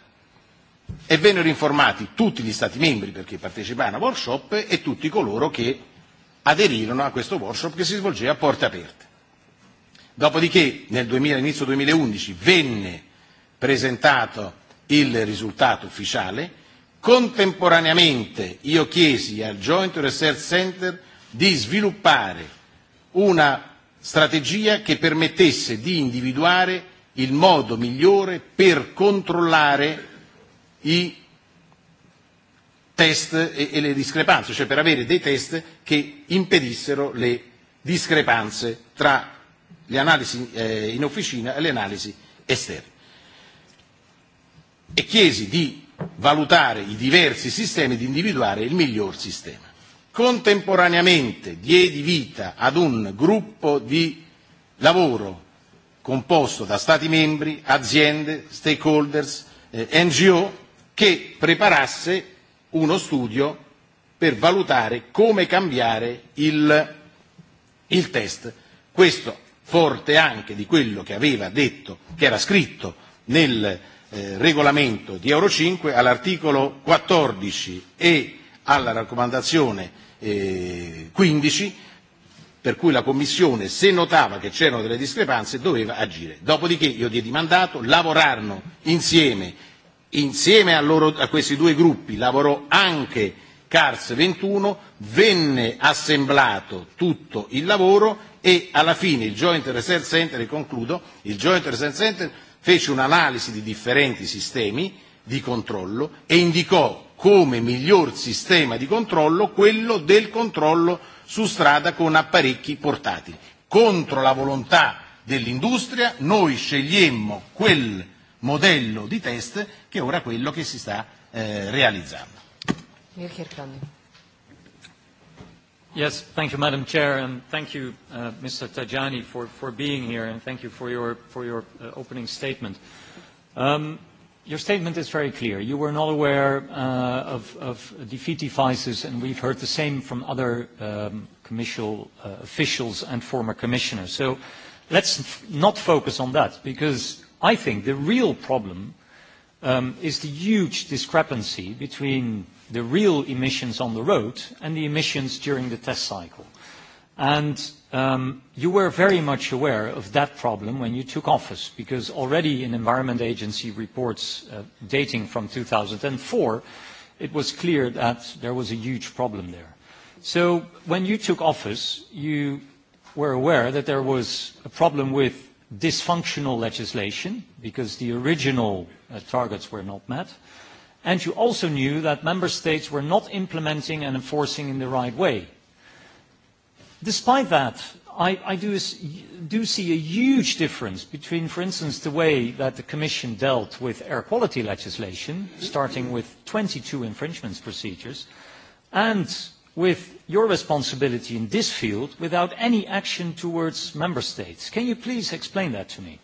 e vennero informati tutti gli Stati membri perché partecipavano a workshop e tutti coloro che aderirono a questo workshop che si svolgeva a porte aperte. Dopodiché nel 2000, inizio 2011 venne presentato il risultato ufficiale, contemporaneamente io chiesi al Joint Research Center di sviluppare una strategia che permettesse di individuare il modo migliore per controllare i test e, e le discrepanze, cioè per avere dei test che impedissero le discrepanze tra le analisi eh, in officina e le analisi esterne e chiesi di valutare i diversi sistemi e di individuare il miglior sistema. Contemporaneamente diedi vita ad un gruppo di lavoro composto da Stati membri, aziende, stakeholders, eh, NGO, che preparasse uno studio per valutare come cambiare il, il test. Questo forte anche di quello che aveva detto, che era scritto nel eh, regolamento di Euro 5 all'articolo 14 e alla raccomandazione eh, 15 per cui la Commissione, se notava che c'erano delle discrepanze, doveva agire. Dopodiché io diedi mandato, lavorarono insieme, insieme a, loro, a questi due gruppi, lavorò anche CARS 21, venne assemblato tutto il lavoro e alla fine il Joint Research Center, e concludo, il Joint Research Center fece un'analisi di differenti sistemi di controllo e indicò come miglior sistema di controllo quello del controllo su strada con apparecchi portatili. Contro la volontà dell'industria noi scegliemmo quel modello di test che è ora quello che si sta eh, realizzando. Yes, thank you, Madam Chair, and thank you, uh, Mr. Tajani, for, for being here, and thank you for your, for your uh, opening statement. Um, your statement is very clear. You were not aware uh, of, of defeat devices, and we've heard the same from other um, commercial uh, officials and former commissioners. So let's not focus on that, because I think the real problem um, is the huge discrepancy between the real emissions on the road and the emissions during the test cycle. And um, you were very much aware of that problem when you took office, because already in Environment Agency reports uh, dating from 2004, it was clear that there was a huge problem there. So when you took office, you were aware that there was a problem with dysfunctional legislation, because the original uh, targets were not met, uh, and you also knew that member states were not implementing and enforcing in the right way. Despite that, I, I do, do see a huge difference between, for instance, the way that the Commission dealt with air quality legislation, starting with 22 infringement procedures, and with your responsibility in this field without any action towards member states. Can you please explain that to me?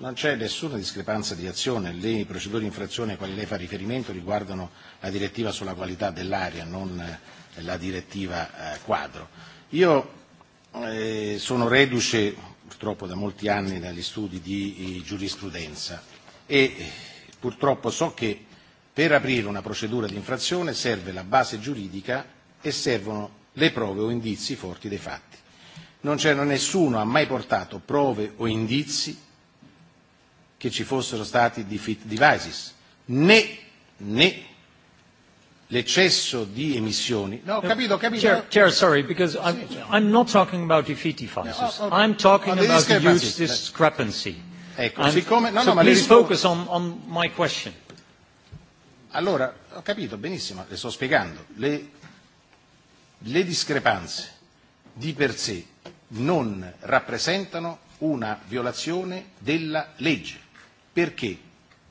non c'è nessuna discrepanza di azione, le procedure di infrazione a quali lei fa riferimento riguardano la direttiva sulla qualità dell'aria, non eh, la direttiva eh, quadro. Io eh, sono reduce purtroppo da molti anni dagli studi di giurisprudenza e purtroppo so che per aprire una procedura di infrazione serve la base giuridica e servono le prove o indizi forti dei fatti. Non c'è nessuno ha mai portato prove o indizi che ci fossero stati devices, né, né l'eccesso di emissioni. No, ho capito, ho capito. Chair, Chair sorry, because I'm, sì, I'm not talking about defeat devices. No, oh, oh, I'm talking oh, about the huge discrepancy. Ecco, And siccome, no, so no, ma please focus on, on my question. Allora, ho capito benissimo, le sto spiegando. Le, le discrepanze di per sé non rappresentano una violazione della legge perché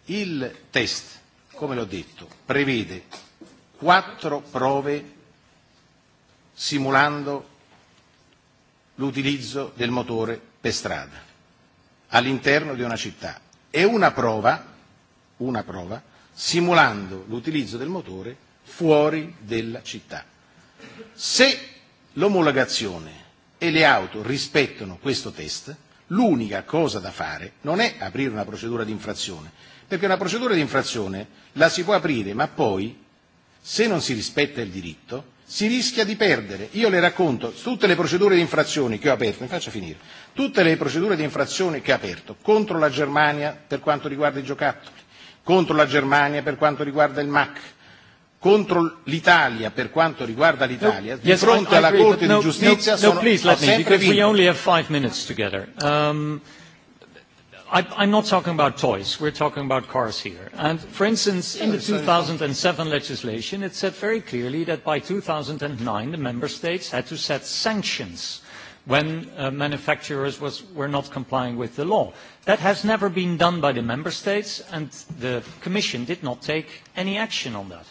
il test, come l'ho detto, prevede quattro prove simulando l'utilizzo del motore per strada all'interno di una città e una prova, una prova simulando l'utilizzo del motore fuori della città. Se l'omologazione e le auto rispettano questo test, l'unica cosa da fare non è aprire una procedura di infrazione, perché una procedura di infrazione la si può aprire, ma poi, se non si rispetta il diritto, si rischia di perdere. Io le racconto tutte le procedure di infrazione che ho aperto, mi faccia finire, tutte le procedure di infrazione che ho aperto contro la Germania per quanto riguarda i giocattoli, contro la Germania per quanto riguarda il MAC, contro l'Italia per quanto riguarda l'Italia no, di yes, fronte I, I alla agree, Corte di no, Giustizia no, sono no, please, let me, sempre vinto. We only have five minutes together. Um, I, I'm not talking about toys, we're talking about cars here. And for instance, in the 2007 legislation, it said very clearly that by 2009 the member states had to set sanctions when uh, manufacturers was, were not complying with the law. That has never been done by the member states, and the Commission did not take any action on that.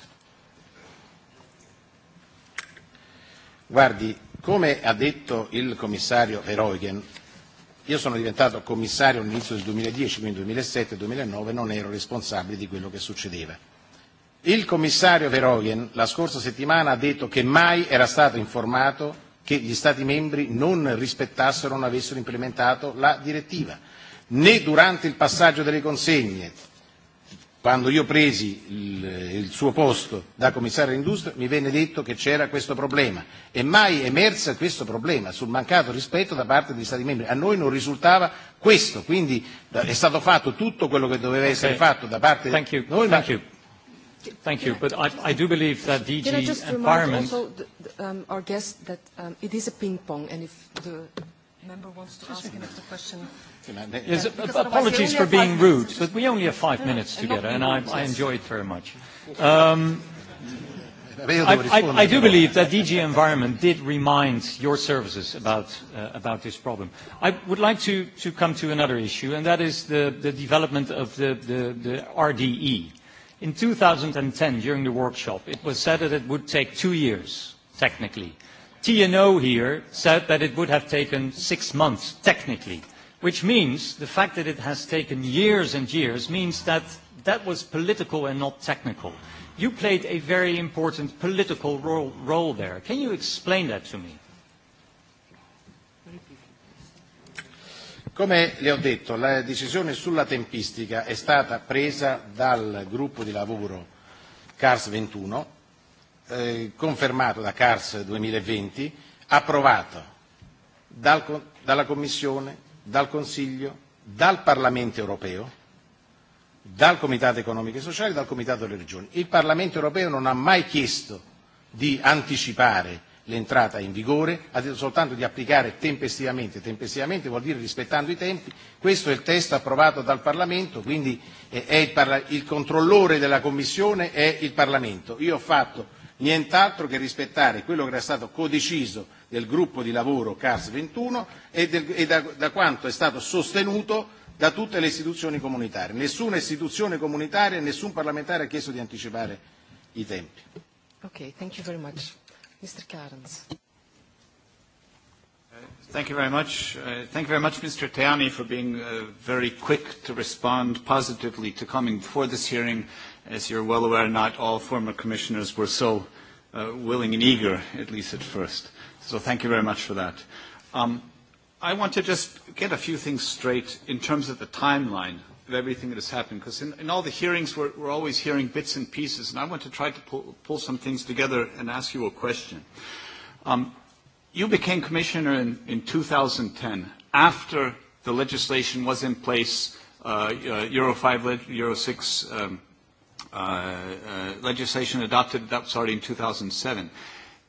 Guardi, come ha detto il commissario Verheugen, io sono diventato commissario all'inizio del 2010, quindi 2007-2009 non ero responsabile di quello che succedeva. Il commissario Verheugen la scorsa settimana ha detto che mai era stato informato che gli Stati membri non rispettassero o non avessero implementato la direttiva, né durante il passaggio delle consegne, quando io presi il, il suo posto da commissario industria mi venne detto che c'era questo problema e mai emersa questo problema sul mancato rispetto da parte degli Stati membri. A noi non risultava questo, quindi è stato fatto tutto quello che doveva okay. essere fatto da parte Thank you. di noi. Thank ma... you. Thank you, but I, I do believe that DG Can I just environment... also the, um, our guest that um, it is a ping pong and if the member wants to ask another question... Yes, apologies for being rude, but we only have five minutes together, and I, I enjoy it very much. Um, I, I, I do believe that DG Environment did remind your services about, uh, about this problem. I would like to, to come to another issue, and that is the, the development of the, the, the RDE. In 2010, during the workshop, it was said that it would take two years, technically. TNO here said that it would have taken six months, technically. Which means the fact that it has taken years and years means that that was political and not technical. You played a very important political role, role there. Can you explain that to me? Come le ho detto, la decisione sulla tempistica è stata presa dal gruppo di lavoro CARS 21, eh, confermato da CARS 2020, approvato dal, dalla Commissione, dal Consiglio, dal Parlamento europeo, dal Comitato Economico e Sociale e dal Comitato delle Regioni. Il Parlamento europeo non ha mai chiesto di anticipare l'entrata in vigore, ha detto soltanto di applicare tempestivamente, tempestivamente vuol dire rispettando i tempi, questo è il testo approvato dal Parlamento, quindi eh, è il, parla- il controllore della Commissione è il Parlamento. Io ho fatto nient'altro che rispettare quello che era stato codeciso del gruppo di lavoro CARS 21 e, del, e da, da quanto è stato sostenuto da tutte le istituzioni comunitarie. Nessuna istituzione comunitaria e nessun parlamentare ha chiesto di anticipare i tempi. Ok, thank you very much. Mr. Carnes. Uh, thank you very much. Uh, thank you very much, Mr. Tajani, for being uh, very quick to respond positively to coming before this hearing As you're well aware, not all former commissioners were so uh, willing and eager, at least at first. So thank you very much for that. Um, I want to just get a few things straight in terms of the timeline of everything that has happened, because in, in all the hearings we're, we're always hearing bits and pieces, and I want to try to pull, pull some things together and ask you a question. Um, you became commissioner in, in 2010 after the legislation was in place, uh, uh, Euro 5, Euro 6 um, uh, uh, legislation adopted, that was already in 2007.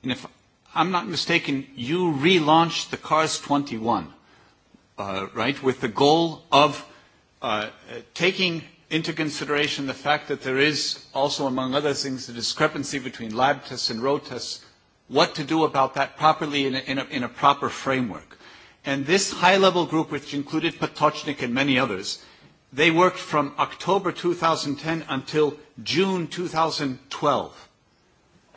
And if I'm not mistaken, you relaunched the CARS 21, uh, right, with the goal of uh, taking into consideration the fact that there is also, among other things, the discrepancy between lab tests and road tests, what to do about that properly in a, in a, in a proper framework. And this high-level group, which included Patochnik and many others, they worked from October 2010 until June 2012.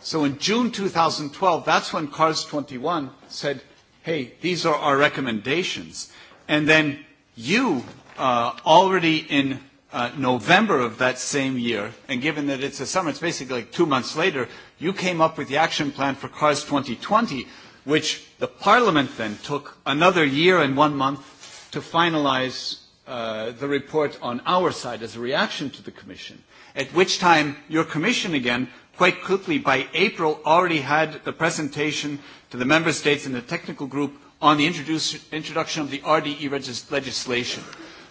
So in June 2012, that's when CARS 21 said, hey, these are our recommendations. And then you, uh, already in uh, November of that same year, and given that it's a summer, it's basically like two months later, you came up with the action plan for CARS 2020, which the Parliament then took another year and one month to finalize uh, the report on our side as a reaction to the Commission at which time your commission again quite quickly by April already had the presentation to the member states and the technical group on the introduce, introduction of the RDE regis legislation.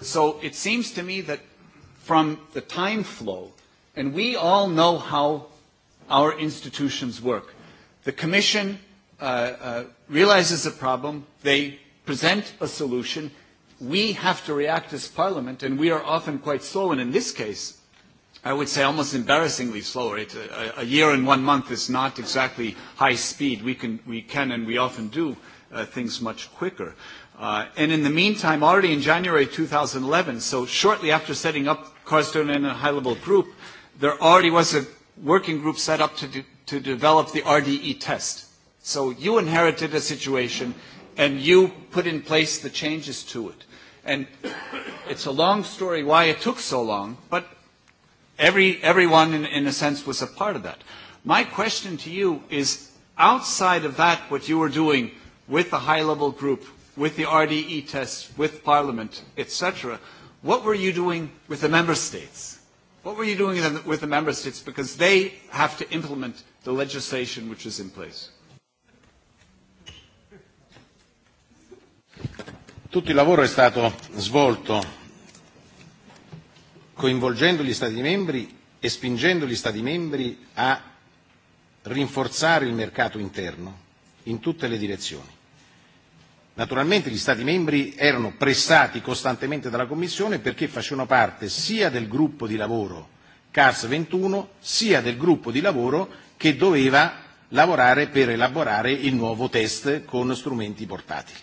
So it seems to me that from the time flow, and we all know how our institutions work. The Commission uh, uh, realizes a problem, they present a solution, we have to react as Parliament, and we are often quite slow, and in this case, I would say almost embarrassingly slower. It, a, a year and one month is not exactly high speed. We can, we can and we often do uh, things much quicker. Uh, and in the meantime, already in January 2011, so shortly after setting up Carstone and a high-level group, there already was a working group set up to, de to develop the RDE test. So you inherited a situation, and you put in place the changes to it. And it's a long story why it took so long, but Every, everyone, in, in a sense, was a part of that. My question to you is, outside of that, what you were doing with the high-level group, with the RDE tests, with Parliament, etc., what were you doing with the member states? What were you doing with the member states? Because they have to implement the legislation which is in place. Tutto il lavoro è stato svolto coinvolgendo gli Stati membri e spingendo gli Stati membri a rinforzare il mercato interno in tutte le direzioni. Naturalmente gli Stati membri erano pressati costantemente dalla Commissione perché facevano parte sia del gruppo di lavoro CARS 21 sia del gruppo di lavoro che doveva lavorare per elaborare il nuovo test con strumenti portatili.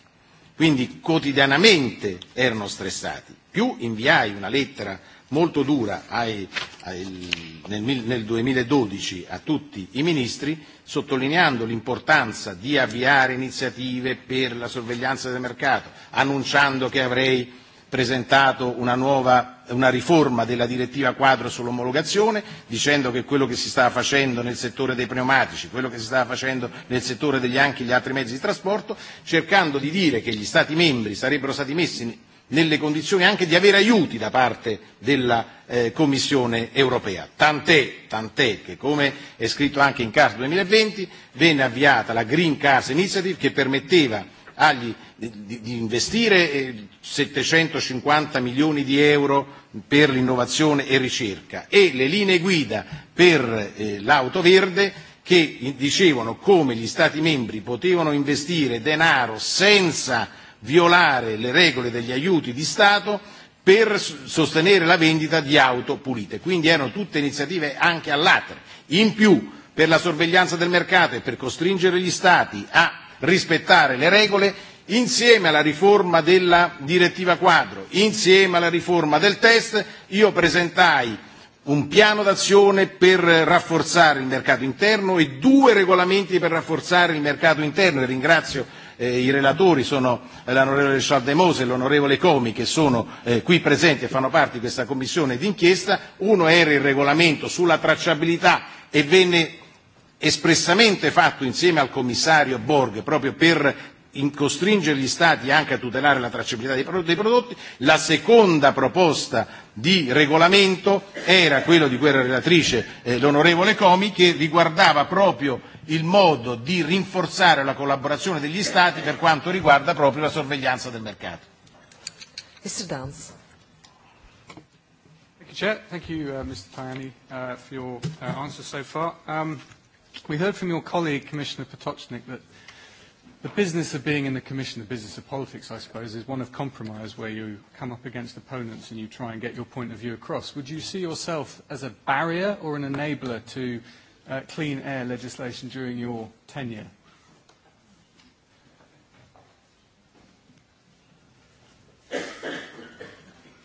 Quindi quotidianamente erano stressati. Più inviai una lettera molto dura ai, ai, nel, nel 2012 a tutti i ministri, sottolineando l'importanza di avviare iniziative per la sorveglianza del mercato, annunciando che avrei presentato una nuova una riforma della direttiva quadro sull'omologazione, dicendo che quello che si stava facendo nel settore dei pneumatici, quello che si stava facendo nel settore degli anche gli altri mezzi di trasporto, cercando di dire che gli Stati membri sarebbero stati messi nelle condizioni anche di avere aiuti da parte della eh, Commissione europea. Tant'è, tant'è che, come è scritto anche in CARS 2020, venne avviata la Green Cars Initiative che permetteva agli, di, di investire eh, 750 milioni di euro per l'innovazione e ricerca e le linee guida per eh, l'auto verde che dicevano come gli Stati membri potevano investire denaro senza violare le regole degli aiuti di Stato per sostenere la vendita di auto pulite. Quindi erano tutte iniziative anche all'atre. In più, per la sorveglianza del mercato e per costringere gli Stati a rispettare le regole, insieme alla riforma della direttiva quadro, insieme alla riforma del test, io presentai un piano d'azione per rafforzare il mercato interno e due regolamenti per rafforzare il mercato interno e ringrazio eh, i relatori sono l'onorevole Mose e l'onorevole Comi che sono eh, qui presenti e fanno parte di questa commissione d'inchiesta, uno era il regolamento sulla tracciabilità e venne espressamente fatto insieme al commissario Borg proprio per in costringere gli Stati anche a tutelare la tracciabilità dei prodotti. La seconda proposta di regolamento era quella di cui era relatrice eh, l'onorevole Comi che riguardava proprio il modo di rinforzare la collaborazione degli Stati per quanto riguarda proprio la sorveglianza del mercato. Mr. Dance. Thank you, Chair. Thank you, uh, Mr. Tajani, uh, for your uh, answer so far. Um, we heard from your colleague, Commissioner Potocznik, that The business of being in the Commission, the business of politics, I suppose, is one of compromise where you come up against opponents and you try and get your point of view across. Would you see yourself as a barrier or an enabler to uh, clean air legislation during your tenure?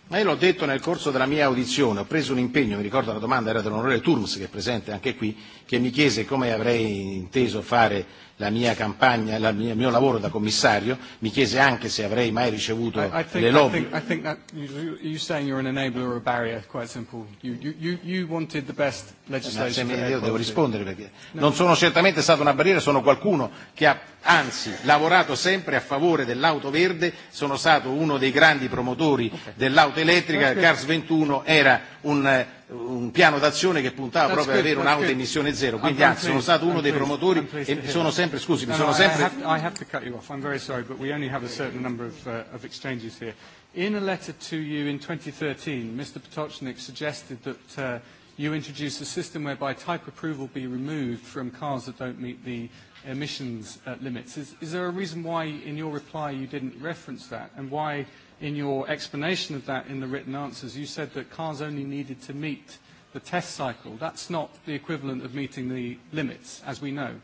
Ma io l'ho detto nel corso della mia audizione, ho preso un impegno, mi ricordo la domanda era dell'onorevole Turms che è presente anche qui, che mi chiese come avrei inteso fare la mia campagna, la mia, il mio lavoro da commissario, mi chiese anche se avrei mai ricevuto le lobby. I think, that you, saying you're an enabler or a barrier, quite simple. You, you, you wanted the best legislation. Ma io devo rispondere perché no. non sono certamente stato una barriera, sono qualcuno che ha anzi lavorato sempre a favore dell'auto verde, sono stato uno dei grandi promotori okay. dell'auto elettrica, Cars 21 era un eh, un piano d'azione che puntava that's proprio ad avere un'auto emissione zero. Quindi anzi sono stato uno dei promotori e sono sempre, scusi, mi sono sempre... I have to cut you off, I'm very sorry, but we only have a certain number of, uh, of exchanges here. In a letter to you in 2013, Mr. Potocnik suggested that uh, you introduce a system whereby type approval be removed from cars that don't meet the emissions uh, limits. Is, is there a reason why in your reply you didn't reference that and why in your explanation of that in the written answers, you said that cars only needed to meet the test cycle. That's not the equivalent of meeting the limits, as we know.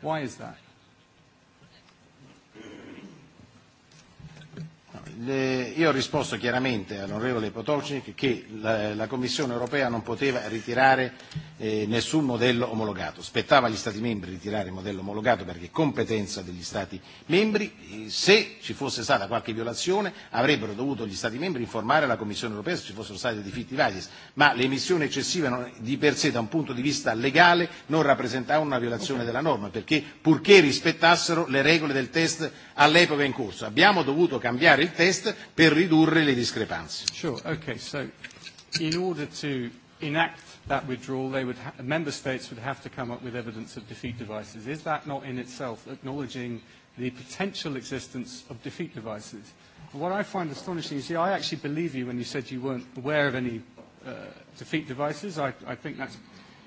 Why is that? le, io ho risposto chiaramente all'onorevole Potocnik che la, la Commissione europea non poteva ritirare eh, nessun modello omologato. Spettava agli Stati membri ritirare il modello omologato perché è competenza degli Stati membri. E se ci fosse stata qualche violazione avrebbero dovuto gli Stati membri informare la Commissione europea se ci fossero stati fitti vagis, ma le emissioni eccessive non, di per sé da un punto di vista legale non rappresentavano una violazione okay. della norma perché purché rispettassero le regole del test all'epoca in corso. Abbiamo dovuto cambiare il test test per ridurre le discrepanze. Sure, okay, so in order to enact that withdrawal, they would ha member states would have to come up with evidence of defeat devices. Is that not in itself acknowledging the potential existence of defeat devices? What I find astonishing is, yeah, I actually believe you when you said you weren't aware of any uh, defeat devices. I, I think that's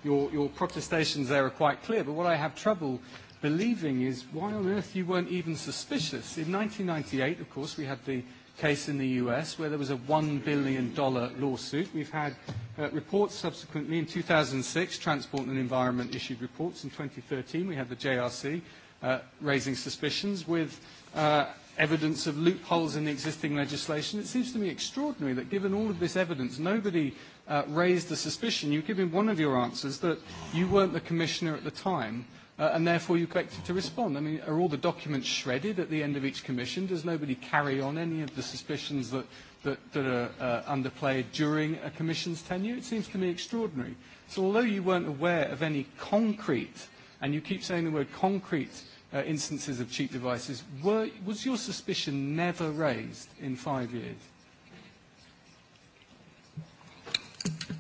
your, your protestations there are quite clear. But what I have trouble believing is why on earth you weren't even suspicious. In 1998, of course, we had the case in the US where there was a $1 billion lawsuit. We've had uh, reports subsequently in 2006, Transport and Environment issued reports. In 2013, we had the JRC uh, raising suspicions with uh, evidence of loopholes in the existing legislation. It seems to me extraordinary that given all of this evidence, nobody uh, raised the suspicion. You give one of your answers that you weren't the commissioner at the time Uh, and therefore you're expected to respond. I mean, are all the documents shredded at the end of each commission? Does nobody carry on any of the suspicions that, that, that are uh, underplayed during a commission's tenure? It seems to me extraordinary. So although you weren't aware of any concrete, and you keep saying the word concrete uh, instances of cheap devices, were, was your suspicion never raised in five years?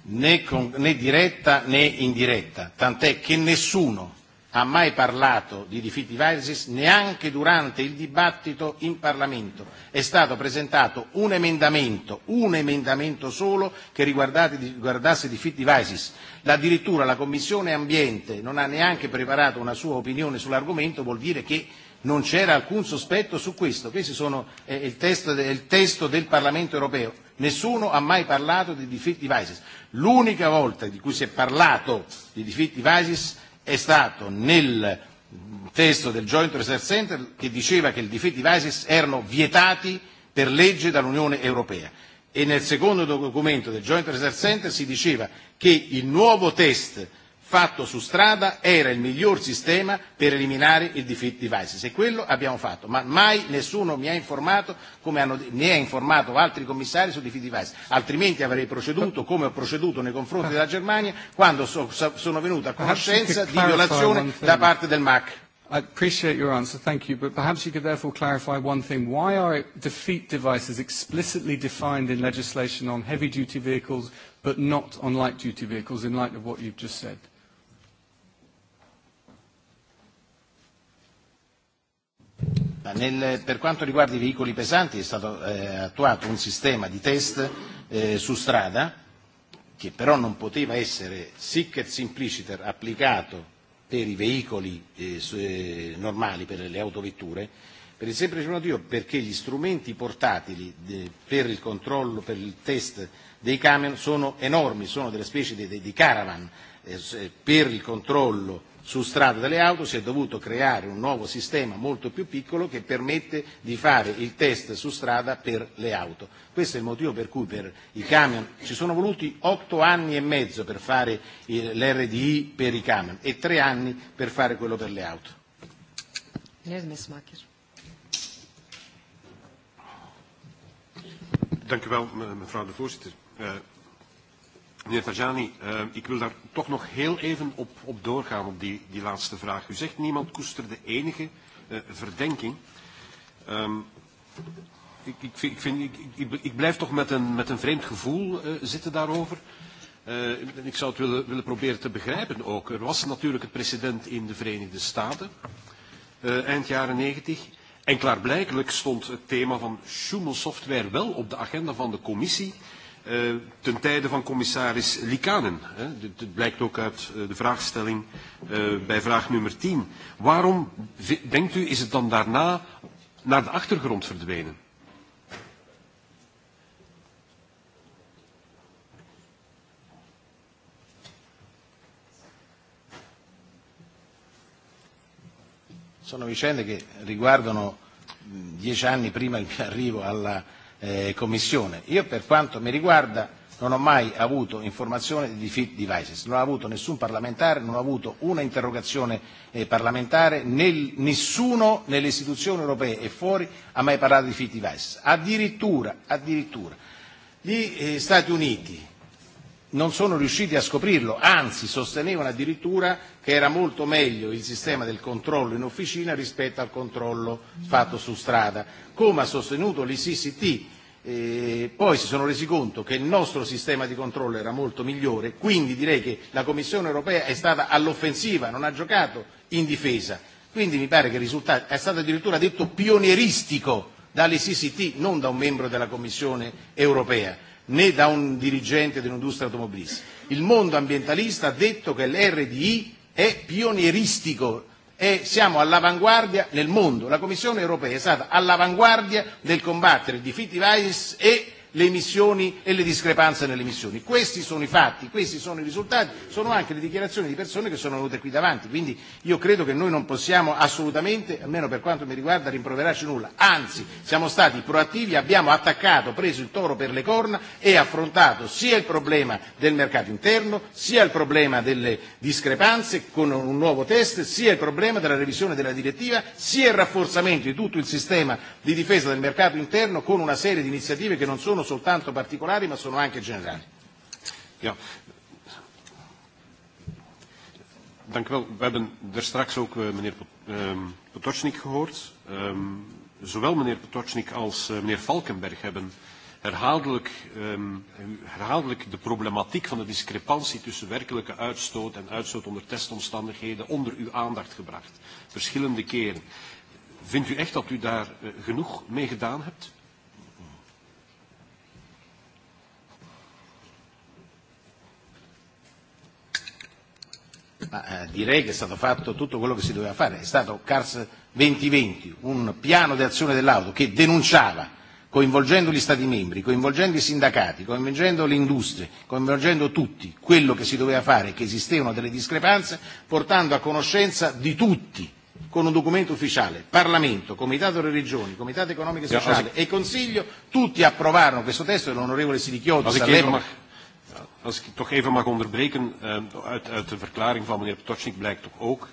Né, con, né diretta né indiretta, tant'è che nessuno ha mai parlato di Diffidivisis neanche durante il dibattito in Parlamento. È stato presentato un emendamento, un emendamento solo che riguardasse Diffidivisis. Addirittura la Commissione Ambiente non ha neanche preparato una sua opinione sull'argomento, vuol dire che non c'era alcun sospetto su questo. Questo sono, è, eh, il testo, è il testo del Parlamento europeo. Nessuno ha mai parlato di Diffidivisis. L'unica volta di cui si è parlato di Diffidivisis è stato nel testo del Joint Research Center che diceva che i difetti ISIS erano vietati per legge dall'Unione Europea e nel secondo documento del Joint Research Center si diceva che il nuovo test fatto su strada era il miglior sistema per eliminare il defeat devices e quello abbiamo fatto, ma mai nessuno mi ha informato come hanno, mi ha informato altri commissari sul defeat devices, altrimenti avrei proceduto come ho proceduto nei confronti della Germania quando so, so, sono venuto a conoscenza di violazione da parte del MAC. I appreciate your answer, thank you, but perhaps you could therefore clarify one thing. Why are defeat devices explicitly defined in legislation on heavy-duty vehicles but not on light-duty vehicles in light of what you've just said? Nel, per quanto riguarda i veicoli pesanti è stato eh, attuato un sistema di test eh, su strada che però non poteva essere sic et simpliciter applicato per i veicoli eh, su, eh, normali, per le autovetture, per il semplice motivo perché gli strumenti portatili de, per il controllo, per il test dei camion sono enormi, sono delle specie di, de caravan eh, eh, per il controllo su strada delle auto si è dovuto creare un nuovo sistema molto più piccolo che permette di fare il test su strada per le auto. Questo è il motivo per cui per i camion ci sono voluti otto anni e mezzo per fare l'RDI per i camion e tre anni per fare quello per le auto. Dank u wel, mevrouw de voorzitter. Uh, Meneer Tajani, uh, ik wil daar toch nog heel even op, op doorgaan, op die, die laatste vraag. U zegt niemand koesterde enige uh, verdenking. Um, ik, ik, vind, ik, vind, ik, ik, ik blijf toch met een, met een vreemd gevoel uh, zitten daarover. Uh, ik zou het willen, willen proberen te begrijpen ook. Er was natuurlijk het precedent in de Verenigde Staten, uh, eind jaren negentig. En klaarblijkelijk stond het thema van Schumel software wel op de agenda van de commissie. Eh, ten tijde van commissaris Likanen. Hè? Dit, blijkt ook uit eh, de vraagstelling eh, bij vraag nummer 10. Waarom, denkt u, is het dan daarna naar de achtergrond verdwenen? Sono vicende che riguardano mm, dieci anni prima il mio arrivo alla eh, Commissione. Io per quanto mi riguarda non ho mai avuto informazione di defeat devices, non ho avuto nessun parlamentare, non ho avuto una interrogazione eh, parlamentare, nel, nessuno nelle istituzioni europee e fuori ha mai parlato di defeat devices. Addirittura, addirittura gli eh, Stati Uniti non sono riusciti a scoprirlo, anzi sostenevano addirittura che era molto meglio il sistema del controllo in officina rispetto al controllo fatto su strada. Come ha sostenuto l'ICCT, eh, poi si sono resi conto che il nostro sistema di controllo era molto migliore, quindi direi che la Commissione europea è stata all'offensiva, non ha giocato in difesa. Quindi mi pare che il risultato è stato addirittura detto pionieristico dall'ICCT, non da un membro della Commissione europea né da un dirigente dell'industria automobilistica. Il mondo ambientalista ha detto che l'RDI è pionieristico e siamo all'avanguardia nel mondo. La Commissione europea è stata all'avanguardia nel combattere il defeat device e le emissioni e le discrepanze nelle emissioni. Questi sono i fatti, questi sono i risultati, sono anche le dichiarazioni di persone che sono venute qui davanti, quindi io credo che noi non possiamo assolutamente, almeno per quanto mi riguarda, rimproverarci nulla, anzi siamo stati proattivi, abbiamo attaccato, preso il toro per le corna e affrontato sia il problema del mercato interno, sia il problema delle discrepanze con un nuovo test, sia il problema della revisione della direttiva, sia il rafforzamento di tutto il sistema di difesa del mercato interno con una serie di iniziative che non sono sono soltanto particolari ma sono anche generali. Ja. Dank u wel. We hebben er straks ook uh, meneer um, ehm, Potocznik gehoord. Um, zowel meneer Potocznik als uh, meneer Valkenberg hebben herhaaldelijk, um, herhaaldelijk de problematiek van de discrepantie tussen werkelijke uitstoot en uitstoot onder testomstandigheden onder uw aandacht gebracht. Verschillende keren. Vindt u echt dat u daar uh, genoeg mee gedaan hebt? ma eh, direi che è stato fatto tutto quello che si doveva fare. È stato CARS 2020, un piano di azione dell'auto che denunciava coinvolgendo gli Stati membri, coinvolgendo i sindacati, coinvolgendo le industrie, coinvolgendo tutti quello che si doveva fare, che esistevano delle discrepanze, portando a conoscenza di tutti con un documento ufficiale, Parlamento, Comitato delle Regioni, Comitato Economico e Sociale e Consiglio, tutti approvarono questo testo e l'onorevole Sirichiotti all'epoca Als ik toch even mag onderbreken, ehm, uit, uit de verklaring van meneer Ptocznik blijkt toch ook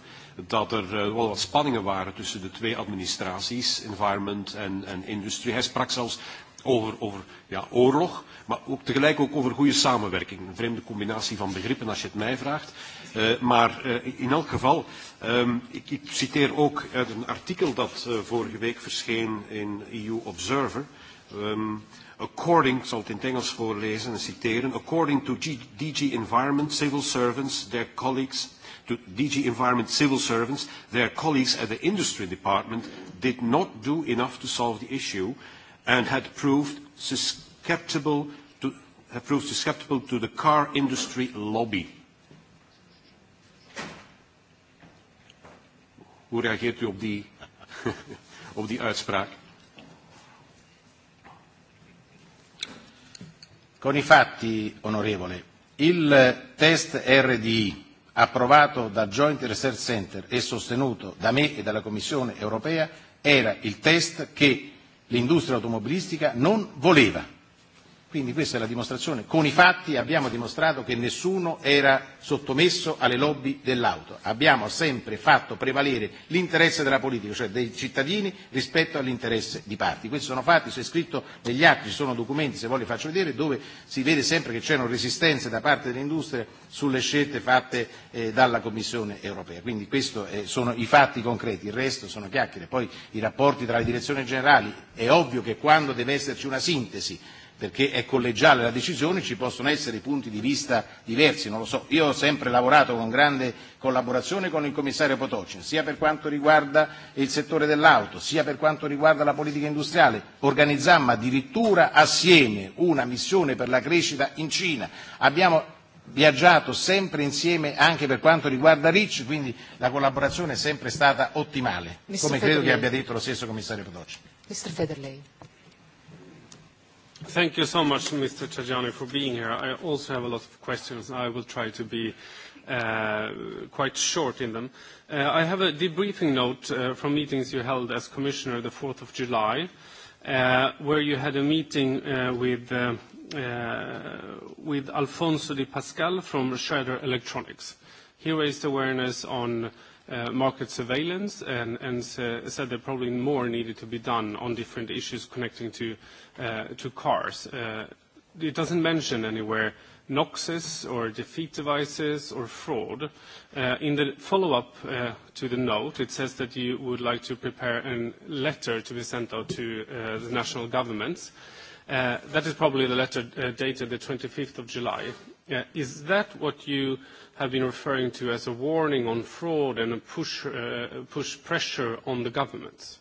dat er eh, wel wat spanningen waren tussen de twee administraties, environment en, en industrie. Hij sprak zelfs over, over ja, oorlog, maar ook tegelijk ook over goede samenwerking. Een vreemde combinatie van begrippen als je het mij vraagt. Uh, maar uh, in elk geval, um, ik, ik citeer ook uit een artikel dat uh, vorige week verscheen in EU Observer. Um, According, ik zal het in het Engels voorlezen en citeren, according to G DG Environment, civil servants, their colleagues, to DG Environment civil servants, their colleagues at the industry department did not do enough to solve the issue and had proved susceptible to, had proved susceptible to the car industry lobby. Hoe reageert u op die, op die uitspraak? Con i fatti, onorevole, il test RDI approvato dal Joint Research Center e sostenuto da me e dalla Commissione europea era il test che l'industria automobilistica non voleva Quindi questa è la dimostrazione. Con i fatti abbiamo dimostrato che nessuno era sottomesso alle lobby dell'auto. Abbiamo sempre fatto prevalere l'interesse della politica, cioè dei cittadini, rispetto all'interesse di parti. Questi sono fatti, c'è scritto negli atti, ci sono documenti, se voglio li faccio vedere, dove si vede sempre che c'erano resistenze da parte dell'industria sulle scelte fatte eh, dalla Commissione europea. Quindi questi eh, sono i fatti concreti, il resto sono chiacchiere. Poi i rapporti tra le direzioni generali, è ovvio che quando deve esserci una sintesi perché è collegiale la decisione, ci possono essere punti di vista diversi, non lo so. Io ho sempre lavorato con grande collaborazione con il commissario Potocin, sia per quanto riguarda il settore dell'auto, sia per quanto riguarda la politica industriale. Organizzammo addirittura assieme una missione per la crescita in Cina. Abbiamo viaggiato sempre insieme anche per quanto riguarda Ricci, quindi la collaborazione è sempre stata ottimale, Mr. come Federley. credo che abbia detto lo stesso commissario Potocin. Mr. Thank you so much, Mr. Tajani, for being here. I also have a lot of questions. I will try to be uh, quite short in them. Uh, I have a debriefing note uh, from meetings you held as Commissioner the 4th of July, uh, where you had a meeting uh, with, uh, uh, with Alfonso Di Pascal from Schroeder Electronics. He raised awareness on Uh, market surveillance and, and uh, said that probably more needed to be done on different issues connecting to, uh, to cars. Uh, it doesn't mention anywhere noxes or defeat devices or fraud. Uh, in the follow-up uh, to the note, it says that you would like to prepare a letter to be sent out to uh, the national governments. Uh, that is probably the letter uh, dated the 25th of July. Uh, is that what you have been referring to as a warning on fraud and a push, uh, push pressure on the governments.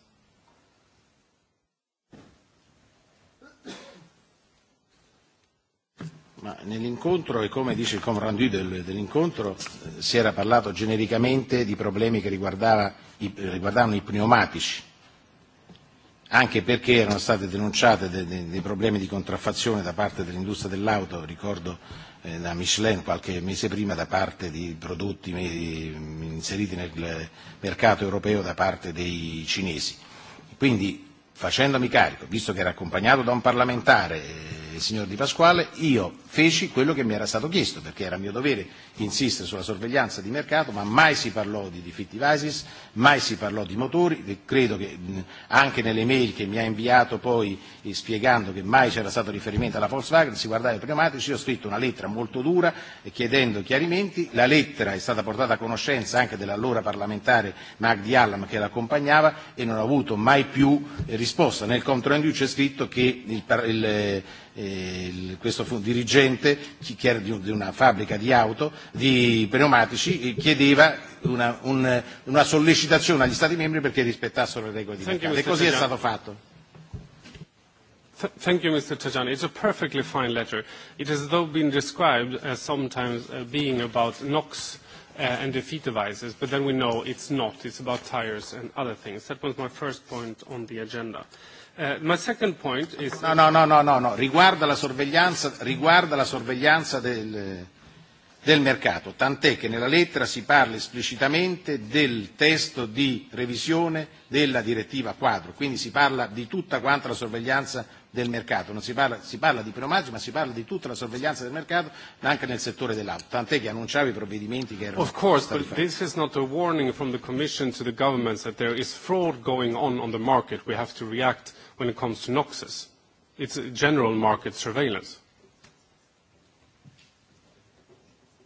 Ma nell'incontro, e come dice il comrandu del, dell'incontro, eh, si era parlato genericamente di problemi che riguardava, i, riguardavano i pneumatici, anche perché erano state denunciate dei de, de problemi di contraffazione da parte dell'industria dell'auto, ricordo eh, da Michelin qualche mese prima da parte di prodotti inseriti nel mercato europeo da parte dei cinesi. Quindi facendomi carico, visto che era accompagnato da un parlamentare, eh, il signor Di Pasquale, io feci quello che mi era stato chiesto, perché era mio dovere insistere sulla sorveglianza di mercato, ma mai si parlò di devices, mai si parlò di motori, e credo che anche nelle mail che mi ha inviato poi eh, spiegando che mai c'era stato riferimento alla Volkswagen, si guardava i pneumatici, io ho scritto una lettera molto dura eh, chiedendo chiarimenti, la lettera è stata portata a conoscenza anche dell'allora parlamentare Magdi Allam che l'accompagnava e non ho avuto mai più eh, risposta. Nel controindiu c'è scritto che il, il Eh, il, questo dirigente che era di, di una fabbrica di auto, di pneumatici, e chiedeva una, un, una sollecitazione agli Stati membri perché rispettassero le regole di Thank mercato you, e così è stato fatto. Th thank you, Mr. Tajani. It's a perfectly fine letter. It has, though, been described as sometimes uh, being about NOx uh, and defeat devices, but then we know it's not. It's about tires and other things. That was my first point on the agenda. Uh, eh, my second point is... No, no, no, no, no, no. riguarda la sorveglianza, riguarda la sorveglianza del, del mercato, tant'è che nella lettera si parla esplicitamente del testo di revisione della direttiva quadro, quindi si parla di tutta quanta la sorveglianza del mercato, non si parla, si parla di pneumatici ma si parla di tutta la sorveglianza del mercato anche nel settore dell'auto, tant'è che annunciava i provvedimenti che erano Of course, but fatti. this is not a warning from the Commission to the governments that there is fraud going on on the market, we have to react when it comes to Noxus. It's a general market surveillance.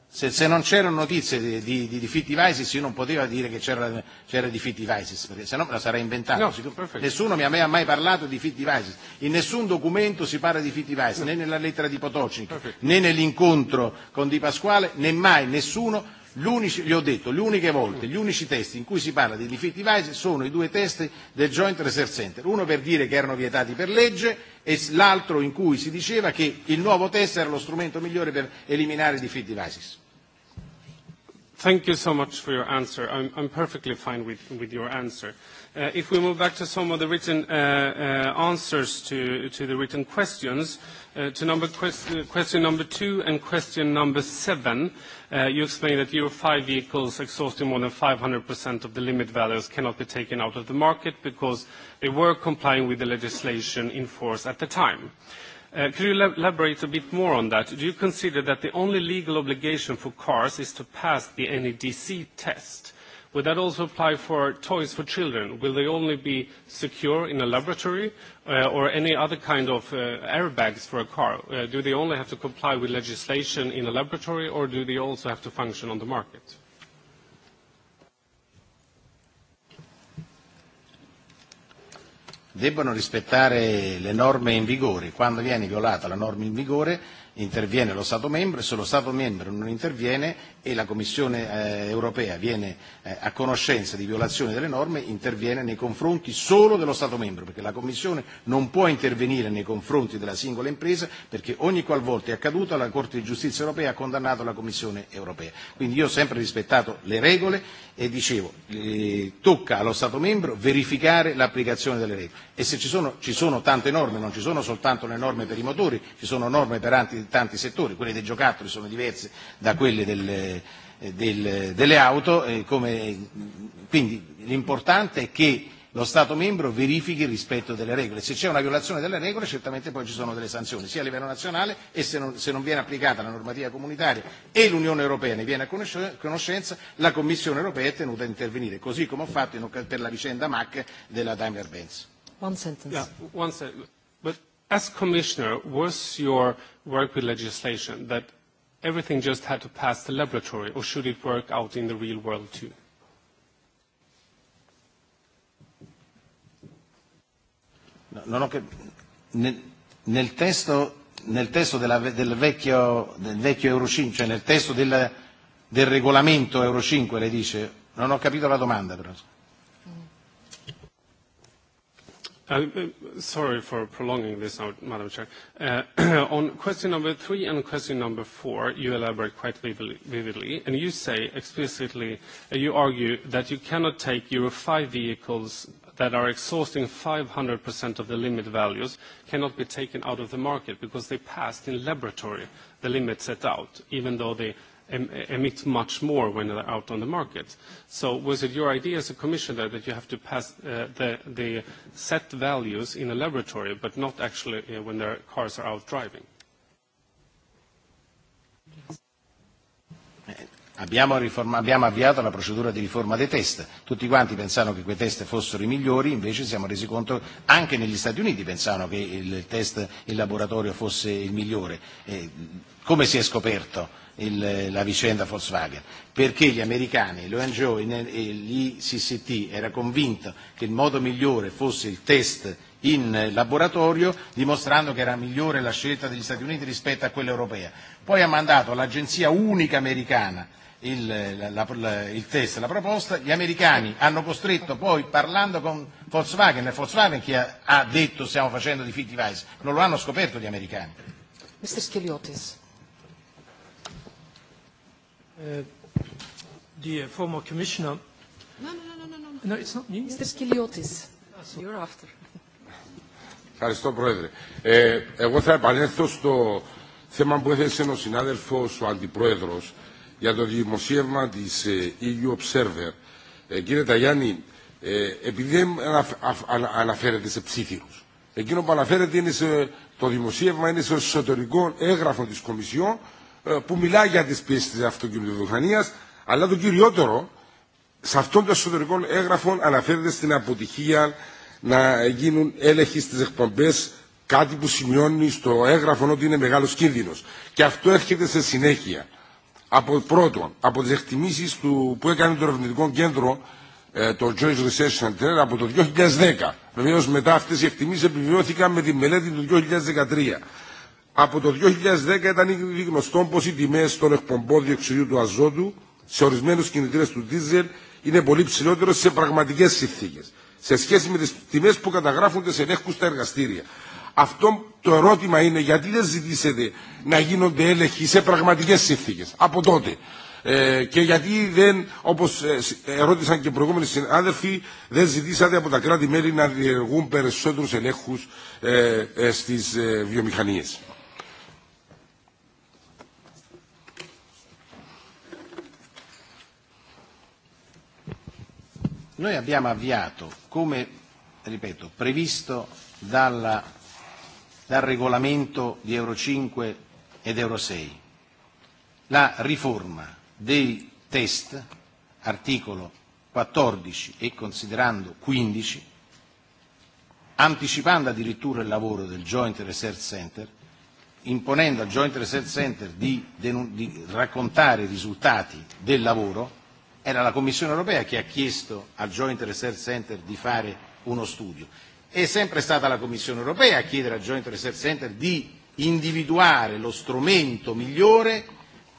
Se, se non c'erano notizie di, di, di defeat devices io non potevo dire che c'era, c'era defeat devices perché se no me la sarei inventato. No, Nessuno mi aveva mai parlato di defeat devices. In nessun documento si parla di defeat devices, no. né nella lettera di Potocnik, né nell'incontro con Di Pasquale, né mai nessuno L'unici, gli ho detto, le uniche volte, gli unici testi in cui si parla di difetti vasi sono i due testi del Joint Research Center, uno per dire che erano vietati per legge e l'altro in cui si diceva che il nuovo test era lo strumento migliore per eliminare i difetti vasi. Thank you so much for your answer. I'm, I'm perfectly fine with, with your answer. Uh, if we move back to some of the written uh, uh, answers to, to the written questions, uh, to number quest uh, question number two and question number seven, Uh, you explained that Euro 5 vehicles exhausting more than 500% of the limit values cannot be taken out of the market because they were complying with the legislation in force at the time. Uh, could you elaborate a bit more on that? Do you consider that the only legal obligation for cars is to pass the NEDC test? Would that also apply for toys for children? Will they only be secure in a laboratory, uh, or any other kind of uh, airbags for a car? Uh, do they only have to comply with legislation in a laboratory or do they also have to function on the market? Debbono rispettare le norme in vigore. Quando viene violata la norma in vigore interviene lo Stato membro e se lo Stato membro non interviene e la Commissione eh, europea viene eh, a conoscenza di violazione delle norme interviene nei confronti solo dello Stato membro, perché la Commissione non può intervenire nei confronti della singola impresa perché ogni qualvolta è accaduta la Corte di giustizia europea ha condannato la Commissione europea. Quindi io ho sempre rispettato le regole e dicevo eh, tocca allo Stato membro verificare l'applicazione delle regole e se ci sono, ci sono tante norme, non ci sono soltanto le norme per i motori, ci sono norme per tanti, tanti settori, quelle dei giocattoli sono diverse da quelle delle Eh, del, delle auto, eh, come, quindi l'importante è che lo Stato membro verifichi il rispetto delle regole. Se c'è una violazione delle regole certamente poi ci sono delle sanzioni, sia a livello nazionale e se non, se non viene applicata la normativa comunitaria e l'Unione Europea ne viene a conoscenza, la Commissione Europea è tenuta a intervenire, così come ho fatto in, per la vicenda MAC della Daimler Benz. One sentence. Yeah, one sentence. But as Commissioner, was your work with legislation that everything just had to pass the laboratory, or should it work out in the real world too? No, no, nel, nel testo, nel testo della, del, vecchio, del vecchio Euro 5, cioè nel testo del, del regolamento Euro 5, lei dice? Non ho capito la domanda, però. Uh, uh, sorry for prolonging this Madam Chair. Uh, on question number three and question number four, you elaborate quite vividly, vividly and you say explicitly, uh, you argue that you cannot take Euro 5 vehicles that are exhausting 500% of the limit values cannot be taken out of the market because they passed in laboratory the limit set out, even though they emit much more when they're out on the market. So was it your idea as a commissioner that you have to pass uh, the, set values in a laboratory, but not actually uh, when their cars are out driving? Eh, abbiamo, riforma, abbiamo avviato la procedura di riforma dei test, tutti quanti pensavano che quei test fossero i migliori, invece siamo resi conto anche negli Stati Uniti pensavano che il test in laboratorio fosse il migliore. Eh, come si è scoperto? il, la vicenda Volkswagen, perché gli americani, l'ONGO e, e l'ICCT era convinto che il modo migliore fosse il test in laboratorio dimostrando che era migliore la scelta degli Stati Uniti rispetto a quella europea. Poi ha mandato all'agenzia unica americana il, la, la, il test, la proposta, gli americani hanno costretto poi parlando con Volkswagen, è e Volkswagen che ha, ha detto stiamo facendo di fit device, non lo hanno scoperto gli americani. Mr. Skiliotis uh, former commissioner. No, no, no, no, no. No, No, it's not me. Mr. Skiliotis, ah, you're after. Ευχαριστώ, Πρόεδρε. Ε, εγώ θα επανέλθω στο θέμα που έθεσε ο συνάδελφος, ο Αντιπρόεδρος, για το δημοσίευμα της EU Observer. Ε, κύριε Ταγιάννη, ε, επειδή δεν αναφέρεται σε ψήφιους, εκείνο που αναφέρεται είναι σε, το δημοσίευμα είναι σε εσωτερικό έγγραφο της Κομισιόν που μιλά για τις πίεσεις της αυτοκινητοβιομηχανίας, αλλά το κυριότερο, σε αυτόν τον εσωτερικό έγγραφο αναφέρεται στην αποτυχία να γίνουν έλεγχοι στις εκπομπές, κάτι που σημειώνει στο έγγραφο ότι είναι μεγάλος κίνδυνος. Και αυτό έρχεται σε συνέχεια. Από πρώτον, από τις εκτιμήσεις του, που έκανε το ερευνητικό κέντρο το Joyce Research Center από το 2010. Βεβαίω μετά αυτές οι εκτιμήσεις επιβιώθηκαν με τη μελέτη του 2013. Από το 2010 ήταν ήδη γνωστό πω οι τιμέ των εκπομπών διοξιδίου του αζότου σε ορισμένου κινητήρε του δίζελ είναι πολύ ψηλότερε σε πραγματικέ συνθήκε σε σχέση με τι τιμέ που καταγράφονται σε ελέγχου στα εργαστήρια. Αυτό το ερώτημα είναι γιατί δεν ζητήσετε να γίνονται έλεγχοι σε πραγματικέ συνθήκε από τότε. Ε, και γιατί δεν, όπω ερώτησαν και οι προηγούμενοι συνάδελφοι, δεν ζητήσατε από τα κράτη-μέλη να διεργούν περισσότερου ελέγχου ε, ε, στι ε, βιομηχανίε. Noi abbiamo avviato, come ripeto, previsto dalla, dal regolamento di Euro 5 ed Euro 6, la riforma dei test, articolo 14 e considerando 15, anticipando addirittura il lavoro del Joint Research Center, imponendo al Joint Research Center di, di raccontare i risultati del lavoro Era la Commissione europea che ha chiesto al Joint Research Center di fare uno studio. È sempre stata la Commissione europea a chiedere al Joint Research Center di individuare lo strumento migliore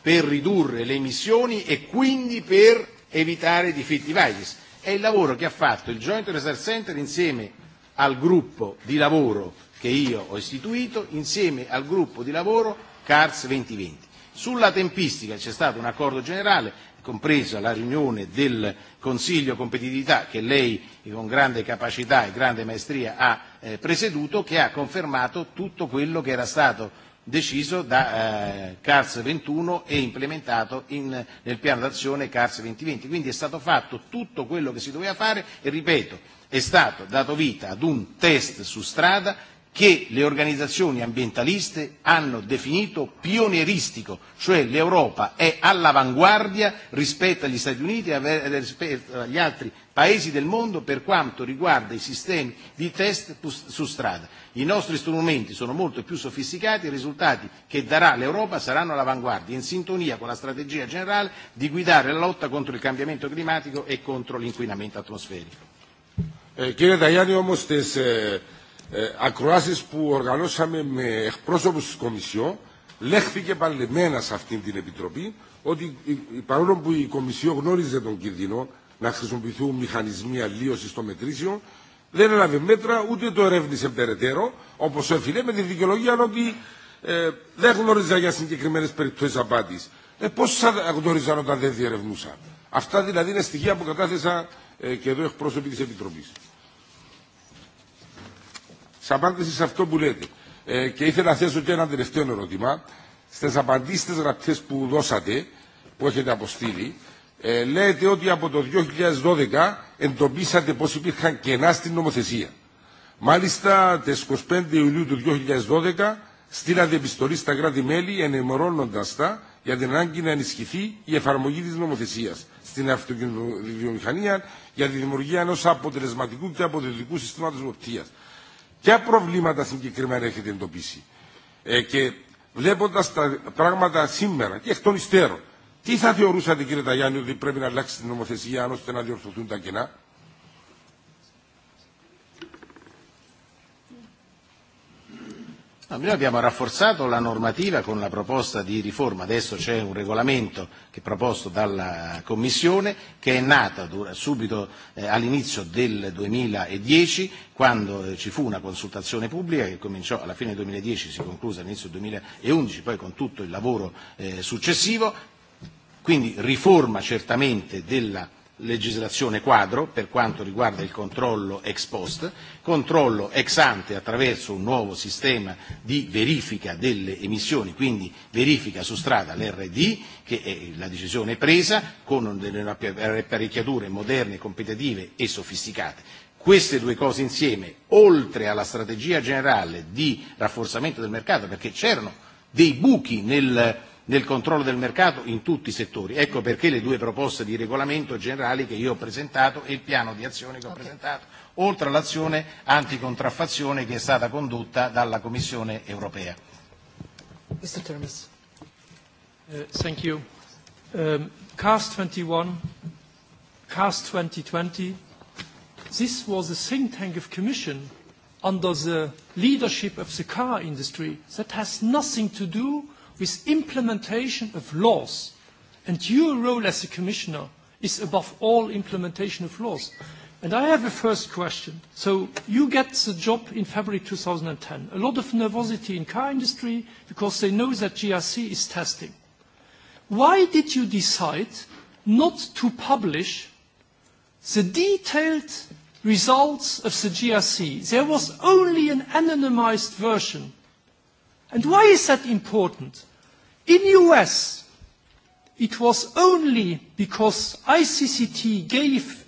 per ridurre le emissioni e quindi per evitare i difetti virus. È il lavoro che ha fatto il Joint Research Center insieme al gruppo di lavoro che io ho istituito, insieme al gruppo di lavoro CARS 2020. Sulla tempistica c'è stato un accordo generale, compresa la riunione del Consiglio Competitività che lei con grande capacità e grande maestria ha eh, presieduto, che ha confermato tutto quello che era stato deciso da eh, CARS 21 e implementato in, nel piano d'azione CARS 2020. Quindi è stato fatto tutto quello che si doveva fare e ripeto, è stato dato vita ad un test su strada che le organizzazioni ambientaliste hanno definito pionieristico, cioè l'Europa è all'avanguardia rispetto agli Stati Uniti e rispetto agli altri paesi del mondo per quanto riguarda i sistemi di test su strada. I nostri strumenti sono molto più sofisticati e i risultati che darà l'Europa saranno all'avanguardia, in sintonia con la strategia generale di guidare la lotta contro il cambiamento climatico e contro l'inquinamento atmosferico. Eh, ακροάσεις που οργανώσαμε με εκπρόσωπους της Κομισιόν λέχθηκε παλαιμένα σε αυτήν την Επιτροπή ότι παρόλο που η Κομισιόν γνώριζε τον κίνδυνο να χρησιμοποιηθούν μηχανισμοί αλλίωση των μετρήσεων, δεν έλαβε μέτρα ούτε το ερεύνησε περαιτέρω, όπω έφυγε με τη δικαιολογία ότι ε, δεν γνώριζα για συγκεκριμένε περιπτώσει απάτη. Ε, Πώ θα γνώριζαν όταν δεν διερευνούσα. Αυτά δηλαδή είναι στοιχεία που κατάθεσα ε, και εδώ εκπρόσωποι τη Επιτροπή σε απάντηση σε αυτό που λέτε. Ε, και ήθελα να θέσω και ένα τελευταίο ερώτημα. Στι απαντήσει γραπτέ που δώσατε, που έχετε αποστείλει, ε, λέτε ότι από το 2012 εντοπίσατε πω υπήρχαν κενά στην νομοθεσία. Μάλιστα, τι 25 Ιουλίου του 2012 στείλατε επιστολή στα κράτη-μέλη ενημερώνοντα τα για την ανάγκη να ενισχυθεί η εφαρμογή τη νομοθεσία στην αυτοκινητοβιομηχανία για τη δημιουργία ενό αποτελεσματικού και αποδοτικού συστήματο βοηθεία. Ποια προβλήματα συγκεκριμένα έχετε εντοπίσει. Ε, και βλέποντα τα πράγματα σήμερα και εκ των υστέρων, τι θα θεωρούσατε κύριε Ταγιάννη ότι πρέπει να αλλάξει την νομοθεσία ώστε να διορθωθούν τα κενά. No, ah, noi abbiamo rafforzato la normativa con la proposta di riforma, adesso c'è un regolamento che è proposto dalla Commissione che è nata subito eh, all'inizio del 2010 quando eh, ci fu una consultazione pubblica che cominciò alla fine del 2010, si concluse all'inizio del 2011, poi con tutto il lavoro eh, successivo, quindi riforma certamente della legislazione quadro per quanto riguarda il controllo ex post, controllo ex ante attraverso un nuovo sistema di verifica delle emissioni, quindi verifica su strada l'RD, che è la decisione presa con delle apparecchiature moderne, competitive e sofisticate. Queste due cose insieme, oltre alla strategia generale di rafforzamento del mercato, perché c'erano dei buchi nel nel controllo del mercato in tutti i settori. Ecco perché le due proposte di regolamento generali che io ho presentato e il piano di azione che ho okay. presentato, oltre all'azione anticontraffazione che è stata condotta dalla Commissione europea. Mr. Termes. Uh, thank you. Um, CAST 21, CAST 2020, this was a think tank of commission under the leadership of the car industry that has nothing to do with with implementation of laws. And your role as a commissioner is above all implementation of laws. And I have a first question. So you get the job in February 2010. A lot of nervosity in car industry because they know that GRC is testing. Why did you decide not to publish the detailed results of the GRC? There was only an anonymized version. And why is that important? In US, it was only because ICCT gave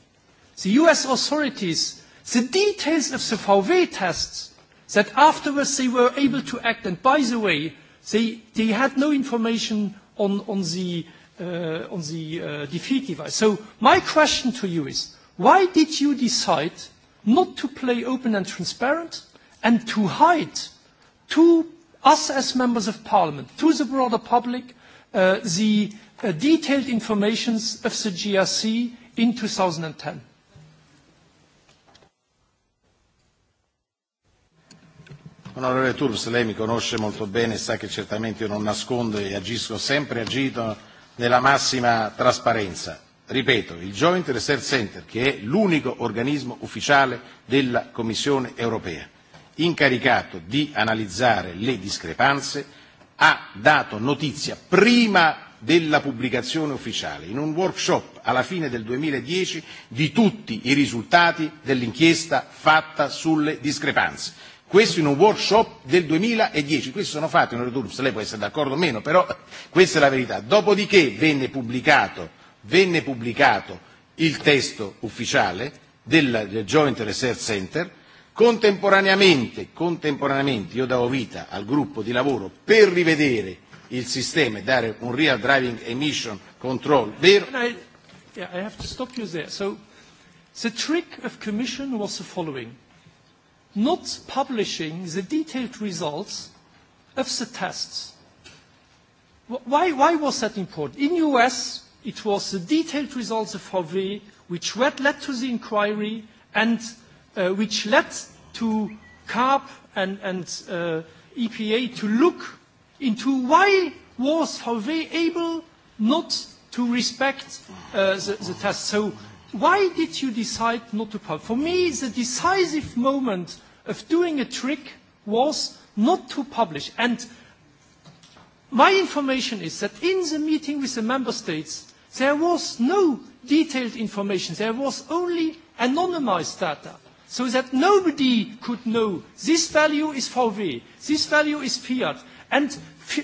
the US authorities the details of the VW tests that afterwards they were able to act. And by the way, they, they had no information on, on the, uh, on the uh, defeat device. So my question to you is, why did you decide not to play open and transparent and to hide two us as members of parliament, to the broader public, uh, the uh, detailed information of the GRC in 2010. Onorevole Turbs, lei mi conosce molto bene e sa che certamente io non nascondo e agisco sempre agito nella massima trasparenza. Ripeto, il Joint Research Center, che è l'unico organismo ufficiale della Commissione europea, incaricato di analizzare le discrepanze, ha dato notizia prima della pubblicazione ufficiale, in un workshop alla fine del 2010, di tutti i risultati dell'inchiesta fatta sulle discrepanze. Questo in un workshop del 2010, questi sono fatti, onorevole Turms, lei può essere d'accordo o meno, però questa è la verità. Dopodiché venne pubblicato, venne pubblicato il testo ufficiale del, del Joint Research Center, Contemporaneamente, contemporaneamente io davo vita al gruppo di lavoro per rivedere il sistema e dare un real driving emission control vero. I, yeah, I have to stop you there. So the trick of commission was the following. Not publishing the detailed results of the tests. Why, why was that important? In US, it was the detailed results of Harvey which led to the inquiry and uh, which led to CARP and, and uh, EPA to look into why was Harvey able not to respect uh, the, the test. So why did you decide not to publish? For me, the decisive moment of doing a trick was not to publish. And my information is that in the meeting with the member states, there was no detailed information. There was only anonymized data so that nobody could know this value is VW, this value is Fiat. And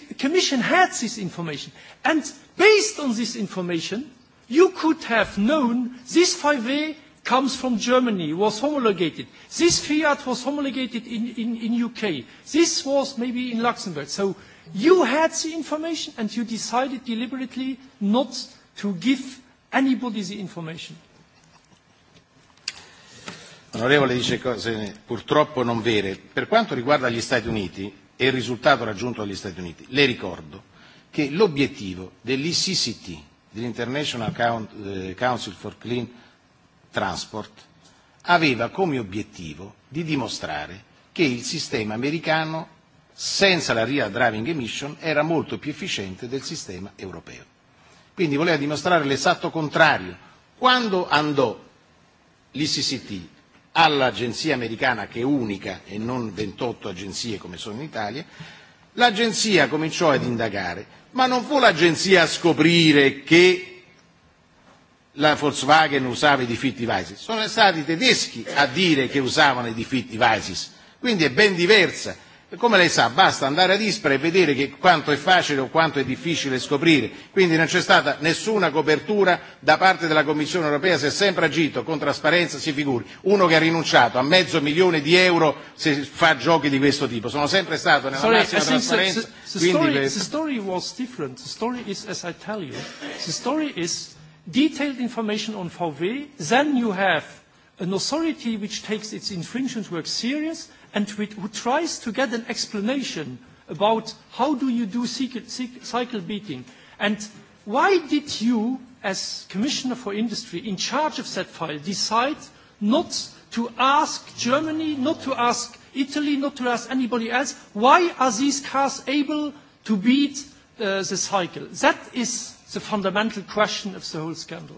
the Commission had this information. And based on this information, you could have known this VW comes from Germany, was homologated. This Fiat was homologated in, in, in UK. This was maybe in Luxembourg. So you had the information and you decided deliberately not to give anybody the information. Onorevole dice cose purtroppo non vere. Per quanto riguarda gli Stati Uniti e il risultato raggiunto dagli Stati Uniti, le ricordo che l'obiettivo dell'ICCT, dell'International eh, Council for Clean Transport, aveva come obiettivo di dimostrare che il sistema americano senza la real driving emission era molto più efficiente del sistema europeo. Quindi voleva dimostrare l'esatto contrario. Quando andò l'ICCT all'agenzia americana che è unica e non 28 agenzie come sono in Italia, l'agenzia cominciò ad indagare, ma non fu l'agenzia a scoprire che la Volkswagen usava i difitti ISIS, sono stati i tedeschi a dire che usavano i difitti ISIS, quindi è ben diversa come lei sa, basta andare ad Ispra e vedere che quanto è facile o quanto è difficile scoprire. Quindi non c'è stata nessuna copertura da parte della Commissione europea, si è sempre agito con trasparenza, si figuri. Uno che ha rinunciato a mezzo milione di euro se fa giochi di questo tipo. Sono sempre stato nella Sorry, massima trasparenza. The, the, story, per... the story was different. The story is, as I tell you, the story is detailed information on VW, then you have an authority which takes its infringement work serious, and who tries to get an explanation about how do you do cycle beating and why did you, as Commissioner for Industry in charge of that file, decide not to ask Germany, not to ask Italy, not to ask anybody else, why are these cars able to beat uh, the cycle? That is the fundamental question of the whole scandal.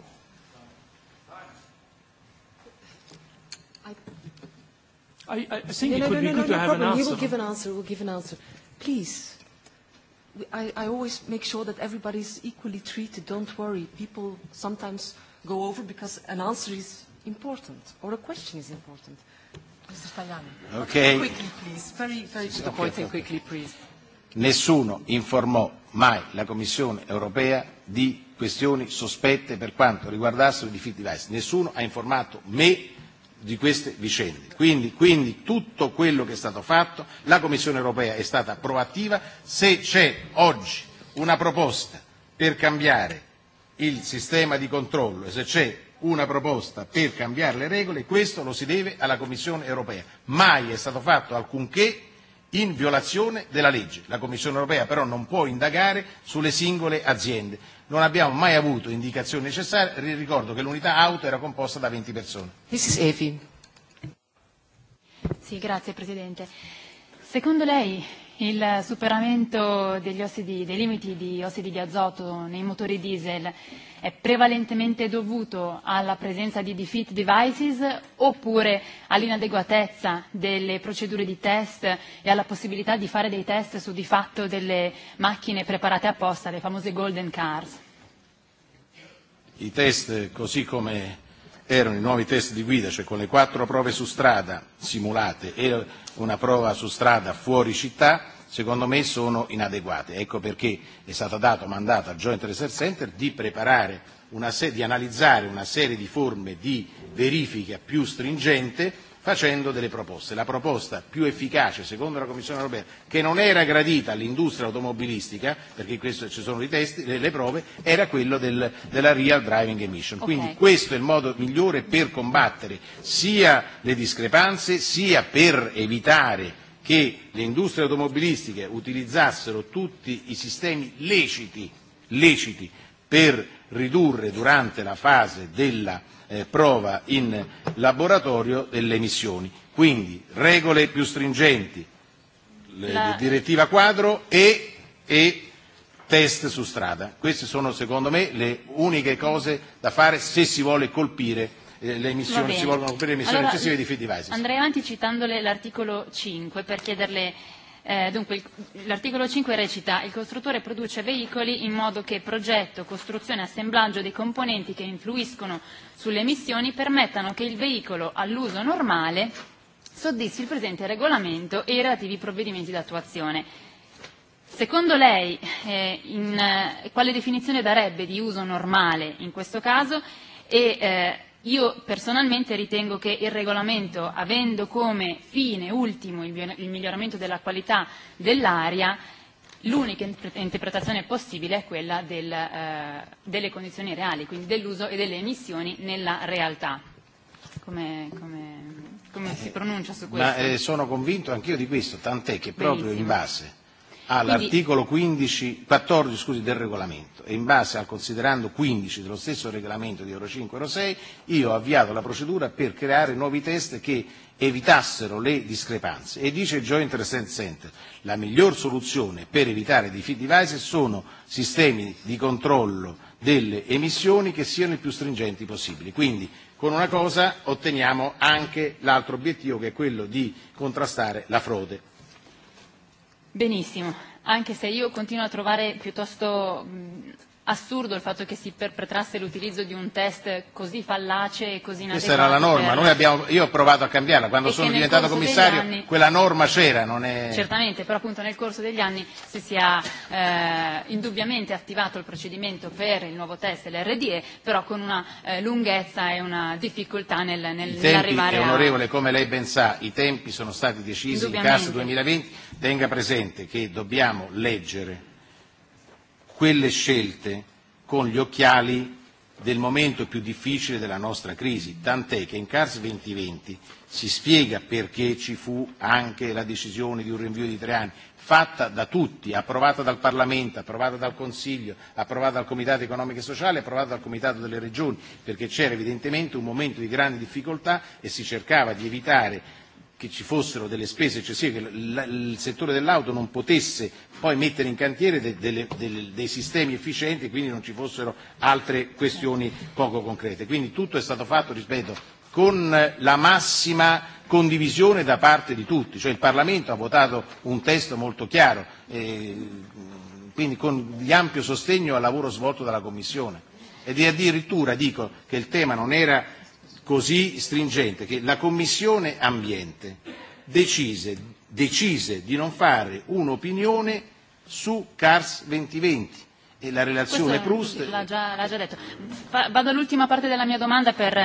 I, I think no, it no, would no, be no, good no, to no have problem. an answer. He will give an answer. We'll give an answer. Please. I, I always make sure that everybody is equally treated. Don't worry. People sometimes go over because an answer is important or a question is important. Mr. Tajani. Okay. Quickly, please. Very, very to the okay, point okay. and quickly, please. Nessuno informò mai la Commissione europea di questioni sospette per quanto riguardassero i defeat device. Nessuno ha informato me di queste vicende. Quindi, quindi tutto quello che è stato fatto, la Commissione europea è stata proattiva, se c'è oggi una proposta per cambiare il sistema di controllo e se c'è una proposta per cambiare le regole, questo lo si deve alla Commissione europea. Mai è stato fatto alcunché in violazione della legge. La Commissione europea però non può indagare sulle singole aziende non abbiamo mai avuto indicazioni necessarie, ricordo che l'unità auto era composta da 20 persone. Mrs. Efi. Sì, grazie Presidente. Secondo lei il superamento degli ossidi, dei limiti di ossidi di azoto nei motori diesel è prevalentemente dovuto alla presenza di defeat devices oppure all'inadeguatezza delle procedure di test e alla possibilità di fare dei test su di fatto delle macchine preparate apposta, le famose golden cars? I test, così come erano i nuovi test di guida, cioè con le quattro prove su strada simulate e una prova su strada fuori città, secondo me sono inadeguate. Ecco perché è stato dato mandato al Joint Research Center di preparare una serie, di analizzare una serie di forme di verifica più stringente facendo delle proposte. La proposta più efficace, secondo la Commissione europea, che non era gradita all'industria automobilistica, perché questo ci sono i testi, le, le prove, era quello del, della real driving emission. Okay. Quindi questo è il modo migliore per combattere sia le discrepanze, sia per evitare che le industrie automobilistiche utilizzassero tutti i sistemi leciti, leciti per ridurre durante la fase della eh, prova in laboratorio delle emissioni. Quindi regole più stringenti, la... direttiva quadro e, e test su strada. Queste sono secondo me le uniche cose da fare se si vuole colpire eh, le emissioni, si vogliono coprire le emissioni allora, eccessive di feed devices. Andrei avanti citandole l'articolo 5 per chiederle Eh, dunque, l'articolo 5 recita il costruttore produce veicoli in modo che progetto, costruzione e assemblaggio dei componenti che influiscono sulle emissioni permettano che il veicolo all'uso normale soddisfi il presente regolamento e i relativi provvedimenti d'attuazione. Secondo lei, eh, in, eh, quale definizione darebbe di uso normale in questo caso e eh, Io personalmente ritengo che il regolamento, avendo come fine ultimo il miglioramento della qualità dell'aria, l'unica interpretazione possibile è quella del, eh, delle condizioni reali, quindi dell'uso e delle emissioni nella realtà. Come, come, come si eh, pronuncia su questo? Ma eh, sono convinto anch'io di questo, tant'è che proprio Benissimo. in base all'articolo 15, 14 scusi, del regolamento e in base al considerando 15 dello stesso regolamento di Euro 5 Euro 6 io ho avviato la procedura per creare nuovi test che evitassero le discrepanze e dice Joint Resent Center la miglior soluzione per evitare feed device sono sistemi di controllo delle emissioni che siano i più stringenti possibili. Quindi con una cosa otteniamo anche l'altro obiettivo che è quello di contrastare la frode Benissimo, anche se io continuo a trovare piuttosto mh, mm, assurdo il fatto che si perpetrasse l'utilizzo di un test così fallace e così inadeguato. Questa era la norma, per... Noi abbiamo, io ho provato a cambiarla, quando e sono diventato commissario anni, quella norma c'era. Non è... Certamente, però appunto nel corso degli anni si sia eh, indubbiamente attivato il procedimento per il nuovo test, l'RDE, però con una eh, lunghezza e una difficoltà nel, nel, I tempi, nell'arrivare e a... onorevole, come lei ben sa, i tempi sono stati decisi in CAS 2020, tenga presente che dobbiamo leggere quelle scelte con gli occhiali del momento più difficile della nostra crisi, tant'è che in CARS 2020 si spiega perché ci fu anche la decisione di un rinvio di tre anni, fatta da tutti, approvata dal Parlamento, approvata dal Consiglio, approvata dal Comitato economico e sociale, approvata dal Comitato delle Regioni, perché c'era evidentemente un momento di grande difficoltà e si cercava di evitare che ci fossero delle spese eccessive, che il settore dell'auto non potesse poi mettere in cantiere de, de, de, dei sistemi efficienti e quindi non ci fossero altre questioni poco concrete. Quindi tutto è stato fatto, ripeto, con la massima condivisione da parte di tutti, cioè il Parlamento ha votato un testo molto chiaro, e quindi con di ampio sostegno al lavoro svolto dalla Commissione. Ed addirittura dico che il tema non era così stringente che la Commissione Ambiente decise, decise di non fare un'opinione su CARS 2020 e la relazione Questo Proust. L'ha già, l'ha già detto. vado all'ultima parte della mia domanda per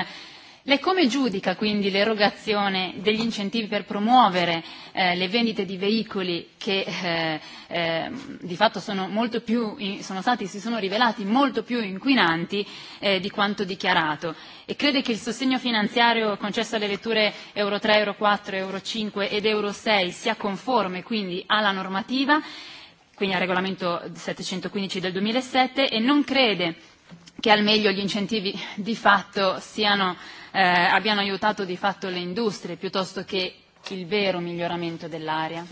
Lei come giudica quindi l'erogazione degli incentivi per promuovere eh, le vendite di veicoli che eh, eh, di fatto sono, molto più, sono stati, si sono rivelati molto più inquinanti eh, di quanto dichiarato? E crede che il sostegno finanziario concesso alle vetture Euro 3, Euro 4, Euro 5 ed Euro 6 sia conforme quindi alla normativa, quindi al regolamento 715 del 2007, e non crede che al meglio gli incentivi di fatto siano eh, abbiano aiutato di fatto le industrie piuttosto che il vero miglioramento dell'area?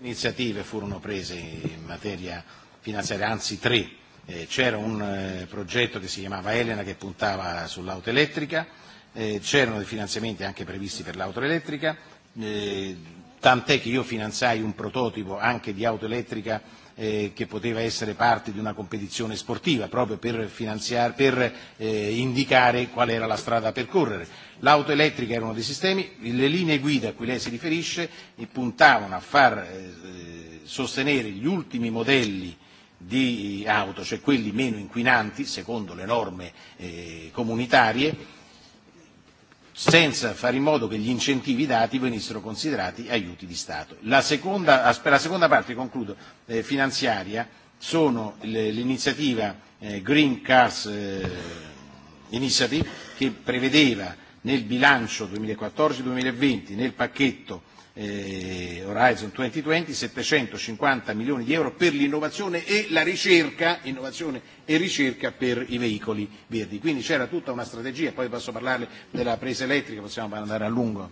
Iniziative furono prese in materia finanziaria, anzi tre. Eh, c'era un eh, progetto che si chiamava Elena che puntava sull'auto elettrica, eh, c'erano dei finanziamenti anche previsti per l'auto elettrica, eh, tant'è che io finanziai un prototipo anche di auto elettrica eh, che poteva essere parte di una competizione sportiva, proprio per, finanziare, per eh, indicare qual era la strada da percorrere. L'auto elettrica era uno dei sistemi, le linee guida a cui lei si riferisce e puntavano a far eh, sostenere gli ultimi modelli di auto, cioè quelli meno inquinanti, secondo le norme eh, comunitarie, senza fare in modo che gli incentivi dati venissero considerati aiuti di Stato. La seconda, la seconda parte, concludo, eh, finanziaria sono l'iniziativa eh, Green Cars eh, Initiative che prevedeva nel bilancio 2014-2020, nel pacchetto eh, Horizon 2020 750 milioni di euro per l'innovazione e la ricerca, innovazione e ricerca per i veicoli verdi. Quindi c'era tutta una strategia, poi posso parlare della presa elettrica, possiamo andare a lungo.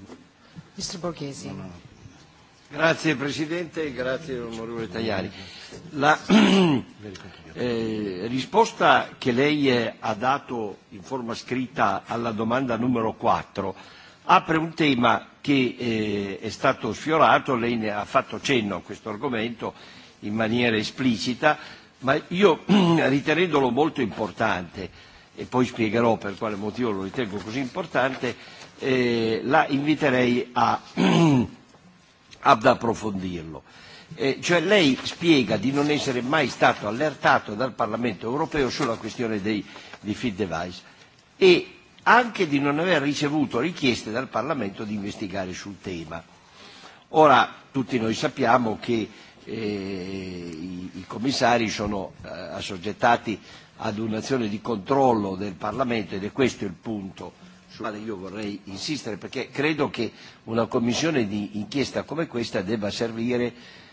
Grazie Presidente, e grazie onorevole Tajani. La eh, risposta che lei eh, ha dato in forma scritta alla domanda numero 4 apre un tema che eh, è stato sfiorato, lei ne ha fatto cenno a questo argomento in maniera esplicita, ma io ritenendolo molto importante, e poi spiegherò per quale motivo lo ritengo così importante, eh, la inviterei a, ad approfondirlo. Eh, cioè lei spiega di non essere mai stato allertato dal Parlamento europeo sulla questione dei, dei feed device e anche di non aver ricevuto richieste dal Parlamento di investigare sul tema. Ora, tutti noi sappiamo che eh, i, i commissari sono eh, assoggettati ad un'azione di controllo del Parlamento ed è questo il punto sul quale io vorrei insistere perché credo che una commissione di inchiesta come questa debba servire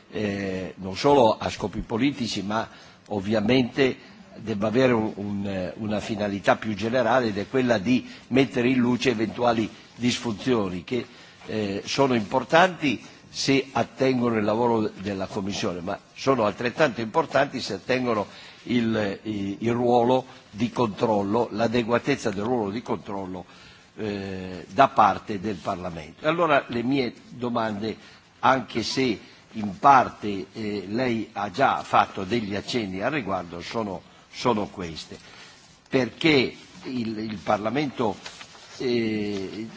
eh, non solo a scopi politici ma ovviamente debba avere un, eh, una finalità più generale ed è quella di mettere in luce eventuali disfunzioni che eh, sono importanti se attengono il lavoro della Commissione, ma sono altrettanto importanti se attengono il, il, eh, il ruolo di controllo, l'adeguatezza del ruolo di controllo eh, da parte del Parlamento. E allora le mie domande, anche se in parte eh, lei ha già fatto degli accenni al riguardo, sono sono queste, perché il, il Parlamento, eh,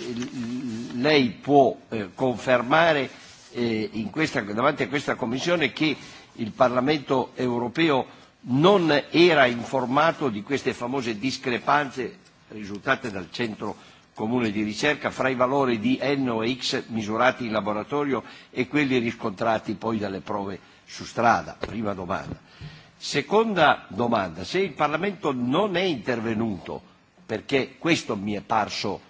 lei può eh, confermare eh, in questa, davanti a questa Commissione che il Parlamento europeo non era informato di queste famose discrepanze risultate dal centro comune di ricerca fra i valori di N o X misurati in laboratorio e quelli riscontrati poi dalle prove su strada. Prima domanda. Seconda domanda, se il Parlamento non è intervenuto, perché questo mi è parso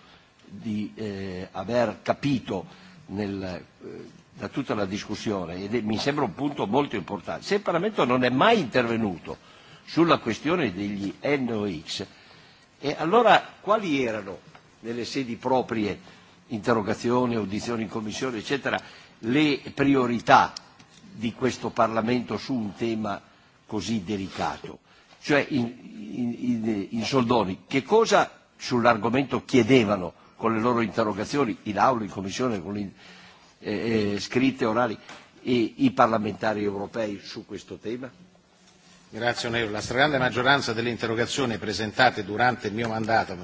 di eh, aver capito nel, eh, da tutta la discussione, ed è, mi sembra un punto molto importante, se il Parlamento non è mai intervenuto sulla questione degli NOx, e allora quali erano nelle sedi proprie, interrogazioni, audizioni in commissione, eccetera, le priorità di questo Parlamento su un tema così delicato. Cioè, in, in, in soldoni, che cosa sull'argomento chiedevano con le loro interrogazioni in aula, in commissione, con le eh, eh, scritte orali e, i parlamentari europei su questo tema? Grazie onorevole. La stragrande maggioranza delle interrogazioni presentate durante il mio mandato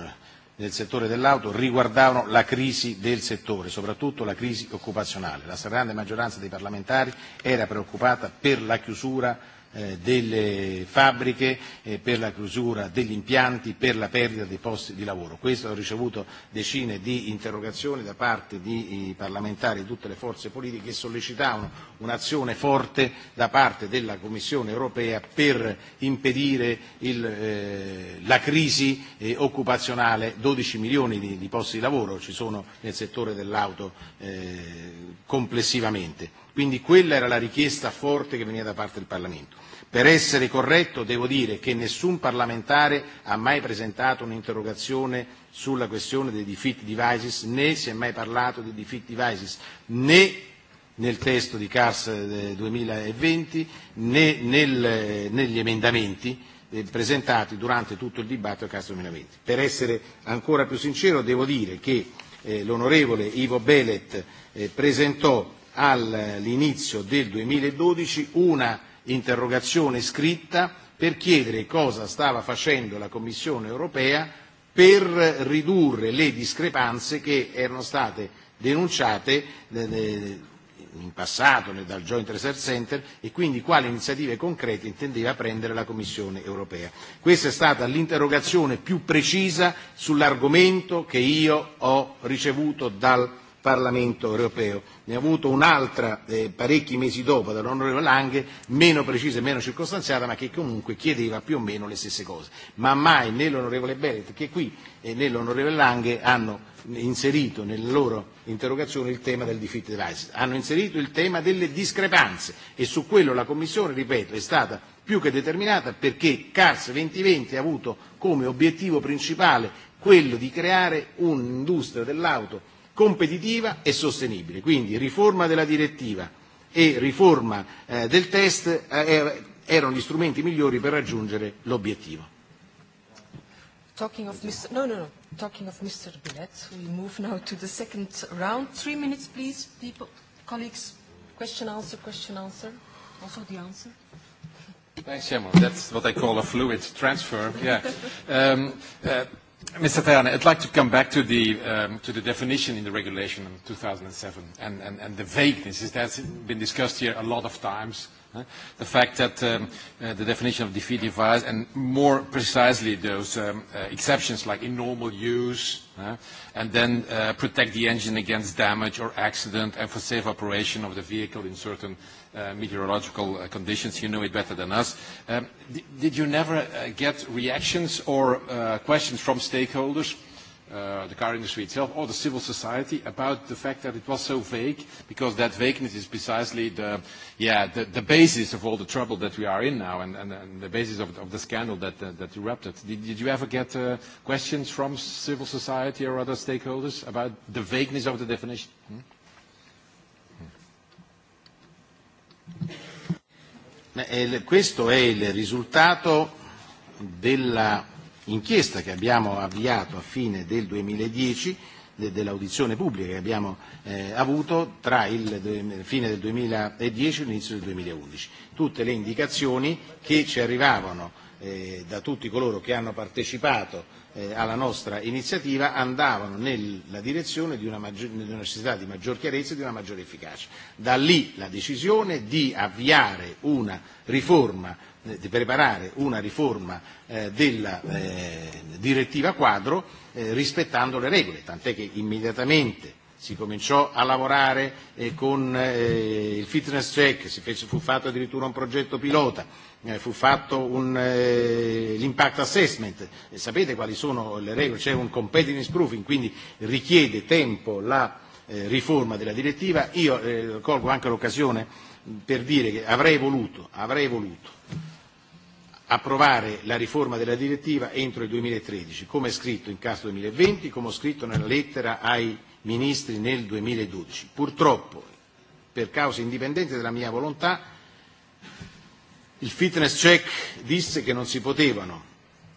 nel settore dell'auto riguardavano la crisi del settore, soprattutto la crisi occupazionale. La stragrande maggioranza dei parlamentari era preoccupata per la chiusura Eh, delle fabbriche, eh, per la chiusura degli impianti, per la perdita dei posti di lavoro. Questo ha ricevuto decine di interrogazioni da parte di eh, parlamentari di tutte le forze politiche che sollecitavano un'azione forte da parte della Commissione europea per impedire il, eh, la crisi eh, occupazionale 12 milioni di, di posti di lavoro ci sono nel settore dell'auto eh, complessivamente. Quindi quella era la richiesta forte che veniva da parte del Parlamento. Per essere corretto devo dire che nessun parlamentare ha mai presentato un'interrogazione sulla questione dei defeat devices, né si è mai parlato di defeat devices, né nel testo di CARS 2020 eh, né nel, eh, negli emendamenti eh, presentati durante tutto il dibattito CARS 2020. Per essere ancora più sincero devo dire che eh, l'onorevole Ivo Belet eh, presentò all'inizio del 2012 una interrogazione scritta per chiedere cosa stava facendo la Commissione europea per ridurre le discrepanze che erano state denunciate eh, eh, in passato dal Joint Research Center e quindi quali iniziative concrete intendeva prendere la Commissione europea. Questa è stata l'interrogazione più precisa sull'argomento che io ho ricevuto dal Parlamento europeo. Ne ha avuto un'altra eh, parecchi mesi dopo dall'onorevole Lange, meno precisa e meno circostanziata, ma che comunque chiedeva più o meno le stesse cose. Ma mai né l'onorevole Bennett che qui e né l'onorevole Lange hanno inserito nella loro interrogazione il tema del defeat device, hanno inserito il tema delle discrepanze e su quello la Commissione, ripeto, è stata più che determinata perché CARS 2020 ha avuto come obiettivo principale quello di creare un'industria dell'auto competitiva e sostenibile. Quindi riforma della direttiva e riforma eh, del test eh, eh erano gli strumenti migliori per raggiungere l'obiettivo. Talking of Mr. No, no, no. Talking of Mr. Billet, we move now to the second round. Three minutes, please, people, colleagues. Question answer, question answer. Also the answer. Thanks, Emma. That's what I call a fluid transfer. Yeah. um, uh, Mr. Tajani, I'd like to come back to the, um, to the definition in the regulation of 2007 and, and, and the vagueness. That's been discussed here a lot of times. Huh? The fact that um, uh, the definition of defeat device and more precisely those um, uh, exceptions like in normal use huh? and then uh, protect the engine against damage or accident and for safe operation of the vehicle in certain Uh, meteorological uh, conditions. You know it better than us. Um, did you never uh, get reactions or uh, questions from stakeholders, uh, the car industry itself or the civil society, about the fact that it was so vague? Because that vagueness is precisely the, yeah, the, the basis of all the trouble that we are in now and, and, and the basis of, of the scandal that, uh, that erupted. Did, did you ever get uh, questions from civil society or other stakeholders about the vagueness of the definition? Hmm? Eh, questo è il risultato dell'inchiesta che abbiamo avviato a fine del 2010, dell'audizione pubblica che abbiamo eh, avuto tra il fine del 2010 e l'inizio del 2011. Tutte le indicazioni che ci arrivavano eh, da tutti coloro che hanno partecipato eh, alla nostra iniziativa andavano nella direzione di una, maggior, di una necessità di maggior chiarezza e di una maggiore efficacia. Da lì la decisione di avviare una riforma, eh, di preparare una riforma eh, della eh, direttiva quadro eh, rispettando le regole, tant'è che immediatamente si cominciò a lavorare eh, con eh, il fitness check, si fece, fu fatto addirittura un progetto pilota, eh, fu fatto un, eh, l'impact assessment, e sapete quali sono le regole, c'è un competitiveness proofing, quindi richiede tempo la eh, riforma della direttiva. Io eh, colgo anche l'occasione per dire che avrei voluto, avrei voluto approvare la riforma della direttiva entro il 2013, come è scritto in caso 2020, come ho scritto nella lettera ai ministri nel 2012. Purtroppo, per cause indipendenti dalla mia volontà, il fitness check disse che non si potevano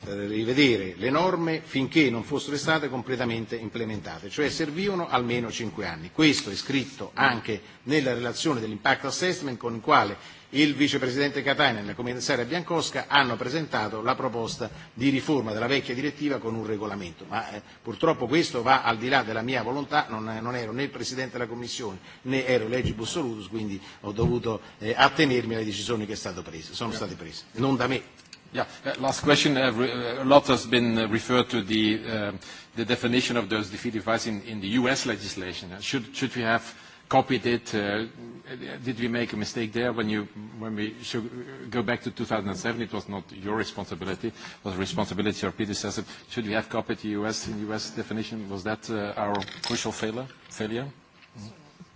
eh, rivedere le norme finché non fossero state completamente implementate, cioè servivano almeno cinque anni. Questo è scritto anche nella relazione dell'impact assessment con il quale il vicepresidente Katainen e la commissaria Biancosca hanno presentato la proposta di riforma della vecchia direttiva con un regolamento, ma eh, purtroppo questo va al di là della mia volontà, non, eh, non ero né il presidente della commissione né ero legge bussolutus, quindi ho dovuto eh, attenermi alle decisioni che sono state prese, sono state prese non da me. Yeah, uh, last question. Uh, re, Uh, a lot has been uh, referred to the, uh, the definition of those defeat devices in, in the U.S. legislation. Uh, should, should we have copied it? Uh, did we make a mistake there when you when we should go back to 2007? It was not your responsibility, it was the responsibility of your predecessor. Should we have copied the U.S. in U.S. definition? Was that uh, our crucial failure? failure? Mm-hmm.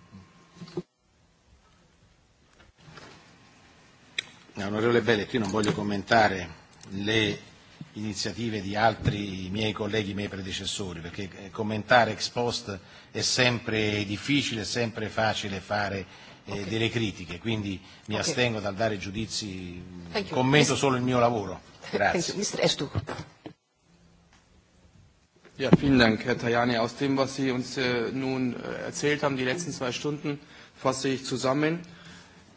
Onorevole Belli, qui non voglio commentare le iniziative di altri miei colleghi, miei predecessori, perché eh, commentare ex post è sempre difficile, è sempre facile fare eh, okay. delle critiche, quindi mi okay. astengo dal dare giudizi, Thank commento you. solo il mio lavoro. Grazie. Ja, vielen Dank, Herr Tajani. Aus dem, was Sie uns äh, nun äh, erzählt haben, die letzten zwei Stunden, fasse ich zusammen.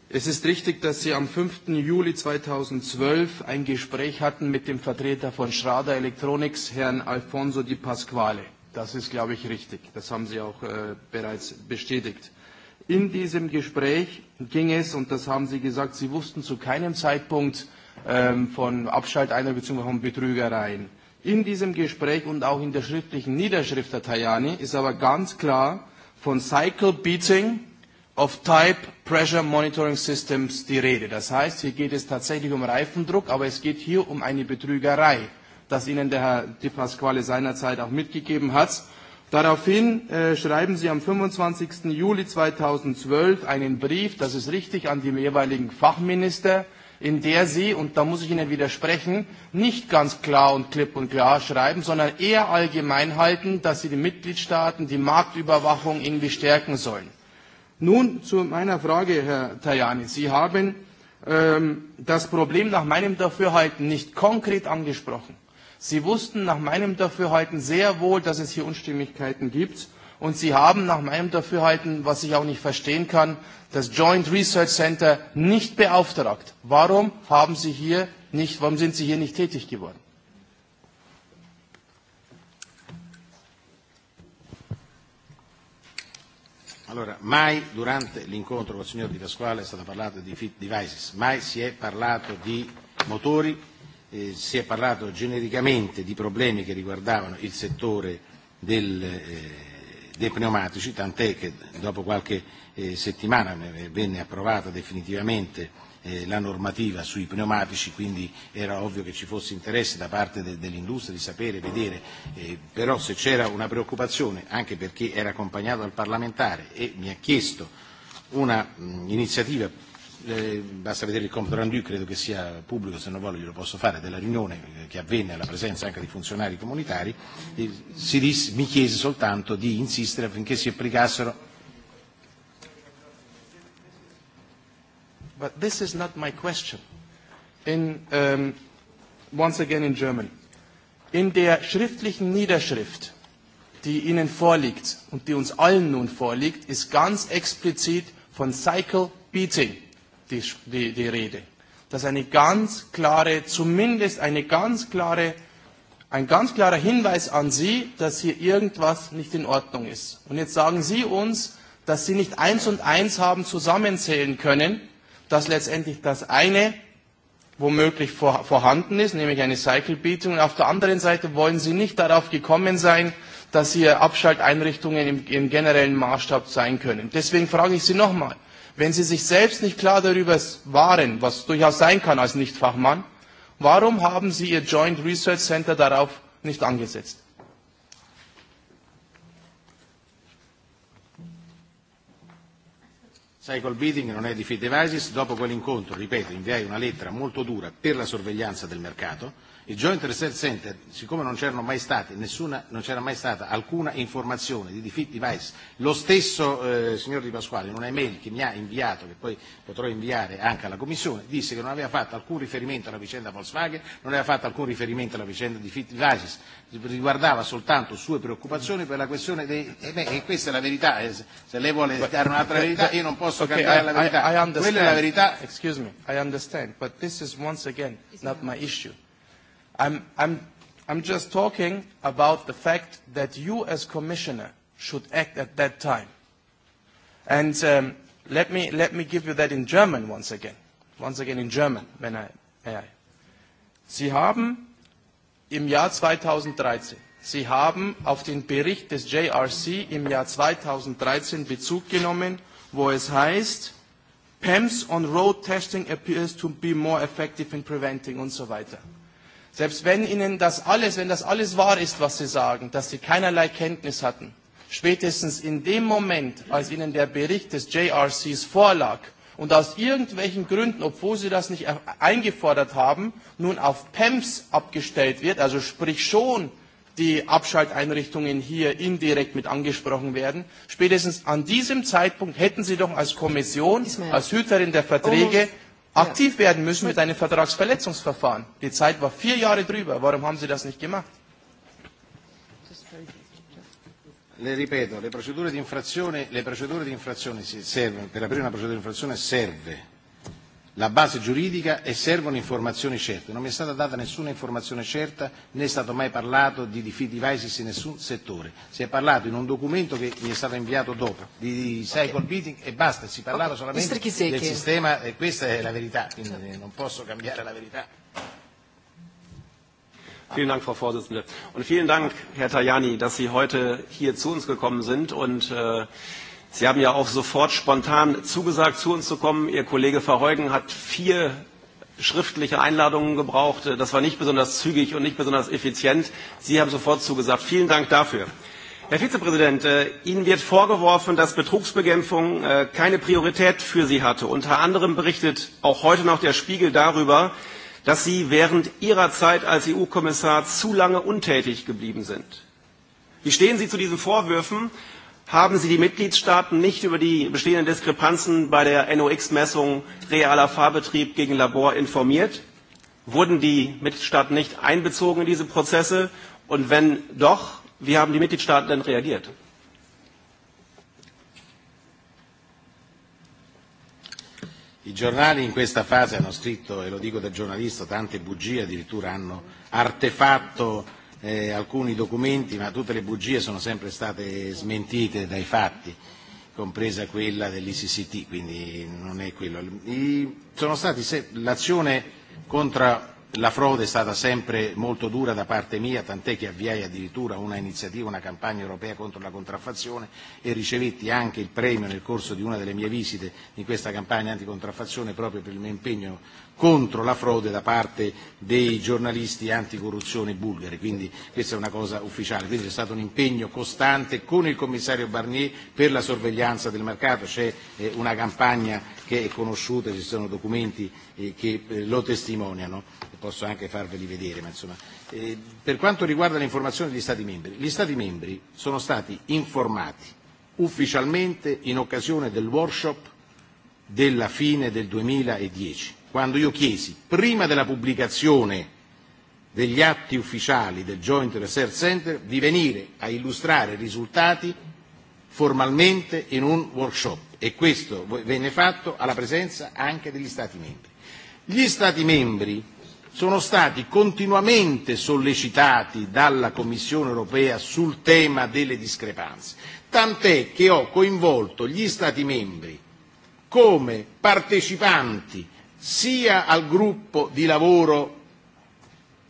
Es ist richtig, dass Sie am 5. Juli 2012 ein Gespräch hatten mit dem Vertreter von Schrader Electronics, Herrn Alfonso Di Pasquale. Das ist, glaube ich, richtig. Das haben Sie auch äh, bereits bestätigt. In diesem Gespräch ging es, und das haben Sie gesagt, Sie wussten zu keinem Zeitpunkt ähm, von Abschalteiner bzw. von Betrügereien. In diesem Gespräch und auch in der schriftlichen Niederschrift der Tajani ist aber ganz klar von Cycle Beating of Type Pressure Monitoring Systems die Rede. Das heißt, hier geht es tatsächlich um Reifendruck, aber es geht hier um eine Betrügerei, das Ihnen der Herr Di Pasquale seinerzeit auch mitgegeben hat. Daraufhin äh, schreiben Sie am 25. Juli 2012 einen Brief, das ist richtig, an die jeweiligen Fachminister, in der Sie, und da muss ich Ihnen widersprechen, nicht ganz klar und klipp und klar schreiben, sondern eher allgemein halten, dass Sie die Mitgliedstaaten die Marktüberwachung irgendwie stärken sollen. Nun zu meiner Frage, Herr Tajani. Sie haben ähm, das Problem nach meinem Dafürhalten nicht konkret angesprochen. Sie wussten nach meinem Dafürhalten sehr wohl, dass es hier Unstimmigkeiten gibt. Und sie haben nach meinem Dafürhalten, was ich auch nicht verstehen kann, das Joint Research Center nicht beauftragt. Warum, haben sie hier nicht, warum sind sie hier nicht tätig geworden? Allora, mai durante l'incontro con il signor Di Pasquale è stato parlato di fit devices, mai si è parlato di motori Eh, si è parlato genericamente di problemi che riguardavano il settore del, eh, dei pneumatici, tant'è che dopo qualche eh, settimana venne approvata definitivamente eh, la normativa sui pneumatici, quindi era ovvio che ci fosse interesse da parte de, dell'industria di sapere, e vedere, eh, però se c'era una preoccupazione, anche perché era accompagnato dal parlamentare e mi ha chiesto un'iniziativa eh, basta vedere il compito rendu, credo che sia pubblico, se non voglio glielo posso fare, della riunione che avvenne alla presenza anche di funzionari comunitari, eh, si dis, mi chiese soltanto di insistere affinché si applicassero. But this is not my question. In, um, once again in German. In der schriftlichen Niederschrift, die Ihnen vorliegt und die uns allen nun vorliegt, ist ganz explizit von Cycle Beating die, die, die Rede. Das ist eine ganz klare, zumindest eine ganz klare, ein ganz klarer Hinweis an Sie, dass hier irgendwas nicht in Ordnung ist. Und jetzt sagen Sie uns, dass Sie nicht eins und eins haben zusammenzählen können, dass letztendlich das eine womöglich vor, vorhanden ist, nämlich eine Cycle-Beatung. Und auf der anderen Seite wollen Sie nicht darauf gekommen sein, dass hier Abschalteinrichtungen im, im generellen Maßstab sein können. Deswegen frage ich Sie nochmal, Wenn Sie sich selbst nicht klar darüber waren, was durchaus sein kann als Nichtfachmann, warum haben Sie Ihr Joint Research Center darauf nicht angesetzt? Sai, col bidding non è di Fit Devices, dopo quell'incontro, ripeto, inviai una lettera molto dura per la sorveglianza del mercato, Il Joint Research Center, siccome non c'erano mai stati nessuna, non c'era mai stata alcuna informazione di defeat device, lo stesso eh, signor Di Pasquale in una email che mi ha inviato, che poi potrò inviare anche alla Commissione, disse che non aveva fatto alcun riferimento alla vicenda Volkswagen, non aveva fatto alcun riferimento alla vicenda di Fit Devices, riguardava soltanto sue preoccupazioni per la questione dei... E, beh, e questa è la verità, eh, se lei vuole dare un'altra eh, verità eh, io non posso okay, cambiare I, la verità. I, I Quella è la verità. Excuse me, I understand, but this is once again not my issue. I'm, I'm, I'm just talking about the fact that you as commissioner should act at that time. And um, let, me, let me give you that in German once again. Once again in German, wenn I, I. Sie haben im Jahr 2013, Sie haben auf den Bericht des JRC im Jahr 2013 Bezug genommen, wo es heißt, PEMS on road testing appears to be more effective in preventing und so weiter. Selbst wenn Ihnen das alles, wenn das alles wahr ist, was Sie sagen, dass Sie keinerlei Kenntnis hatten, spätestens in dem Moment, als Ihnen der Bericht des JRCs vorlag und aus irgendwelchen Gründen, obwohl Sie das nicht er-, eingefordert haben, nun auf PEMS abgestellt wird, also sprich schon die Abschalteinrichtungen hier indirekt mit angesprochen werden. Spätestens an diesem Zeitpunkt hätten Sie doch als Kommission, als Hüterin der Verträge aktiv werden müssen mit einem Vertragsverletzungsverfahren. Die Zeit war vier Jahre drüber. Warum haben Sie das nicht gemacht? Le ripeto, le procedure di infrazione, le procedure di infrazione si servono, per aprire una procedura di infrazione serve la base giuridica e servono informazioni certe. Non mi è stata data nessuna informazione certa, né è stato mai parlato di defeat devices in nessun settore. Si è parlato in un documento che mi è stato inviato dopo, di, cycle okay. beating e basta, si parlava okay. solamente del sistema e questa è la verità, quindi non posso cambiare la verità. Vielen Dank, Frau Vorsitzende. Und vielen Dank, Herr Tajani, dass Sie heute hier zu uns gekommen sind und äh, Sie haben ja auch sofort spontan zugesagt, zu uns zu kommen. Ihr Kollege Verheugen hat vier schriftliche Einladungen gebraucht. Das war nicht besonders zügig und nicht besonders effizient. Sie haben sofort zugesagt. Vielen Dank dafür. Herr Vizepräsident, äh, Ihnen wird vorgeworfen, dass Betrugsbekämpfung äh, keine Priorität für Sie hatte. Unter anderem berichtet auch heute noch der Spiegel darüber, dass Sie während Ihrer Zeit als EU-Kommissar zu lange untätig geblieben sind. Wie stehen Sie zu diesen Vorwürfen? haben Sie die Mitgliedstaaten nicht über die bestehenden Diskrepanzen bei der NOx-Messung realer Fahrbetrieb gegen Labor informiert? Wurden die Mitgliedstaaten nicht einbezogen in diese Prozesse? Und wenn doch, wie haben die Mitgliedstaaten denn reagiert? I giornali in questa fase hanno scritto, e lo dico da giornalista, tante bugie, addirittura hanno artefatto eh, alcuni documenti, ma tutte le bugie sono sempre state smentite dai fatti, compresa quella dell'ICCT, quindi non è quello. I, sono stati se, l'azione contro la frode è stata sempre molto dura da parte mia, tant'è che avviai addirittura una iniziativa, una campagna europea contro la contraffazione e ricevetti anche il premio nel corso di una delle mie visite in questa campagna anticontraffazione proprio per il mio impegno contro la frode da parte dei giornalisti anticorruzione bulgari, quindi questa è una cosa ufficiale. Quindi c'è stato un impegno costante con il commissario Barnier per la sorveglianza del mercato, c'è eh, una campagna che è conosciuta, ci sono documenti eh, che eh, lo testimoniano, e posso anche farveli vedere. Ma insomma. Eh, per quanto riguarda l'informazione degli Stati membri, gli Stati membri sono stati informati ufficialmente in occasione del workshop della fine del 2010 quando io chiesi, prima della pubblicazione degli atti ufficiali del Joint Research Center, di venire a illustrare i risultati formalmente in un workshop e questo venne fatto alla presenza anche degli Stati membri. Gli Stati membri sono stati continuamente sollecitati dalla Commissione europea sul tema delle discrepanze, tant'è che ho coinvolto gli Stati membri come partecipanti sia al gruppo di lavoro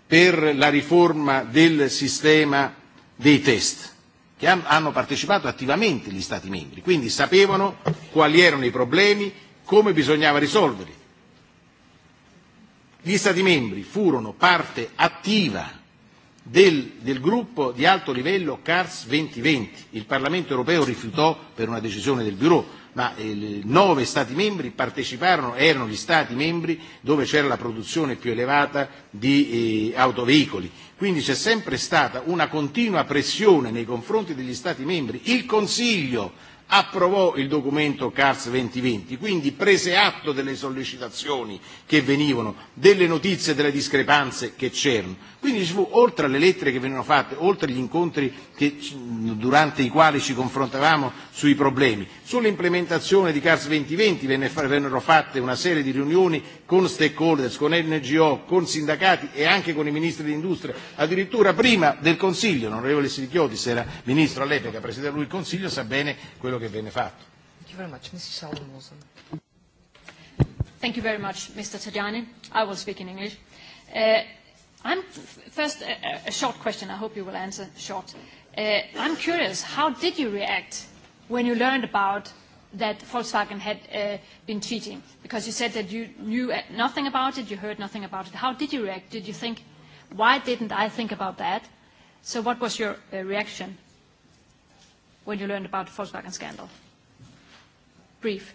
per la riforma del sistema dei test, che hanno partecipato attivamente gli Stati membri, quindi sapevano quali erano i problemi, come bisognava risolverli. Gli Stati membri furono parte attiva del, del gruppo di alto livello CARS 2020. Il Parlamento europeo rifiutò per una decisione del Bureau ma eh, nove Stati membri parteciparono, erano gli Stati membri dove c'era la produzione più elevata di eh, autoveicoli. Quindi c'è sempre stata una continua pressione nei confronti degli Stati membri. Il Consiglio approvò il documento CARS 2020, quindi prese atto delle sollecitazioni che venivano, delle notizie, delle discrepanze che c'erano. Quindi ci fu, oltre alle lettere che venivano fatte, oltre agli incontri che, durante i quali ci confrontavamo sui problemi. Sull'implementazione di CARS 2020 vennero fatte una serie di riunioni con stakeholders, con NGO, con sindacati e anche con i ministri industria, addirittura prima del Consiglio, l'onorevole Sirichiotis era ministro all'epoca, presidente lui il Consiglio, sa bene quello che venne fatto. Thank you very much, Mr. Tajani. I will speak in English. Uh, I'm first, a, a short question. I hope you will answer short. Uh, I'm curious, how did you react when you learned about that Volkswagen had uh, been cheating? Because you said that you knew nothing about it, you heard nothing about it. How did you react? Did you think, why didn't I think about that? So what was your uh, reaction when you learned about the Volkswagen scandal? Brief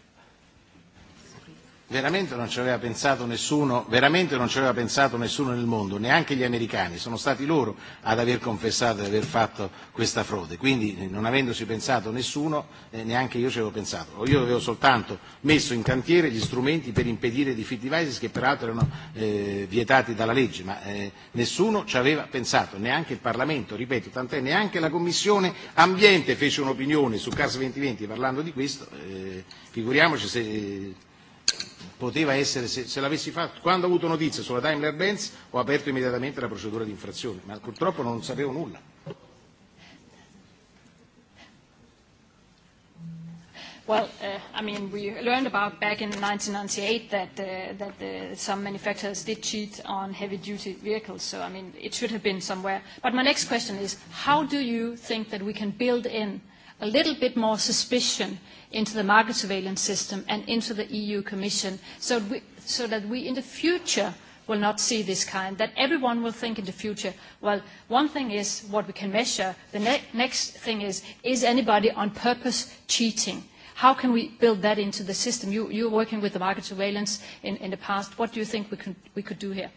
veramente non ci aveva pensato nessuno, veramente non ci aveva pensato nessuno nel mondo, neanche gli americani, sono stati loro ad aver confessato di aver fatto questa frode, quindi eh, non avendosi pensato nessuno, eh, neanche io ci avevo pensato, io avevo soltanto messo in cantiere gli strumenti per impedire i fit devices che peraltro erano eh, vietati dalla legge, ma eh, nessuno ci aveva pensato, neanche il Parlamento, ripeto, tant'è neanche la Commissione Ambiente fece un'opinione su Cas 2020 parlando di questo, eh, figuriamoci se poteva essere, se, se l'avessi fatto, quando ho avuto notizia sulla Daimler Benz ho aperto immediatamente la procedura di infrazione, ma purtroppo non sapevo nulla. Well, uh, I mean, we learned about back in 1998 that, uh, that uh, some manufacturers did cheat on heavy-duty vehicles, so I mean, it should have been somewhere. But my next question is, how do you think that we can build in a little bit more suspicion into the market surveillance system and into the EU Commission so, we, so that we in the future will not see this kind, that everyone will think in the future, well, one thing is what we can measure, the ne next thing is, is anybody on purpose cheating? How can we build that into the system? You, you're working with the market surveillance in, in the past. What do you think we, can, we could do here?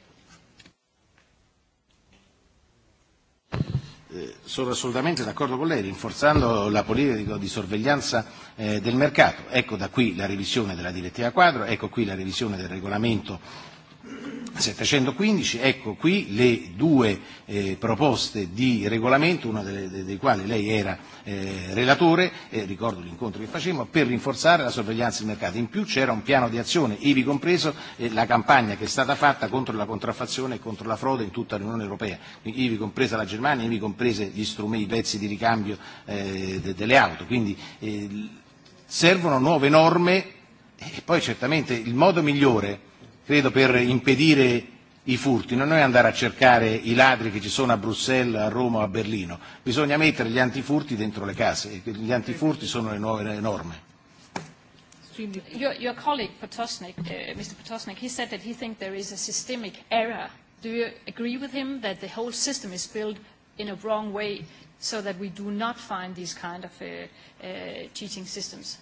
Eh, sono assolutamente d'accordo con lei, rinforzando la politica di sorveglianza eh, del mercato. Ecco da qui la revisione della direttiva quadro, ecco qui la revisione del regolamento 715, ecco qui le due eh, proposte di regolamento, una delle, dei quali lei era eh, relatore, eh, ricordo l'incontro che facemmo, per rinforzare la sorveglianza del mercato. In più c'era un piano di azione, ivi compreso eh, la campagna che è stata fatta contro la contraffazione e contro la frode in tutta l'Unione Europea, quindi, ivi compresa la Germania, ivi comprese gli strumenti, i pezzi di ricambio eh, de, delle auto. Quindi eh, servono nuove norme e poi certamente il modo migliore credo per impedire i furti, non è andare a cercare i ladri che ci sono a Bruxelles, a Roma o a Berlino, bisogna mettere gli antifurti dentro le case, gli antifurti sono le nuove le norme. Your, your colleague Potosnik, uh, Mr. Potosnik, he said that he thinks there is a systemic error. Do you agree with him that the whole system is built in a wrong way so that we do not find these kind of uh, uh, cheating systems?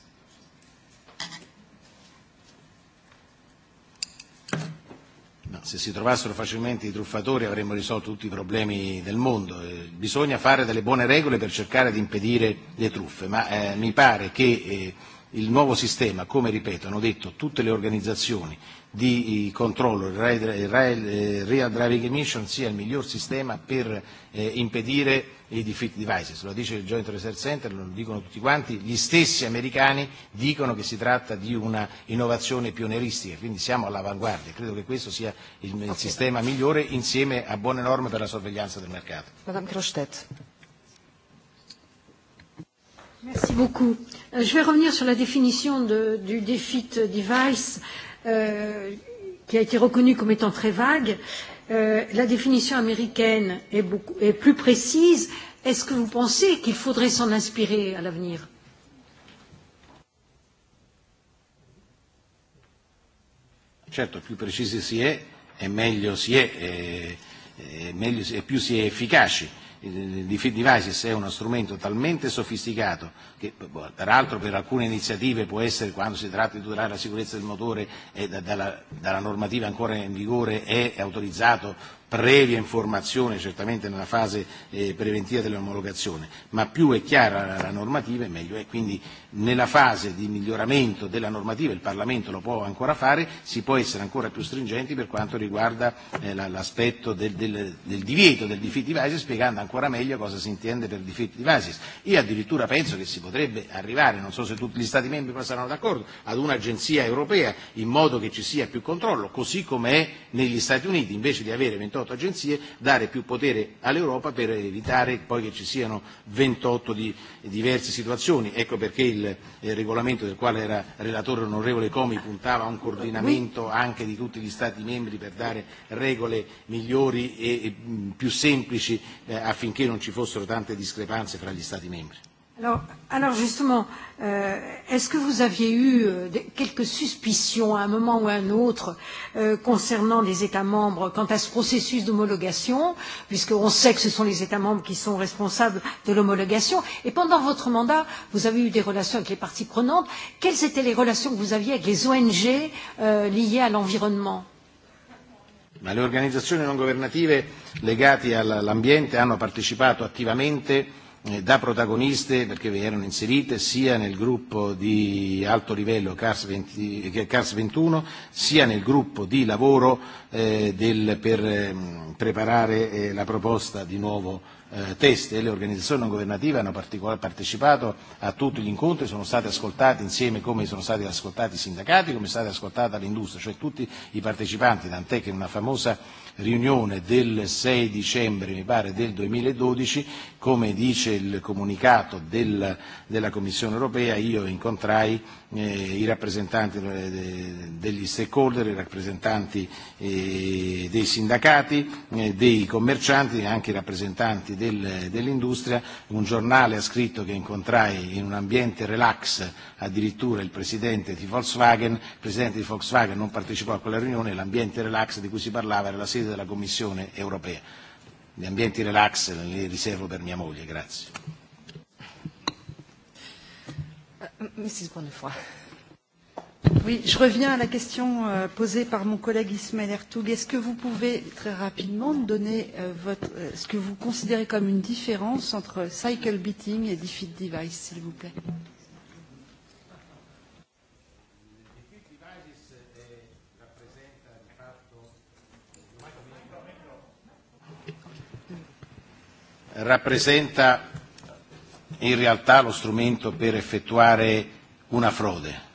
No, se si trovassero facilmente i truffatori avremmo risolto tutti i problemi del mondo. Eh, bisogna fare delle buone regole per cercare di impedire le truffe, ma eh, mi pare che eh, il nuovo sistema, come ripeto, hanno detto tutte le organizzazioni di controllo, il eh, Real Driving Emission sia il miglior sistema per eh, impedire e di fit devices. Lo dice il Joint Research Center, lo dicono tutti quanti, gli stessi americani dicono che si tratta di una innovazione pioneristica, quindi siamo all'avanguardia. Credo che questo sia il okay. sistema migliore insieme a buone norme per la sorveglianza del mercato. Madame Crostet. Merci beaucoup. Euh, je vais revenir sur la définition de, du defeat device euh, qui a été reconnu comme étant très vague. Euh, Euh, la définition américaine est, beaucoup, est plus précise, est-ce que vous pensez qu'il faudrait s'en inspirer à l'avenir Certo, più precisi si è, e meglio si è, e, e, meglio, è più si è efficaci Eh, devices è uno strumento talmente sofisticato che peraltro per alcune iniziative può essere quando si tratta di tutelare la sicurezza del motore e dalla, dalla normativa ancora in vigore è autorizzato previa informazione certamente nella fase eh, preventiva dell'omologazione, ma più è chiara la, la normativa e meglio è. Quindi nella fase di miglioramento della normativa il Parlamento lo può ancora fare, si può essere ancora più stringenti per quanto riguarda eh, la, l'aspetto del, del, del divieto del defeat devices, spiegando ancora meglio cosa si intende per defeat devices. Io addirittura penso che si potrebbe arrivare, non so se tutti gli Stati membri saranno d'accordo, ad un'agenzia europea in modo che ci sia più controllo, così come è negli Stati Uniti, invece di avere 28 28 agenzie, dare più potere all'Europa per evitare poi che ci siano 28 di diverse situazioni. Ecco perché il, regolamento del quale era relatore onorevole Comi puntava a un coordinamento anche di tutti gli Stati membri per dare regole migliori e, e più semplici eh, affinché non ci fossero tante discrepanze fra gli Stati membri. Alors, alors justement, euh, est-ce que vous aviez eu euh, quelques suspicions à un moment ou à un autre euh, concernant les États membres quant à ce processus d'homologation, puisqu'on sait que ce sont les États membres qui sont responsables de l'homologation Et pendant votre mandat, vous avez eu des relations avec les parties prenantes. Quelles étaient les relations que vous aviez avec les ONG euh, liées à l'environnement Ma le organisations non gouvernatives legate l'ambiente ont participé activement. Eh, da protagoniste perché vi erano inserite sia nel gruppo di alto livello CARS, 20, CARS 21 sia nel gruppo di lavoro eh, del, per eh, preparare eh, la proposta di nuovo eh, test e le organizzazioni non governative hanno partecipato a tutti gli incontri, sono stati ascoltati insieme come sono stati ascoltati i sindacati, come è stata ascoltata l'industria, cioè tutti i partecipanti, tant'è che una famosa riunione del 6 dicembre, mi pare, del 2012, come dice il comunicato del, della Commissione europea, io incontrai eh, i rappresentanti eh, de, degli stakeholder, i rappresentanti eh, dei sindacati, eh, dei commercianti e anche i rappresentanti del, dell'industria. Un giornale ha scritto che incontrai in un ambiente relax addirittura il presidente di Volkswagen, il presidente di Volkswagen non partecipò a quella riunione, l'ambiente relax di cui si parlava era la sede Presidente della Commissione europea. Gli ambienti relax li riservo per mia moglie, grazie. Euh, Mrs. Oui, je reviens à la question euh, posée par mon collègue Ismaël Ertoug. Est-ce que vous pouvez très rapidement donner euh, votre, euh, ce que vous considérez comme une différence entre cycle beating et defeat device, s'il vous plaît euh, rappresenta in realtà lo strumento per effettuare una frode.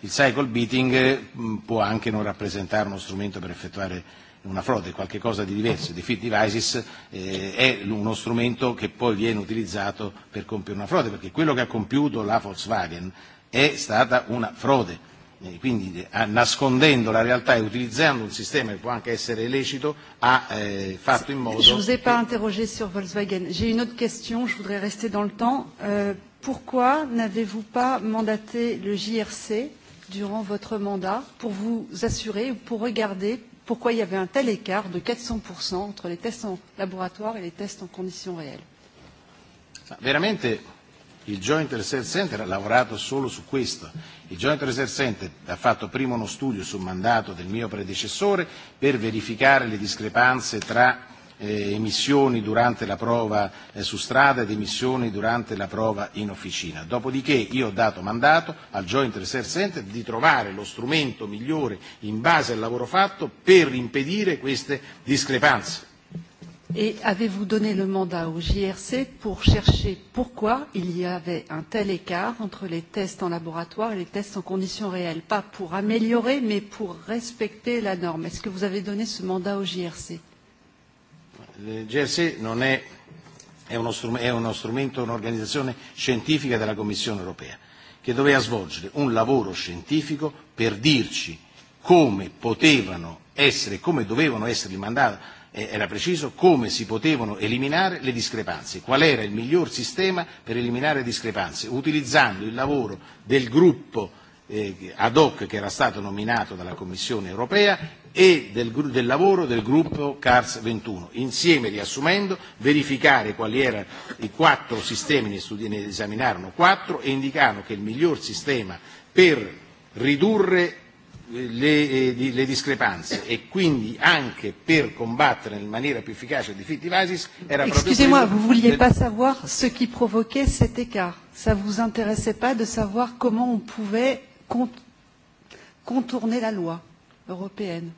Il cycle beating mm, può anche non rappresentare uno strumento per effettuare una frode, qualcosa di diverso. Il fit devices eh, è uno strumento che poi viene utilizzato per compiere una frode, perché quello che ha compiuto la Volkswagen è stata una frode Eh, quindi eh, nascondendo la realtà e utilizzando un sistema che può anche essere illecito, ha eh, fatto in modo... Je ne vous ai pas interrogé sur Volkswagen. J'ai une autre question, je voudrais rester dans le temps. Euh, pourquoi n'avez-vous pas mandaté le JRC durant votre mandat pour vous assurer ou pour regarder pourquoi il y avait un tel écart de 400% entre les tests en laboratoire et les tests en conditions réelles Veramente Il Joint Research Center ha lavorato solo su questo. Il Joint Research Center ha fatto prima uno studio sul mandato del mio predecessore per verificare le discrepanze tra eh, emissioni durante la prova eh, su strada ed emissioni durante la prova in officina. Dopodiché io ho dato mandato al Joint Research Center di trovare lo strumento migliore in base al lavoro fatto per impedire queste discrepanze. Et avez-vous donné le mandat au JRC pour chercher pourquoi il y avait un tel écart entre les tests en laboratoire et les tests en conditions réelles Pas pour améliorer, mais pour respecter la norme. Est-ce que vous avez donné ce mandat au JRC Le JRC non è, est, uno, è uno strumento, un'organizzazione scientifica della Commissione europea che doveva svolgere un lavoro scientifico per dirci come potevano essere, come dovevano essere il E, era preciso come si potevano eliminare le discrepanze, qual era il miglior sistema per eliminare discrepanze, utilizzando il lavoro del gruppo eh, ad hoc che era stato nominato dalla Commissione europea e del, del lavoro del gruppo CARS 21, insieme riassumendo, verificare quali erano i quattro sistemi, ne, studi- ne esaminarono quattro e indicarono che il miglior sistema per ridurre le, eh, le discrepanze e quindi anche per combattere in maniera più efficace i difitto basis era Excusez-moi, vous vouliez pas savoir ce qui provoquait cet écart. Ça vous intéressait pas de savoir comment on pouvait contourner la loi européenne.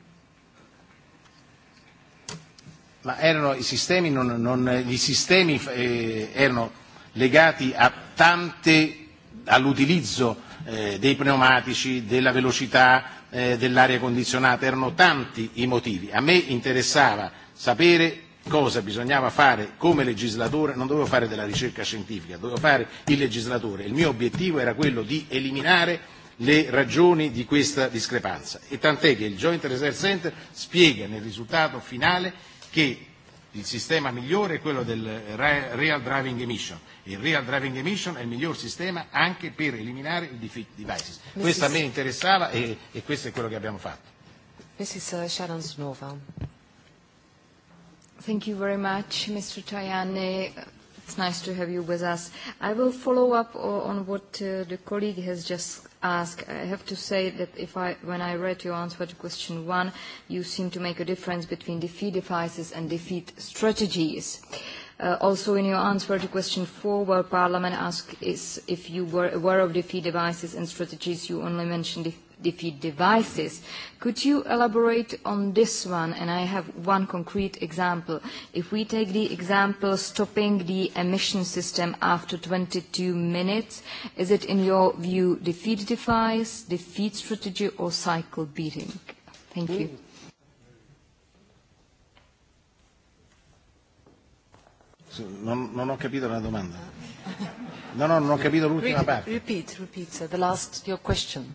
Ma erano i sistemi, non, non, gli sistemi eh, erano legati a tante all'utilizzo eh, dei pneumatici, della velocità, eh, dell'aria condizionata, erano tanti i motivi. A me interessava sapere cosa bisognava fare come legislatore, non dovevo fare della ricerca scientifica, dovevo fare il legislatore. Il mio obiettivo era quello di eliminare le ragioni di questa discrepanza e tant'è che il Joint Research Center spiega nel risultato finale che il sistema migliore è quello del Real Driving Emission. Il Real Driving Emission è il miglior sistema anche per eliminare i defeat devices. Questo a me interessava e, e questo è quello che abbiamo fatto. Mrs. Uh, Sharon Snova. Thank you very much, Mr. Tajani. It's nice to have you with us. I will follow up on what uh, the colleague has just ask, I have to say that if I, when I read your answer to question one, you seem to make a difference between defeat devices and defeat strategies. Uh, also in your answer to question four, where Parliament asked is if you were aware of defeat devices and strategies, you only mentioned defeat devices. Could you elaborate on this one? And I have one concrete example. If we take the example stopping the emission system after 22 minutes, is it in your view defeat device, defeat strategy or cycle beating? Thank you. Non, non ho capito la domanda. No, no, non ho capito l'ultima parte. Repeat, repeat, sir, the last, your question.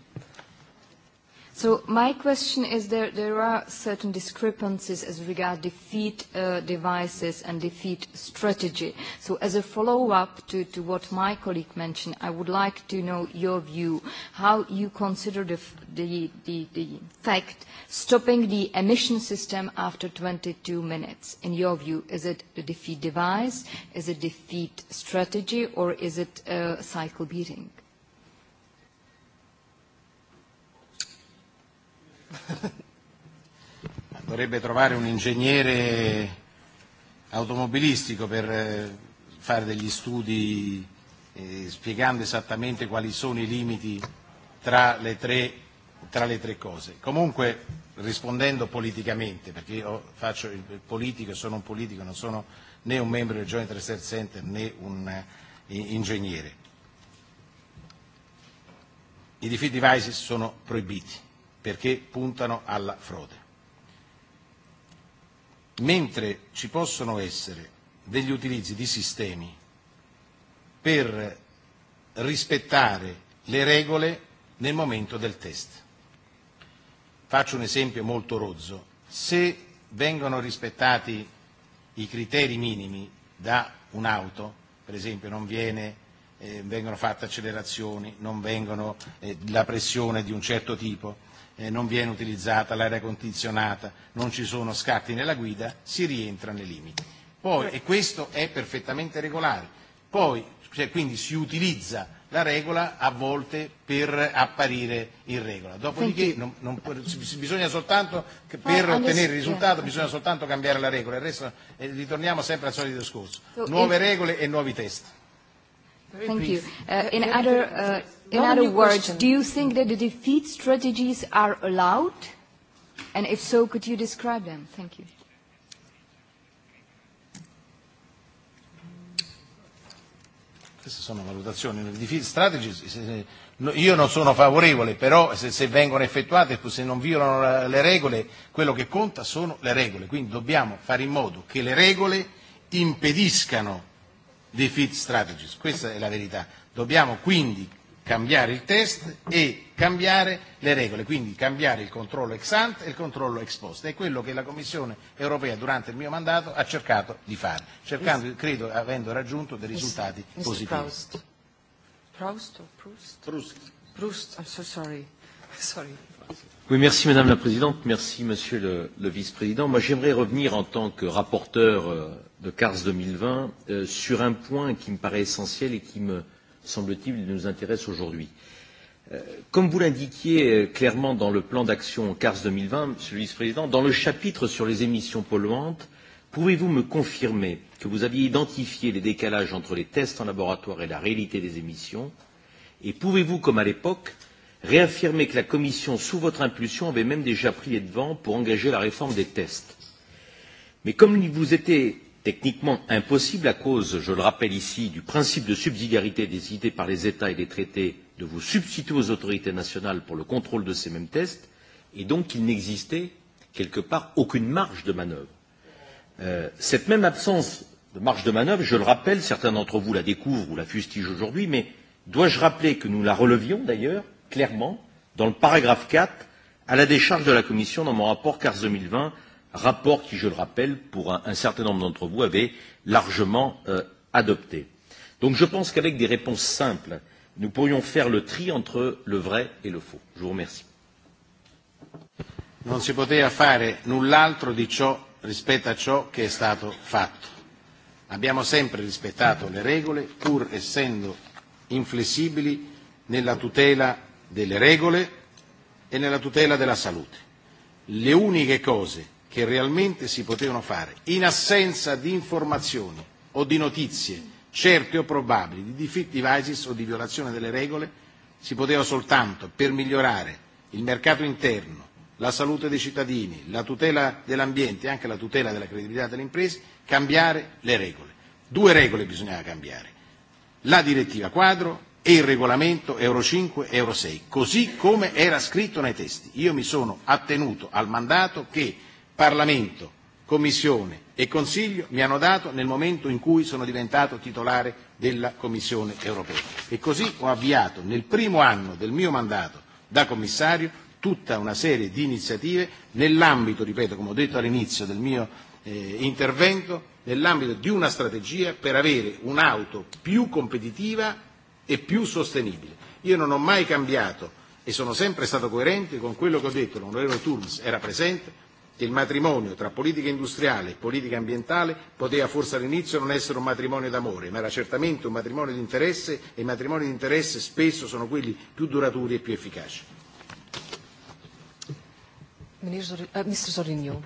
So my question is there, there are certain discrepancies as regard defeat uh, devices and defeat strategy. So as a follow-up to, to what my colleague mentioned, I would like to know your view, how you consider the, the, the, the fact stopping the emission system after 22 minutes. In your view, is it a defeat device, is it defeat strategy, or is it a uh, cycle beating? Dovrebbe trovare un ingegnere automobilistico per eh, fare degli studi eh, spiegando esattamente quali sono i limiti tra le tre, tra le tre cose. Comunque rispondendo politicamente, perché io faccio il politico, sono un politico, non sono né un membro del Joint Research Center né un eh, ingegnere. I defeat devices sono proibiti perché puntano alla frode. Mentre ci possono essere degli utilizzi di sistemi per rispettare le regole nel momento del test. Faccio un esempio molto rozzo. Se vengono rispettati i criteri minimi da un'auto, per esempio non viene, eh, vengono fatte accelerazioni, non vengono eh, la pressione di un certo tipo, eh, non viene utilizzata l'aria condizionata, non ci sono scatti nella guida, si rientra nei limiti. Poi, e questo è perfettamente regolare, poi cioè, quindi si utilizza la regola a volte per apparire in regola. Dopodiché non, non, bisogna soltanto, eh, per ottenere il risultato bisogna soltanto cambiare la regola, il resto eh, ritorniamo sempre al solito discorso. Nuove regole e nuovi test. Thank you. Uh, in other, uh, In other words, question. do you think that the defeat strategies are allowed? And if so, could you describe them? Thank you. Queste sono valutazioni. Le defeat strategies, se, no, io non sono favorevole, però se, se vengono effettuate, se non violano le regole, quello che conta sono le regole. Quindi dobbiamo fare in modo che le regole impediscano defeat strategies. Questa è la verità. Dobbiamo quindi cambiare il test e cambiare le regole, quindi cambiare il controllo ex ante e il controllo ex post. È quello che la Commissione europea durante il mio mandato ha cercato di fare, cercando, credo, avendo raggiunto dei risultati Mr. positivi. Proust. Proust, Proust? Proust. Proust, I'm so sorry. sorry. Oui, merci Madame la Présidente, merci Monsieur le, le Vice-président. Moi j'aimerais revenir en tant que rapporteur euh, de CARS 2020 euh, sur un point qui me paraît essentiel et qui me, euh, semble-t-il, nous intéresse aujourd'hui. Euh, comme vous l'indiquiez euh, clairement dans le plan d'action CARS 2020, Monsieur le Vice-président, dans le chapitre sur les émissions polluantes, pouvez-vous me confirmer que vous aviez identifié les décalages entre les tests en laboratoire et la réalité des émissions Et pouvez-vous, comme à l'époque, réaffirmer que la Commission, sous votre impulsion, avait même déjà pris les devants pour engager la réforme des tests Mais comme vous étiez techniquement impossible à cause, je le rappelle ici, du principe de subsidiarité décidé par les États et les traités de vous substituer aux autorités nationales pour le contrôle de ces mêmes tests, et donc il n'existait quelque part aucune marge de manœuvre. Euh, cette même absence de marge de manœuvre, je le rappelle, certains d'entre vous la découvrent ou la fustigent aujourd'hui, mais dois-je rappeler que nous la relevions d'ailleurs clairement dans le paragraphe 4 à la décharge de la Commission dans mon rapport CARS 2020 rapport qui, je le rappelle, pour un, un certain nombre d'entre vous, avait largement euh, adopté. Donc je pense qu'avec des réponses simples, nous pourrions faire le tri entre le vrai et le faux. Je vous remercie. Non si poteva fare null'altro di ciò rispetto a ciò che è stato fatto. Abbiamo sempre rispettato le regole, pur essendo inflessibili nella tutela delle regole e nella tutela della salute. Le uniche cose che realmente si potevano fare in assenza di informazioni o di notizie certe o probabili di difetti ISIS o di violazione delle regole si poteva soltanto per migliorare il mercato interno, la salute dei cittadini, la tutela dell'ambiente e anche la tutela della credibilità delle imprese, cambiare le regole. Due regole bisognava cambiare, la direttiva quadro e il regolamento Euro 5 Euro 6, così come era scritto nei testi. Io mi sono attenuto al mandato che Parlamento, Commissione e Consiglio mi hanno dato nel momento in cui sono diventato titolare della Commissione europea. E così ho avviato nel primo anno del mio mandato da commissario tutta una serie di iniziative nell'ambito, ripeto, come ho detto all'inizio del mio eh, intervento, nell'ambito di una strategia per avere un'auto più competitiva e più sostenibile. Io non ho mai cambiato e sono sempre stato coerente con quello che ho detto, l'onorevole Turms era presente, che il matrimonio tra politica industriale e politica ambientale poteva forse all'inizio non essere un matrimonio d'amore, ma era certamente un matrimonio di interesse e i matrimoni di interesse spesso sono quelli più duraturi e più efficaci. Mr. Zorinho.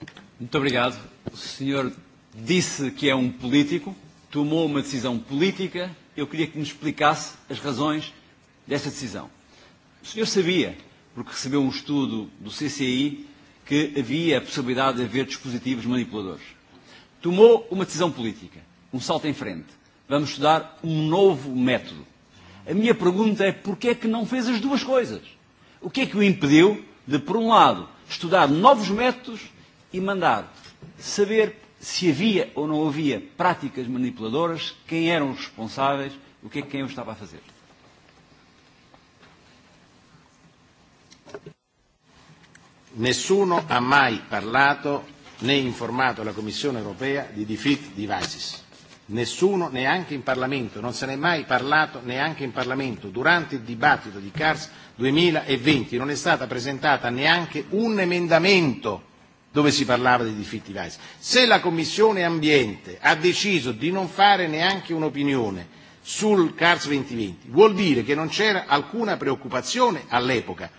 Eh, Muito obrigado. O senhor disse que é um político, tomou uma decisão política. Eu queria que me explicasse as razões desta decisão. O senhor sabia, porque recebeu um estudo do CCI, que havia a possibilidade de haver dispositivos manipuladores. Tomou uma decisão política, um salto em frente. Vamos estudar um novo método. A minha pergunta é porquê é que não fez as duas coisas? O que é que o impediu de, por um lado, estudar novos métodos e mandar saber se havia ou não havia práticas manipuladoras, quem eram os responsáveis, o que é que quem o estava a fazer? nessuno ha mai parlato né informato la Commissione europea di defeat devices. Nessuno, neanche in Parlamento, non se ne è mai parlato neanche in Parlamento. Durante il dibattito di CARS 2020 non è stata presentata neanche un emendamento dove si parlava di defeat devices. Se la Commissione Ambiente ha deciso di non fare neanche un'opinione sul CARS 2020, vuol dire che non c'era alcuna preoccupazione all'epoca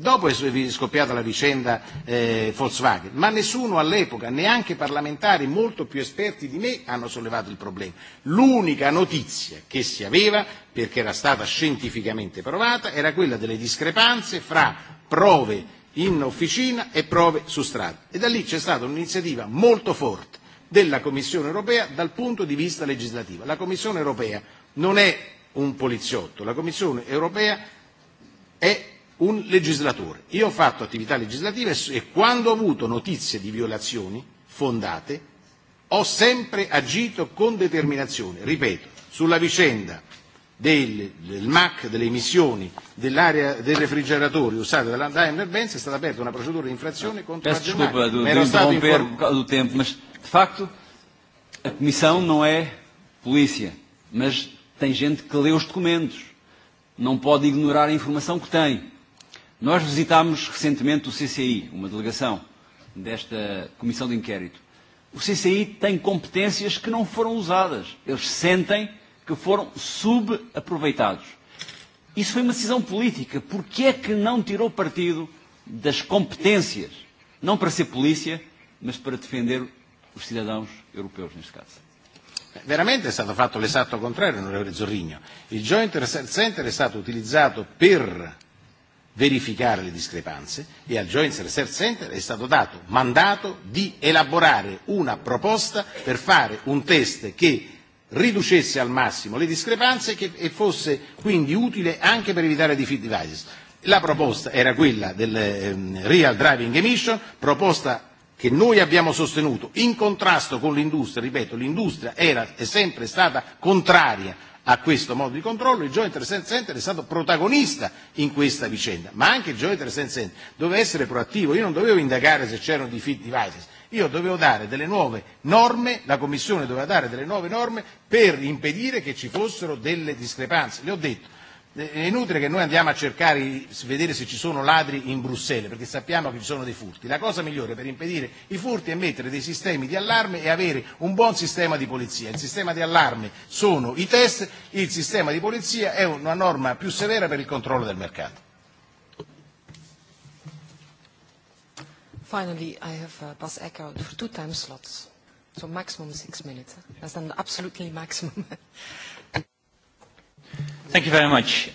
Dopo è scoppiata la vicenda eh, Volkswagen, ma nessuno all'epoca, neanche parlamentari molto più esperti di me, hanno sollevato il problema. L'unica notizia che si aveva, perché era stata scientificamente provata, era quella delle discrepanze fra prove in officina e prove su strada. E da lì c'è stata un'iniziativa molto forte della Commissione europea dal punto di vista legislativo. La Commissione europea non è un poliziotto, la Commissione europea è un legislatore. Io ho fatto attività legislativa e, e quando ho avuto notizie di violazioni fondate ho sempre agito con determinazione. Ripeto, sulla vicenda del, del MAC, delle emissioni dell'area dei refrigeratori usata dalla Daimler-Benz è stata aperta una procedura di infrazione contro Peço la Germania. Peço desculpa do, do, do tempo, mas de facto a comissão não é polícia, mas tem gente que lê os documentos. Não pode ignorar a informação que tem. Nós visitámos recentemente o CCI, uma delegação desta comissão de inquérito. O CCI tem competências que não foram usadas. Eles sentem que foram subaproveitados. Isso foi uma decisão política. Porquê é que não tirou partido das competências? Não para ser polícia, mas para defender os cidadãos europeus, neste caso. Veramente è stato fatto l'esatto contrario, onorevole Zorrigno. Il joint center è stato utilizzato per verificare le discrepanze e al Joint Research Center è stato dato mandato di elaborare una proposta per fare un test che riducesse al massimo le discrepanze e, e fosse quindi utile anche per evitare defeat devices. La proposta era quella del ehm, Real Driving Emission, proposta che noi abbiamo sostenuto in contrasto con l'industria, ripeto, l'industria era e sempre stata contraria a questo modo di controllo, il Joint Resent Center è stato protagonista in questa vicenda, ma anche il Joint Resent Center doveva essere proattivo, io non dovevo indagare se c'erano fit devices, io dovevo dare delle nuove norme, la Commissione doveva dare delle nuove norme per impedire che ci fossero delle discrepanze. Le ho detto, È inutile che noi andiamo a cercare, di vedere se ci sono ladri in Bruxelles, perché sappiamo che ci sono dei furti. La cosa migliore per impedire i furti è mettere dei sistemi di allarme e avere un buon sistema di polizia. Il sistema di allarme sono i test, il sistema di polizia è una norma più severa per il controllo del mercato. Finally, I have uh, bus echo for two time slots, so maximum six minutes. That's an absolutely maximum. Thank you very much.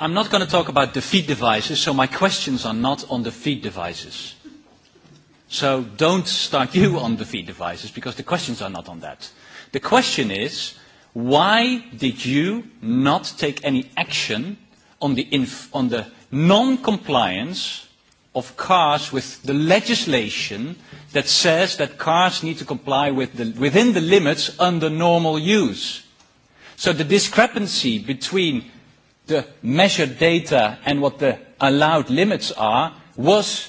I'm not going to talk about the feed devices, so my questions are not on the feed devices. So don't start you on the feed devices because the questions are not on that. The question is, why did you not take any action on the, inf on the non-compliance of cars with the legislation that says that cars need to comply with the, within the limits under normal use? So the discrepancy between the measured data and what the allowed limits are was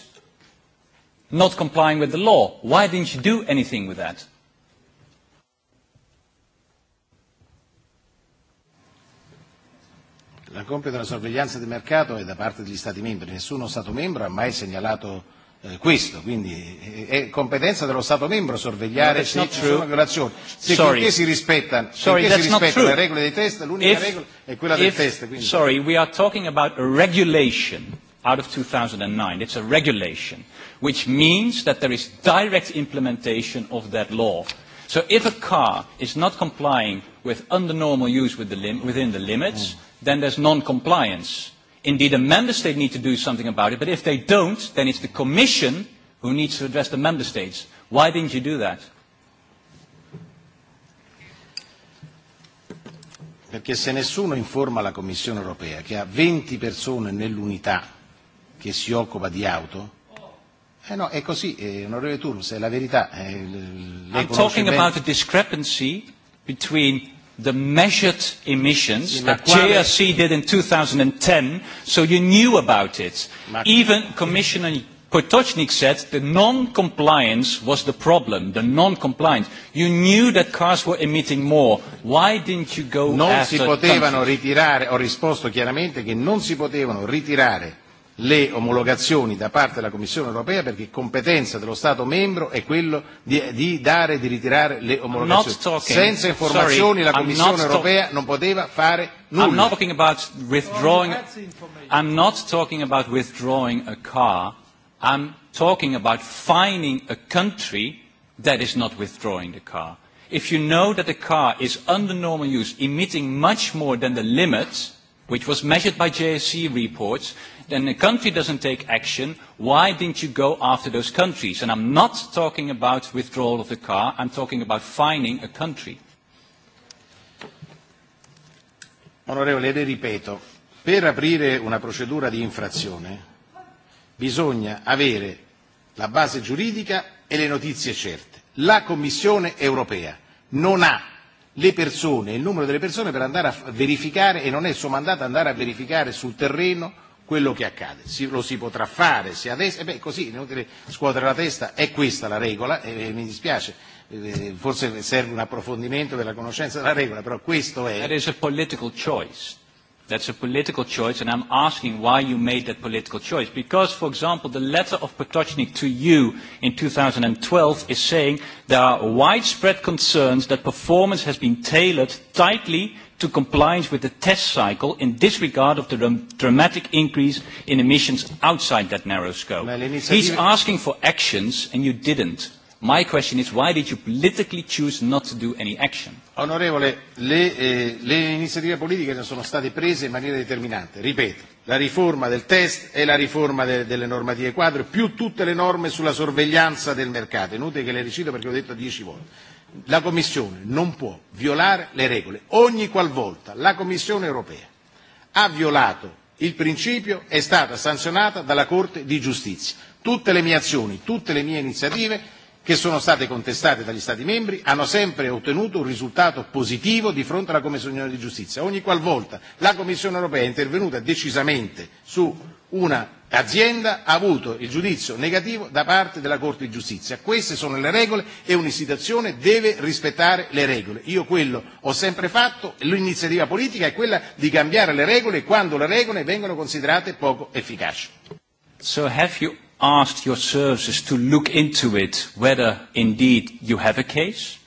not complying with the law. Why didn't you do anything with that? La compito della sorveglianza di mercato è da parte degli Stati membri. Nessuno Stato membro ha mai segnalato Eh, questo, quindi eh, è competenza dello Stato membro sorvegliare no, se ci true. sono violazioni. Se sorry. si rispettano, sorry, si rispettano le regole dei test, l'unica regola è quella if, del test. Quindi. Sorry, we are talking about a regulation out of 2009. It's a regulation, which means that there is direct implementation of that law. So if a car is not complying with under normal use with the lim within the limits, mm. then there's non-compliance. Indeed, a member state need to do something about it, but if they don't, then it's the Commission who needs to address the member states. Why didn't you do that? Perché se nessuno informa la Commissione europea che ha 20 persone nell'unità che si occupa di auto, eh no, è così, eh, onorevole Turms, è la verità. Eh, I'm talking ben... about the discrepancy between the measured emissions that JRC did in 2010, so you knew about it. Even Commissioner Potocznik said the non-compliance was the problem, the non-compliance. You knew that cars were emitting more. Why didn't you go non after Non si potevano ritirare, ho risposto chiaramente che non si potevano ritirare le omologazioni da parte della Commissione europea perché competenza dello Stato membro è quello di, di dare e di ritirare le omologazioni. Senza informazioni Sorry, la Commissione europea non poteva fare nulla. I'm not talking about withdrawing, I'm not talking about withdrawing a car, I'm talking about finding a country that is not withdrawing the car. If you know that the car is under normal use emitting much more than the limits, which was measured by JSC reports, then the country doesn't take action, why didn't you go after those countries? And I'm not talking about withdrawal of the car, I'm talking about fining a country. Onorevole, le ripeto, per aprire una procedura di infrazione bisogna avere la base giuridica e le notizie certe. La Commissione europea non ha le persone, il numero delle persone per andare a verificare e non è il suo mandato andare a verificare sul terreno quello che accade. Si, lo si potrà fare se adesso, e eh beh così, inutile scuotere la testa, è questa la regola e, e mi dispiace. Eh, forse serve un approfondimento della conoscenza della regola, però questo è... That is a political choice That's a political choice, and I'm asking why you made that political choice. Because, for example, the letter of Potochnik to you in 2012 is saying there are widespread concerns that performance has been tailored tightly to compliance with the test cycle in disregard of the dramatic increase in emissions outside that narrow scope. He's asking for actions, and you didn't. My question is, why did you politically choose not to do any action? Onorevole, le, eh, le iniziative politiche sono state prese in maniera determinante. Ripeto, la riforma del test e la riforma de, delle normative quadro, più tutte le norme sulla sorveglianza del mercato. Inutile che le ricito perché ho detto dieci volte. La Commissione non può violare le regole. Ogni qualvolta la Commissione europea ha violato il principio è stata sanzionata dalla Corte di giustizia. Tutte le mie azioni, tutte le mie iniziative che sono state contestate dagli Stati membri hanno sempre ottenuto un risultato positivo di fronte alla Commissione di giustizia. Ogni qualvolta la Commissione europea è intervenuta decisamente su un'azienda ha avuto il giudizio negativo da parte della Corte di giustizia. Queste sono le regole e un'istituzione deve rispettare le regole. Io quello ho sempre fatto, l'iniziativa politica è quella di cambiare le regole quando le regole vengono considerate poco efficaci. So have you asked your services to look into it whether indeed you have a case?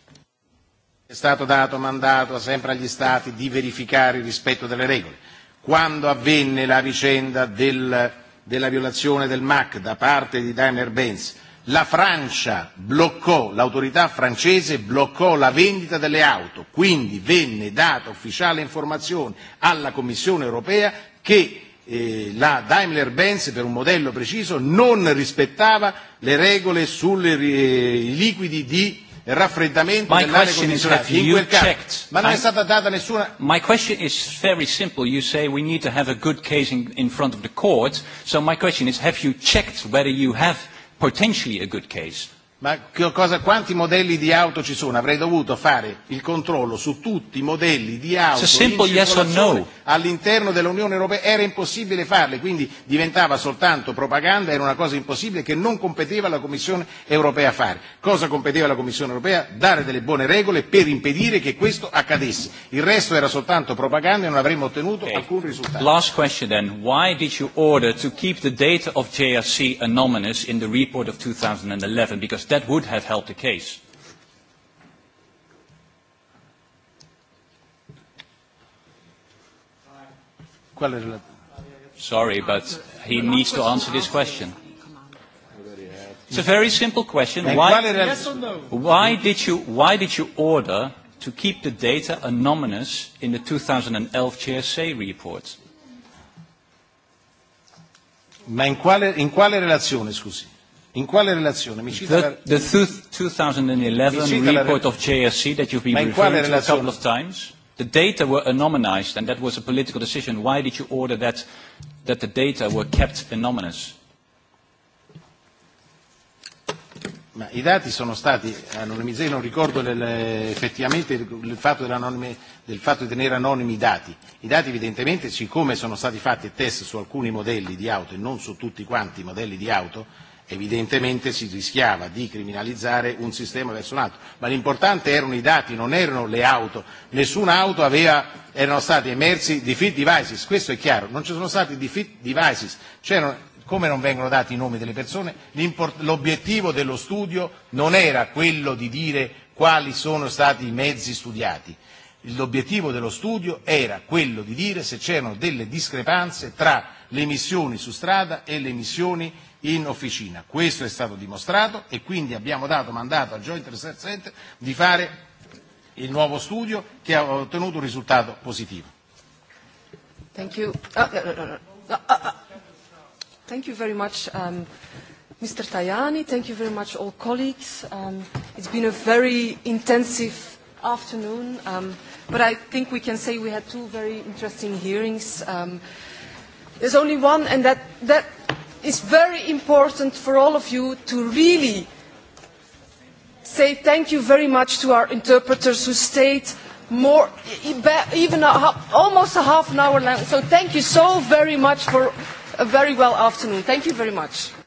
È stato dato mandato sempre agli Stati di verificare il rispetto delle regole. Quando avvenne la vicenda del, della violazione del MAC da parte di Daimler Benz, la Francia bloccò, l'autorità francese bloccò la vendita delle auto, quindi venne data ufficiale informazione alla Commissione europea che eh, la Daimler-Benz per un modello preciso non rispettava le regole sui eh, liquidi di raffreddamento My dell'aria condizionata in quel caso checked. ma non I'm, è stata data nessuna My question is very simple you say we need to have a good case in, in front of the court so my question is have you checked whether you have potentially a good case Ma cosa, quanti modelli di auto ci sono? Avrei dovuto fare il controllo su tutti i modelli di auto in yes no. all'interno dell'Unione Europea. Era impossibile farle, quindi diventava soltanto propaganda, era una cosa impossibile che non competeva alla Commissione Europea fare. Cosa competeva alla Commissione Europea? Dare delle buone regole per impedire che questo accadesse. Il resto era soltanto propaganda e non avremmo ottenuto okay. alcun risultato. Last question then. Why did you order to keep the date of JRC anonymous in the report of 2011? Because that would have helped the case. Sorry, but he needs to answer this question. It's a very simple question. Why, why, did you, why did you order to keep the data anonymous in the 2011 GSA report? Ma in quale, in quale relazione, scusi? In quale relazione? Mi cita the, la, the 2011 report of JSC that you've been referring to a couple of times. The data were anonymized and that was a political decision. Why did you order that, that the data were kept anonymous? Ma I dati sono stati anonimizzati, non ricordo effettivamente il fatto, del fatto di tenere anonimi i dati. I dati evidentemente, siccome sono stati fatti test su alcuni modelli di auto e non su tutti quanti i modelli di auto, evidentemente si rischiava di criminalizzare un sistema verso un altro, ma l'importante erano i dati, non erano le auto, nessuna auto aveva, erano stati emersi defeat devices, questo è chiaro, non ci sono stati defeat devices, c'erano come non vengono dati i nomi delle persone, l'obiettivo dello studio non era quello di dire quali sono stati i mezzi studiati. L'obiettivo dello studio era quello di dire se c'erano delle discrepanze tra le emissioni su strada e le emissioni in officina. Questo è stato dimostrato e quindi abbiamo dato mandato al Joint Research Center di fare il nuovo studio che ha ottenuto un risultato positivo. Thank you. Uh, no, no, no, no. Uh, uh, thank you very much, um, Mr. Tajani. Thank you very much, all colleagues. Um, it's been a very intensive afternoon, um, but I think we can say we had two very interesting hearings. Um, there's only one, and that, that it's very important for all of you to really say thank you very much to our interpreters who stayed more, e-, even a, almost a half an hour long. So thank you so very much for a very well afternoon. Thank you very much.